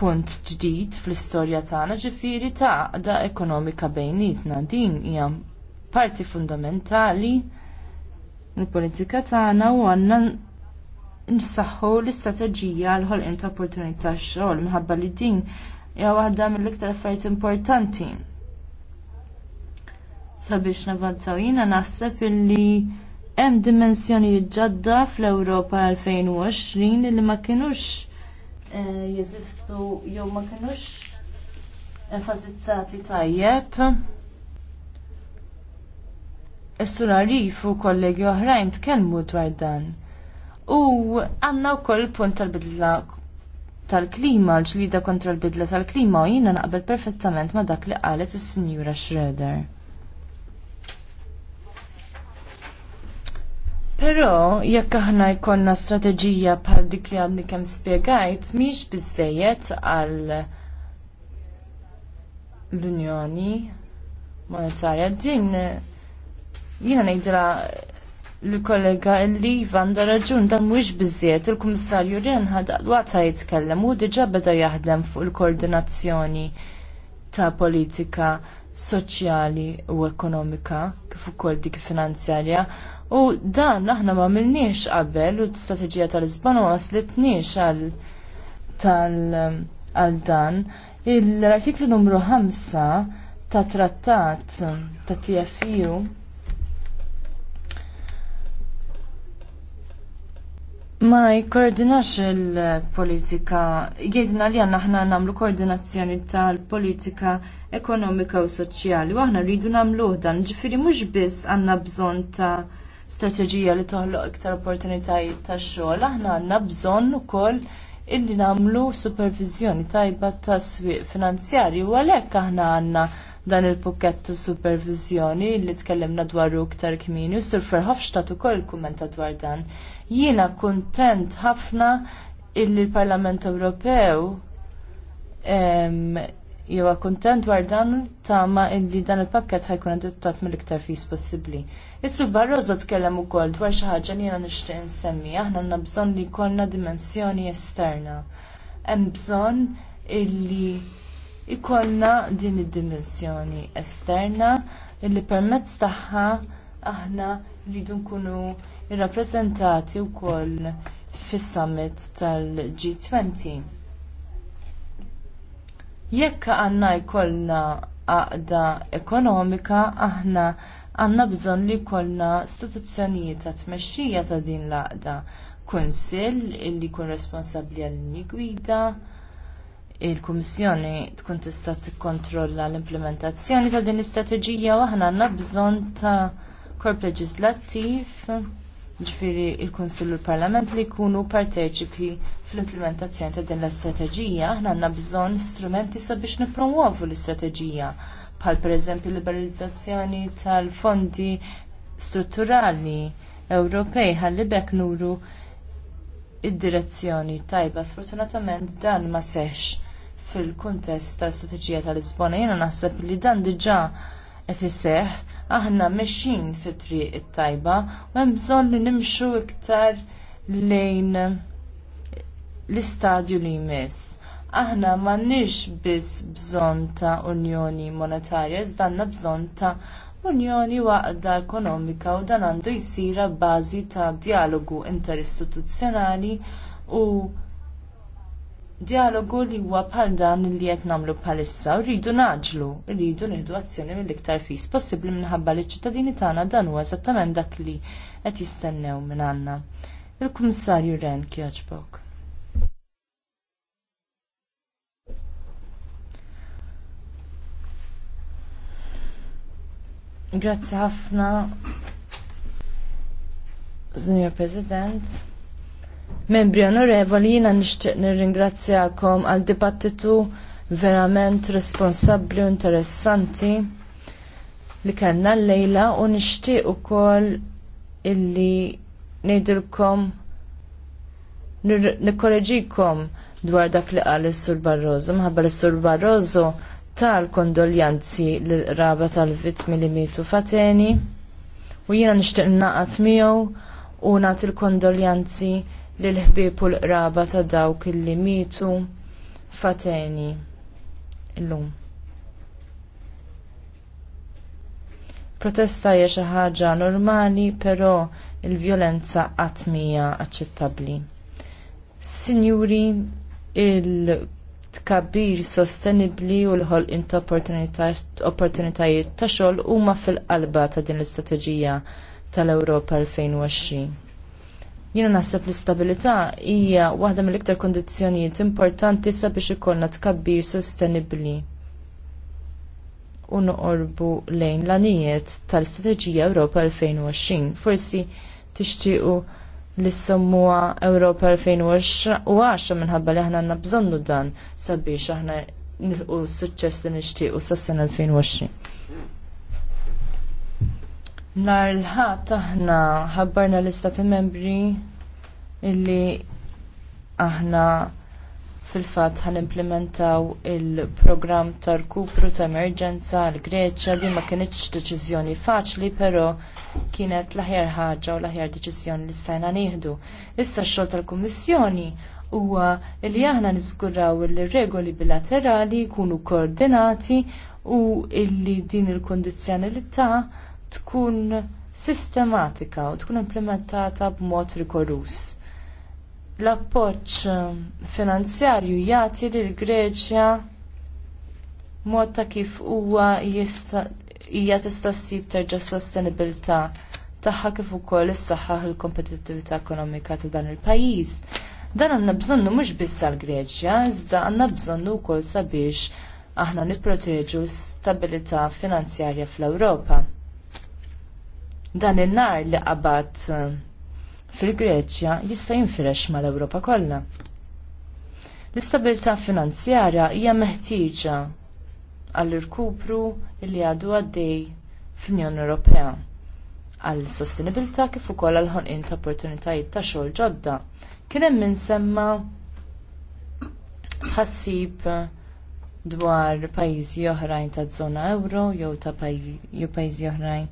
punt ġdid fl-istorja tagħna ġifieri ta' għaqda ekonomika bejnietna. Din hija parti fundamentali mill-politika tagħna u għandna nsaħħu l-istrateġija l ħolqien ta' opportunità xogħol minħabba li din hija waħda mill-iktar affarijiet importanti. Sabiex navanzaw jiena naħseb illi hemm dimensjonijiet ġodda fl-Ewropa 2020 li ma kinux eh, jeżistu jew ma kinux enfasizzati tajjeb. Is-surarif u kollegi oħrajn tkellmu dwar dan. U għanna u koll punt tal-bidla tal-klima, l-ġlida kontra l-bidla tal-klima, u jina naqbel perfettament ma dak li qalet is sinjura Schroeder. Pero, jekk aħna jkollna strateġija bħal dik li għadni kemm spjegajt, miex biżejjed għal l-Unjoni Monetarja din jiena ngħidilha l-kollega li għandha raġun dan mhuwiex biżżejjed il-Kummissarju Ren ħadaqwaqta jitkellem u diġà beda jaħdem fuq il-koordinazzjoni ta' politika soċjali u ekonomika kif ukoll dik finanzjarja u dan aħna ma milniex qabel u l-istrateġija tal-Lisbona ma waslitniex għal għal dan l-artiklu numru 5 ta' trattat ta' TFU Ma jkoordinax il-politika, jgħidna li għanna ħna namlu koordinazzjoni tal-politika ekonomika u soċjali, u aħna rridu namlu dan, ġifiri mux biss għanna bżon ta' strategija li toħloq iktar opportunitajiet ta' xogħol, aħna għanna bżon ukoll illi namlu supervizjoni tajba ta' swieq finanzjari u għalhekk aħna għanna dan il-pukket ta' supervizjoni li tkellimna dwaru iktar kmini u sur ferħafx ta' ukoll kumenta dwar dan. Jiena kuntent ħafna illi l-Parlament Ewropew jewa kuntent dwar dan ma illi dan il-pakket ħajkun adottat mill-iktar fis possibbli. Issu Barroso tkellem ukoll dwar xi ħaġa li jiena nixtieq insemmi, aħna għandna bżonn li jkollna dimensjoni esterna. Hemm bżonn illi jkollna din id-dimensjoni esterna illi permezz tagħha aħna rridu nkunu irrappreżentati wkoll fis-summit tal-G20. Jekk għandna jkollna għaqda ekonomika, aħna għandna bżonn li jkollna istituzzjonijiet ta' tmexxija ta' din l-għaqda. Kunsill li jkun responsabbli għall gwida, il-Kummissjoni tkun tista' tikkontrolla l-implementazzjoni ta' din l-istrateġija u aħna għandna bżonn ta' korp leġislattiv ġifiri il u l-Parlament li jkunu parteċipi fl-implementazzjoni ta' din l-istrateġija, aħna għandna bżonn strumenti sabiex nippromuovu l-istrateġija, bħal pereżempju liberalizzazzjoni tal-fondi strutturali Ewropej ħalli bekk nuru id-direzzjoni tajba. Sfortunatament dan ma sex fil-kuntest tal-istrateġija tal-Lisbona. Jiena naħseb li dan diġà qed iseħħ aħna meċin fit-triq it-tajba u hemm bżonn li nimxu iktar lejn l-istadju li jmiss. Aħna m'għandniex biss bżonn ta' unjoni monetarja, iżda għandna bżonn ta' unjoni waqda ekonomika u dan għandu jsir bażi ta' dijalogu interistituzzjonali u dialogu li huwa bħal dan li qed nagħmlu bħalissa u rridu naġlu, rridu nieħdu azzjoni mill-iktar fis possibbli minħabba li ċittadini tagħna dan huwa eżattament dak li qed jistennew minn għandna. Il-Kummissarju Ren kjaġbok. Grazzi ħafna, Signor President. Membri onorevoli, jina nishtiq nirringrazzjakom għal dibattitu verament responsabbli u interessanti li kellna l-lejla u nixtieq ukoll illi ngħidilkom nikkoreġikom dwar dak li qal is-Sur Barroso. Mħabba s sur Barroso tal-kondoljanzi l-raba tal-vittmi li mitu fateni u jiena nixtieq naqat miegħu u nagħti l-kondoljanzi l-ħbib u l-qraba ta' dawk li mitu fateni l-lum. Protesta hija xi ħaġa normali, però l-vjolenza qatt mija aċċettabbli. Sinjuri, il-tkabbir sostenibbli u l-ħolqien ta' opportunitajiet ta' xogħol huma fil-qalba ta' din l-istrateġija tal-Ewropa 2020. Jiena naħseb l-istabilità hija waħda mill-iktar kundizzjonijiet importanti sabiex ikollna tkabbir sostenibbli u noqorbu lejn l-anijiet tal-Strateġija Ewropa 2020. Forsi tixtiequ li semmuha Ewropa 2010 minħabba li aħna għandna bżonnu dan sabiex aħna nilqu s-suċċess li nixtiequ sas-sena 2020. Nar l-ħat aħna ħabbarna l-istati membri illi aħna fil-fat implementaw il-programm ta' rkupru ta' emerġenza l Greċja li ma kienitx deċiżjoni faċli, però kienet l-aħjar ħaġa u l-aħjar deċiżjoni li stajna nieħdu. Issa x-xogħol tal-Kummissjoni huwa li aħna niskurraw il-regoli bilaterali jkunu koordinati u illi din il-kondizzjonalità il li ta' tkun sistematika u tkun implementata b'mod rigorus. l appoċ eh, finanzjarju jagħti l Greċja mod ta' kif huwa hija tista' ssib terġa' sostenibilità tagħha kif ukoll is-saħħaħ il-kompetittività ekonomika ta' dan il-pajjiż. Dan għandna bżonnu mhux biss għall-Greċja, iżda għandna bżonnu wkoll sabiex aħna nipproteġu l-stabilità finanzjarja fl-Ewropa dan il-nar li qabad eh, fil-Greċja jista' jinfirex mal-Ewropa kollha. L-istabilità finanzjarja hija meħtieġa għall-irkupru li għadu għaddej fl-Unjoni Ewropea għall sostenibilità kif ukoll għal ħolqien ta' opportunitajiet ta' xogħol ġodda. Kien hemm insemma tħassib dwar pajjiżi oħrajn taż żona euro jew ta' pajjiżi oħrajn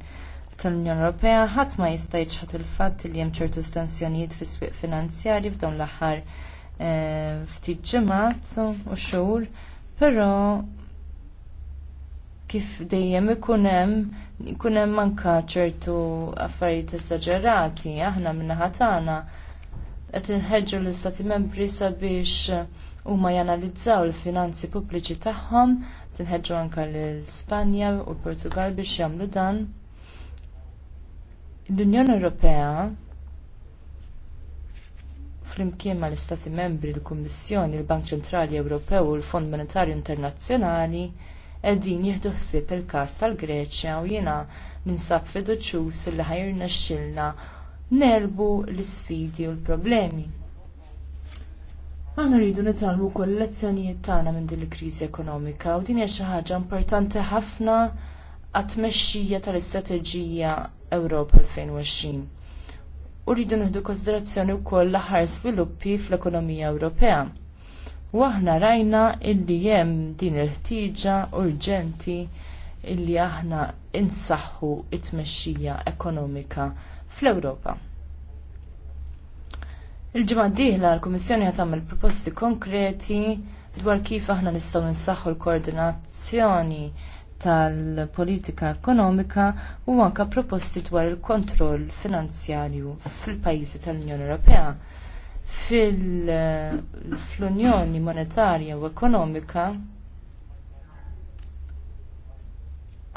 tal-Unjoni Ewropea ħadd ma jista' jiġħad il-fatt li hemm ċertu stensjonijiet fis-swieq finanzjarji f'dawn l-aħħar eh, ftit ġimgħat u xhur, però kif dejjem ikun hemm ikun hemm anke ċertu affarijiet esaġerati aħna min-naħa tagħna qed inħeġġu l-istati membri sabiex huma janalizzaw il-finanzi pubbliċi tagħhom, tinħeġġu anke l-Spanja u l-Portugal biex jagħmlu dan. L-Unjoni Ewropea flimkien mal istati membri, l-Kummissjoni, il-Bank Ċentrali Ewropew u l-Fond Monetarju Internazzjonali qegħdin jieħdu ħsieb il-każ tal-Greċja u jiena ninsab fiduċjuż li ħajrna xilna l-isfidi u l-problemi. Aħna rridu nitalmu wkoll lezzjonijiet tagħna minn din il-kriżi ekonomika u din hija xi ħaġa importanti ħafna għat-tmexxija tal-istrateġija Ewropa 2020. U rridu nħdu konsiderazzjoni wkoll l-aħħar sviluppi fl-ekonomija Ewropea. U aħna rajna illi hemm din il-ħtieġa urġenti illi aħna insaħħu t tmexxija ekonomika fl-Ewropa. Il-ġimgħa d-dieħla l-Kummissjoni qed tagħmel proposti konkreti dwar kif aħna nistgħu nsaħħu l-koordinazzjoni tal-politika ekonomika u anke proposti dwar il-kontroll finanzjarju fil-pajjiżi tal-Unjoni Ewropea. Fil-Unjoni Monetarja u Ekonomika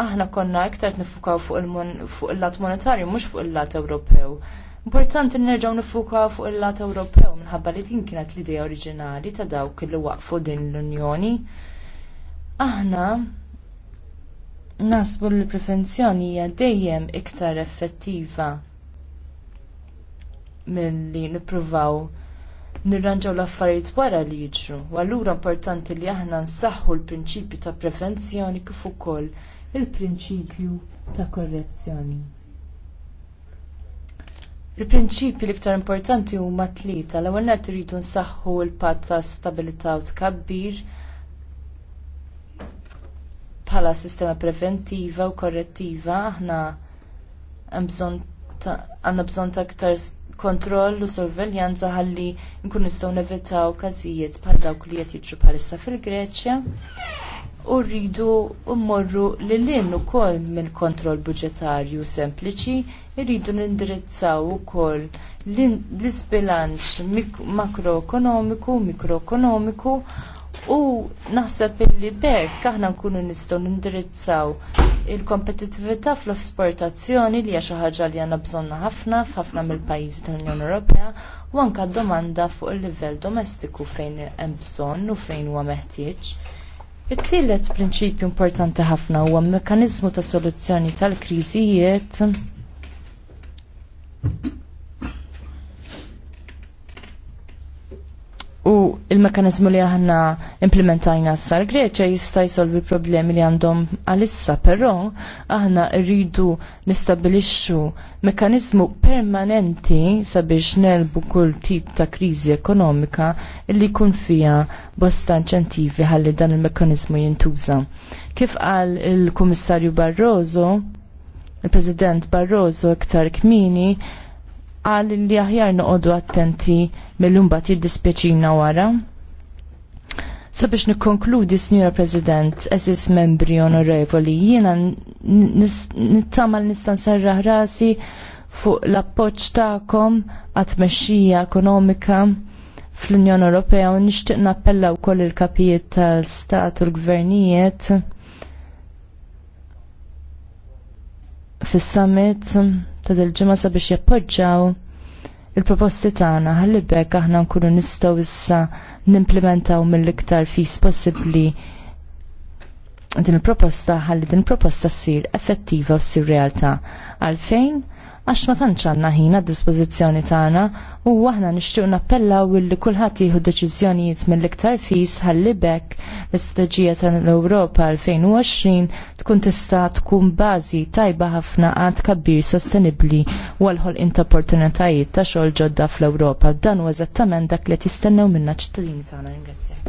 aħna konna iktar nifukaw fuq il-lat monetarju mhux fuq il-lat Ewropew. Importanti nerġgħu nifukaw fuq il-lat Ewropew minħabba li din kienet l-idea oriġinali ta' dawk li waqfu din l-Unjoni. Aħna nasbu li prevenzjoni hija dejjem iktar effettiva milli nippruvaw nirranġaw l-affarijiet wara li jiġru. U allura importanti li aħna nsaħħu l-prinċipju ta' prevenzjoni kif ukoll il-prinċipju ta' korrezzjoni. Il-prinċipji l-iktar importanti huma tlieta l-ewwel nett iridu nsaħħu l-patt ta' stabilità u tkabbir bħala sistema preventiva u korrettiva aħna għandna bżonn ta' aktar kontroll u sorveljanza ħalli nkun nistgħu nevitaw każijiet bħal dawk li qed jiġu bħalissa fil-Greċja u rridu mmorru lil-lin ukoll minn kontroll budġetarju sempliċi, rridu nindirizzaw ukoll l-isbilanċ makroekonomiku, mikroekonomiku U naħseb illi bekk aħna nkunu nistgħu nindirizzaw il kompetitività fl-esportazzjoni li hija xi ħaġa li għandna bżonna ħafna f'ħafna mill-pajjiżi tal-Unjoni Ewropea u anke domanda fuq il-livell domestiku fejn hemm bżonn u fejn huwa meħtieġ. It-tielet prinċipju importanti ħafna huwa mekkaniżmu ta' soluzzjoni tal-kriżijiet u il-mekanizmu li aħna implementajna s-sar Greċa jista' jsolvi problemi li għandhom għalissa, però aħna rridu nistabilixxu mekanizmu permanenti sabiex nelbu kull tip ta' kriżi ekonomika li jkun fija bosta inċentivi ħalli dan il-mekanizmu jintuża. Kif qal il-Kummissarju Barroso, il-President Barroso iktar kmini, għal li aħjar noqogħdu attenti mill bat jiddispjaċina wara. Sabiex nikkonkludi, Signora President, eżis membri onorevoli, jiena nittama nistan serraħ rasi fuq l-appoċ ta'kom għat meċxija ekonomika fl-Unjoni Ewropea u nixtieq nappella wkoll il-kapijiet tal-Stat u l-Gvernijiet fis-summit ta' dil-ġimgħa sabiex jappoġġaw il-proposti tagħna ħalli bekk aħna nkunu nistgħu issa nimplementaw mill-iktar fis possibbli din il-proposta ħalli din il-proposta ssir effettiva u ssir realtà għalfejn għax ma tantx għandna ħin għad-dispożizzjoni tagħna u aħna nixtieq nappellaw illi kulħadd jieħu deċiżjonijiet mill-iktar fis ħalli bekk l-istraġija tal-Ewropa 2020 tkun tista' tkun bażi tajba ħafna għad kabbir sostenibbli u għal inta opportunitajiet ta' xogħol ġodda fl-Ewropa. Dan huwa eżattament dak li tistennew minna ċittadini tagħna. Ringrazzjak.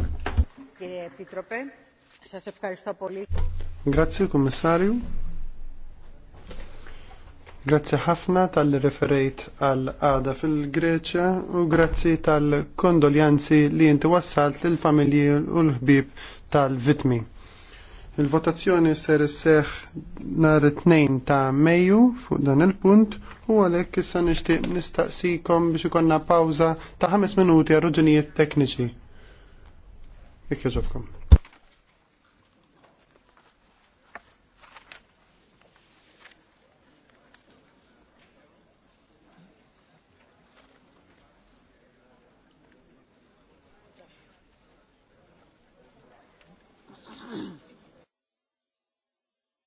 Grazie Kummissarju. Grazzi ħafna tal referejt għal għada fil-Greċja u grazzi tal-kondoljanzi li inti wassalt lill-familji u l-ħbib tal-vitmi. Il-votazzjoni ser seħ nar 2 ta' Mejju fuq dan il-punt u għalhekk issa nixtieq nistaqsikom biex ikonna pawża ta' 5 minuti għal raġunijiet tekniċi. Jekk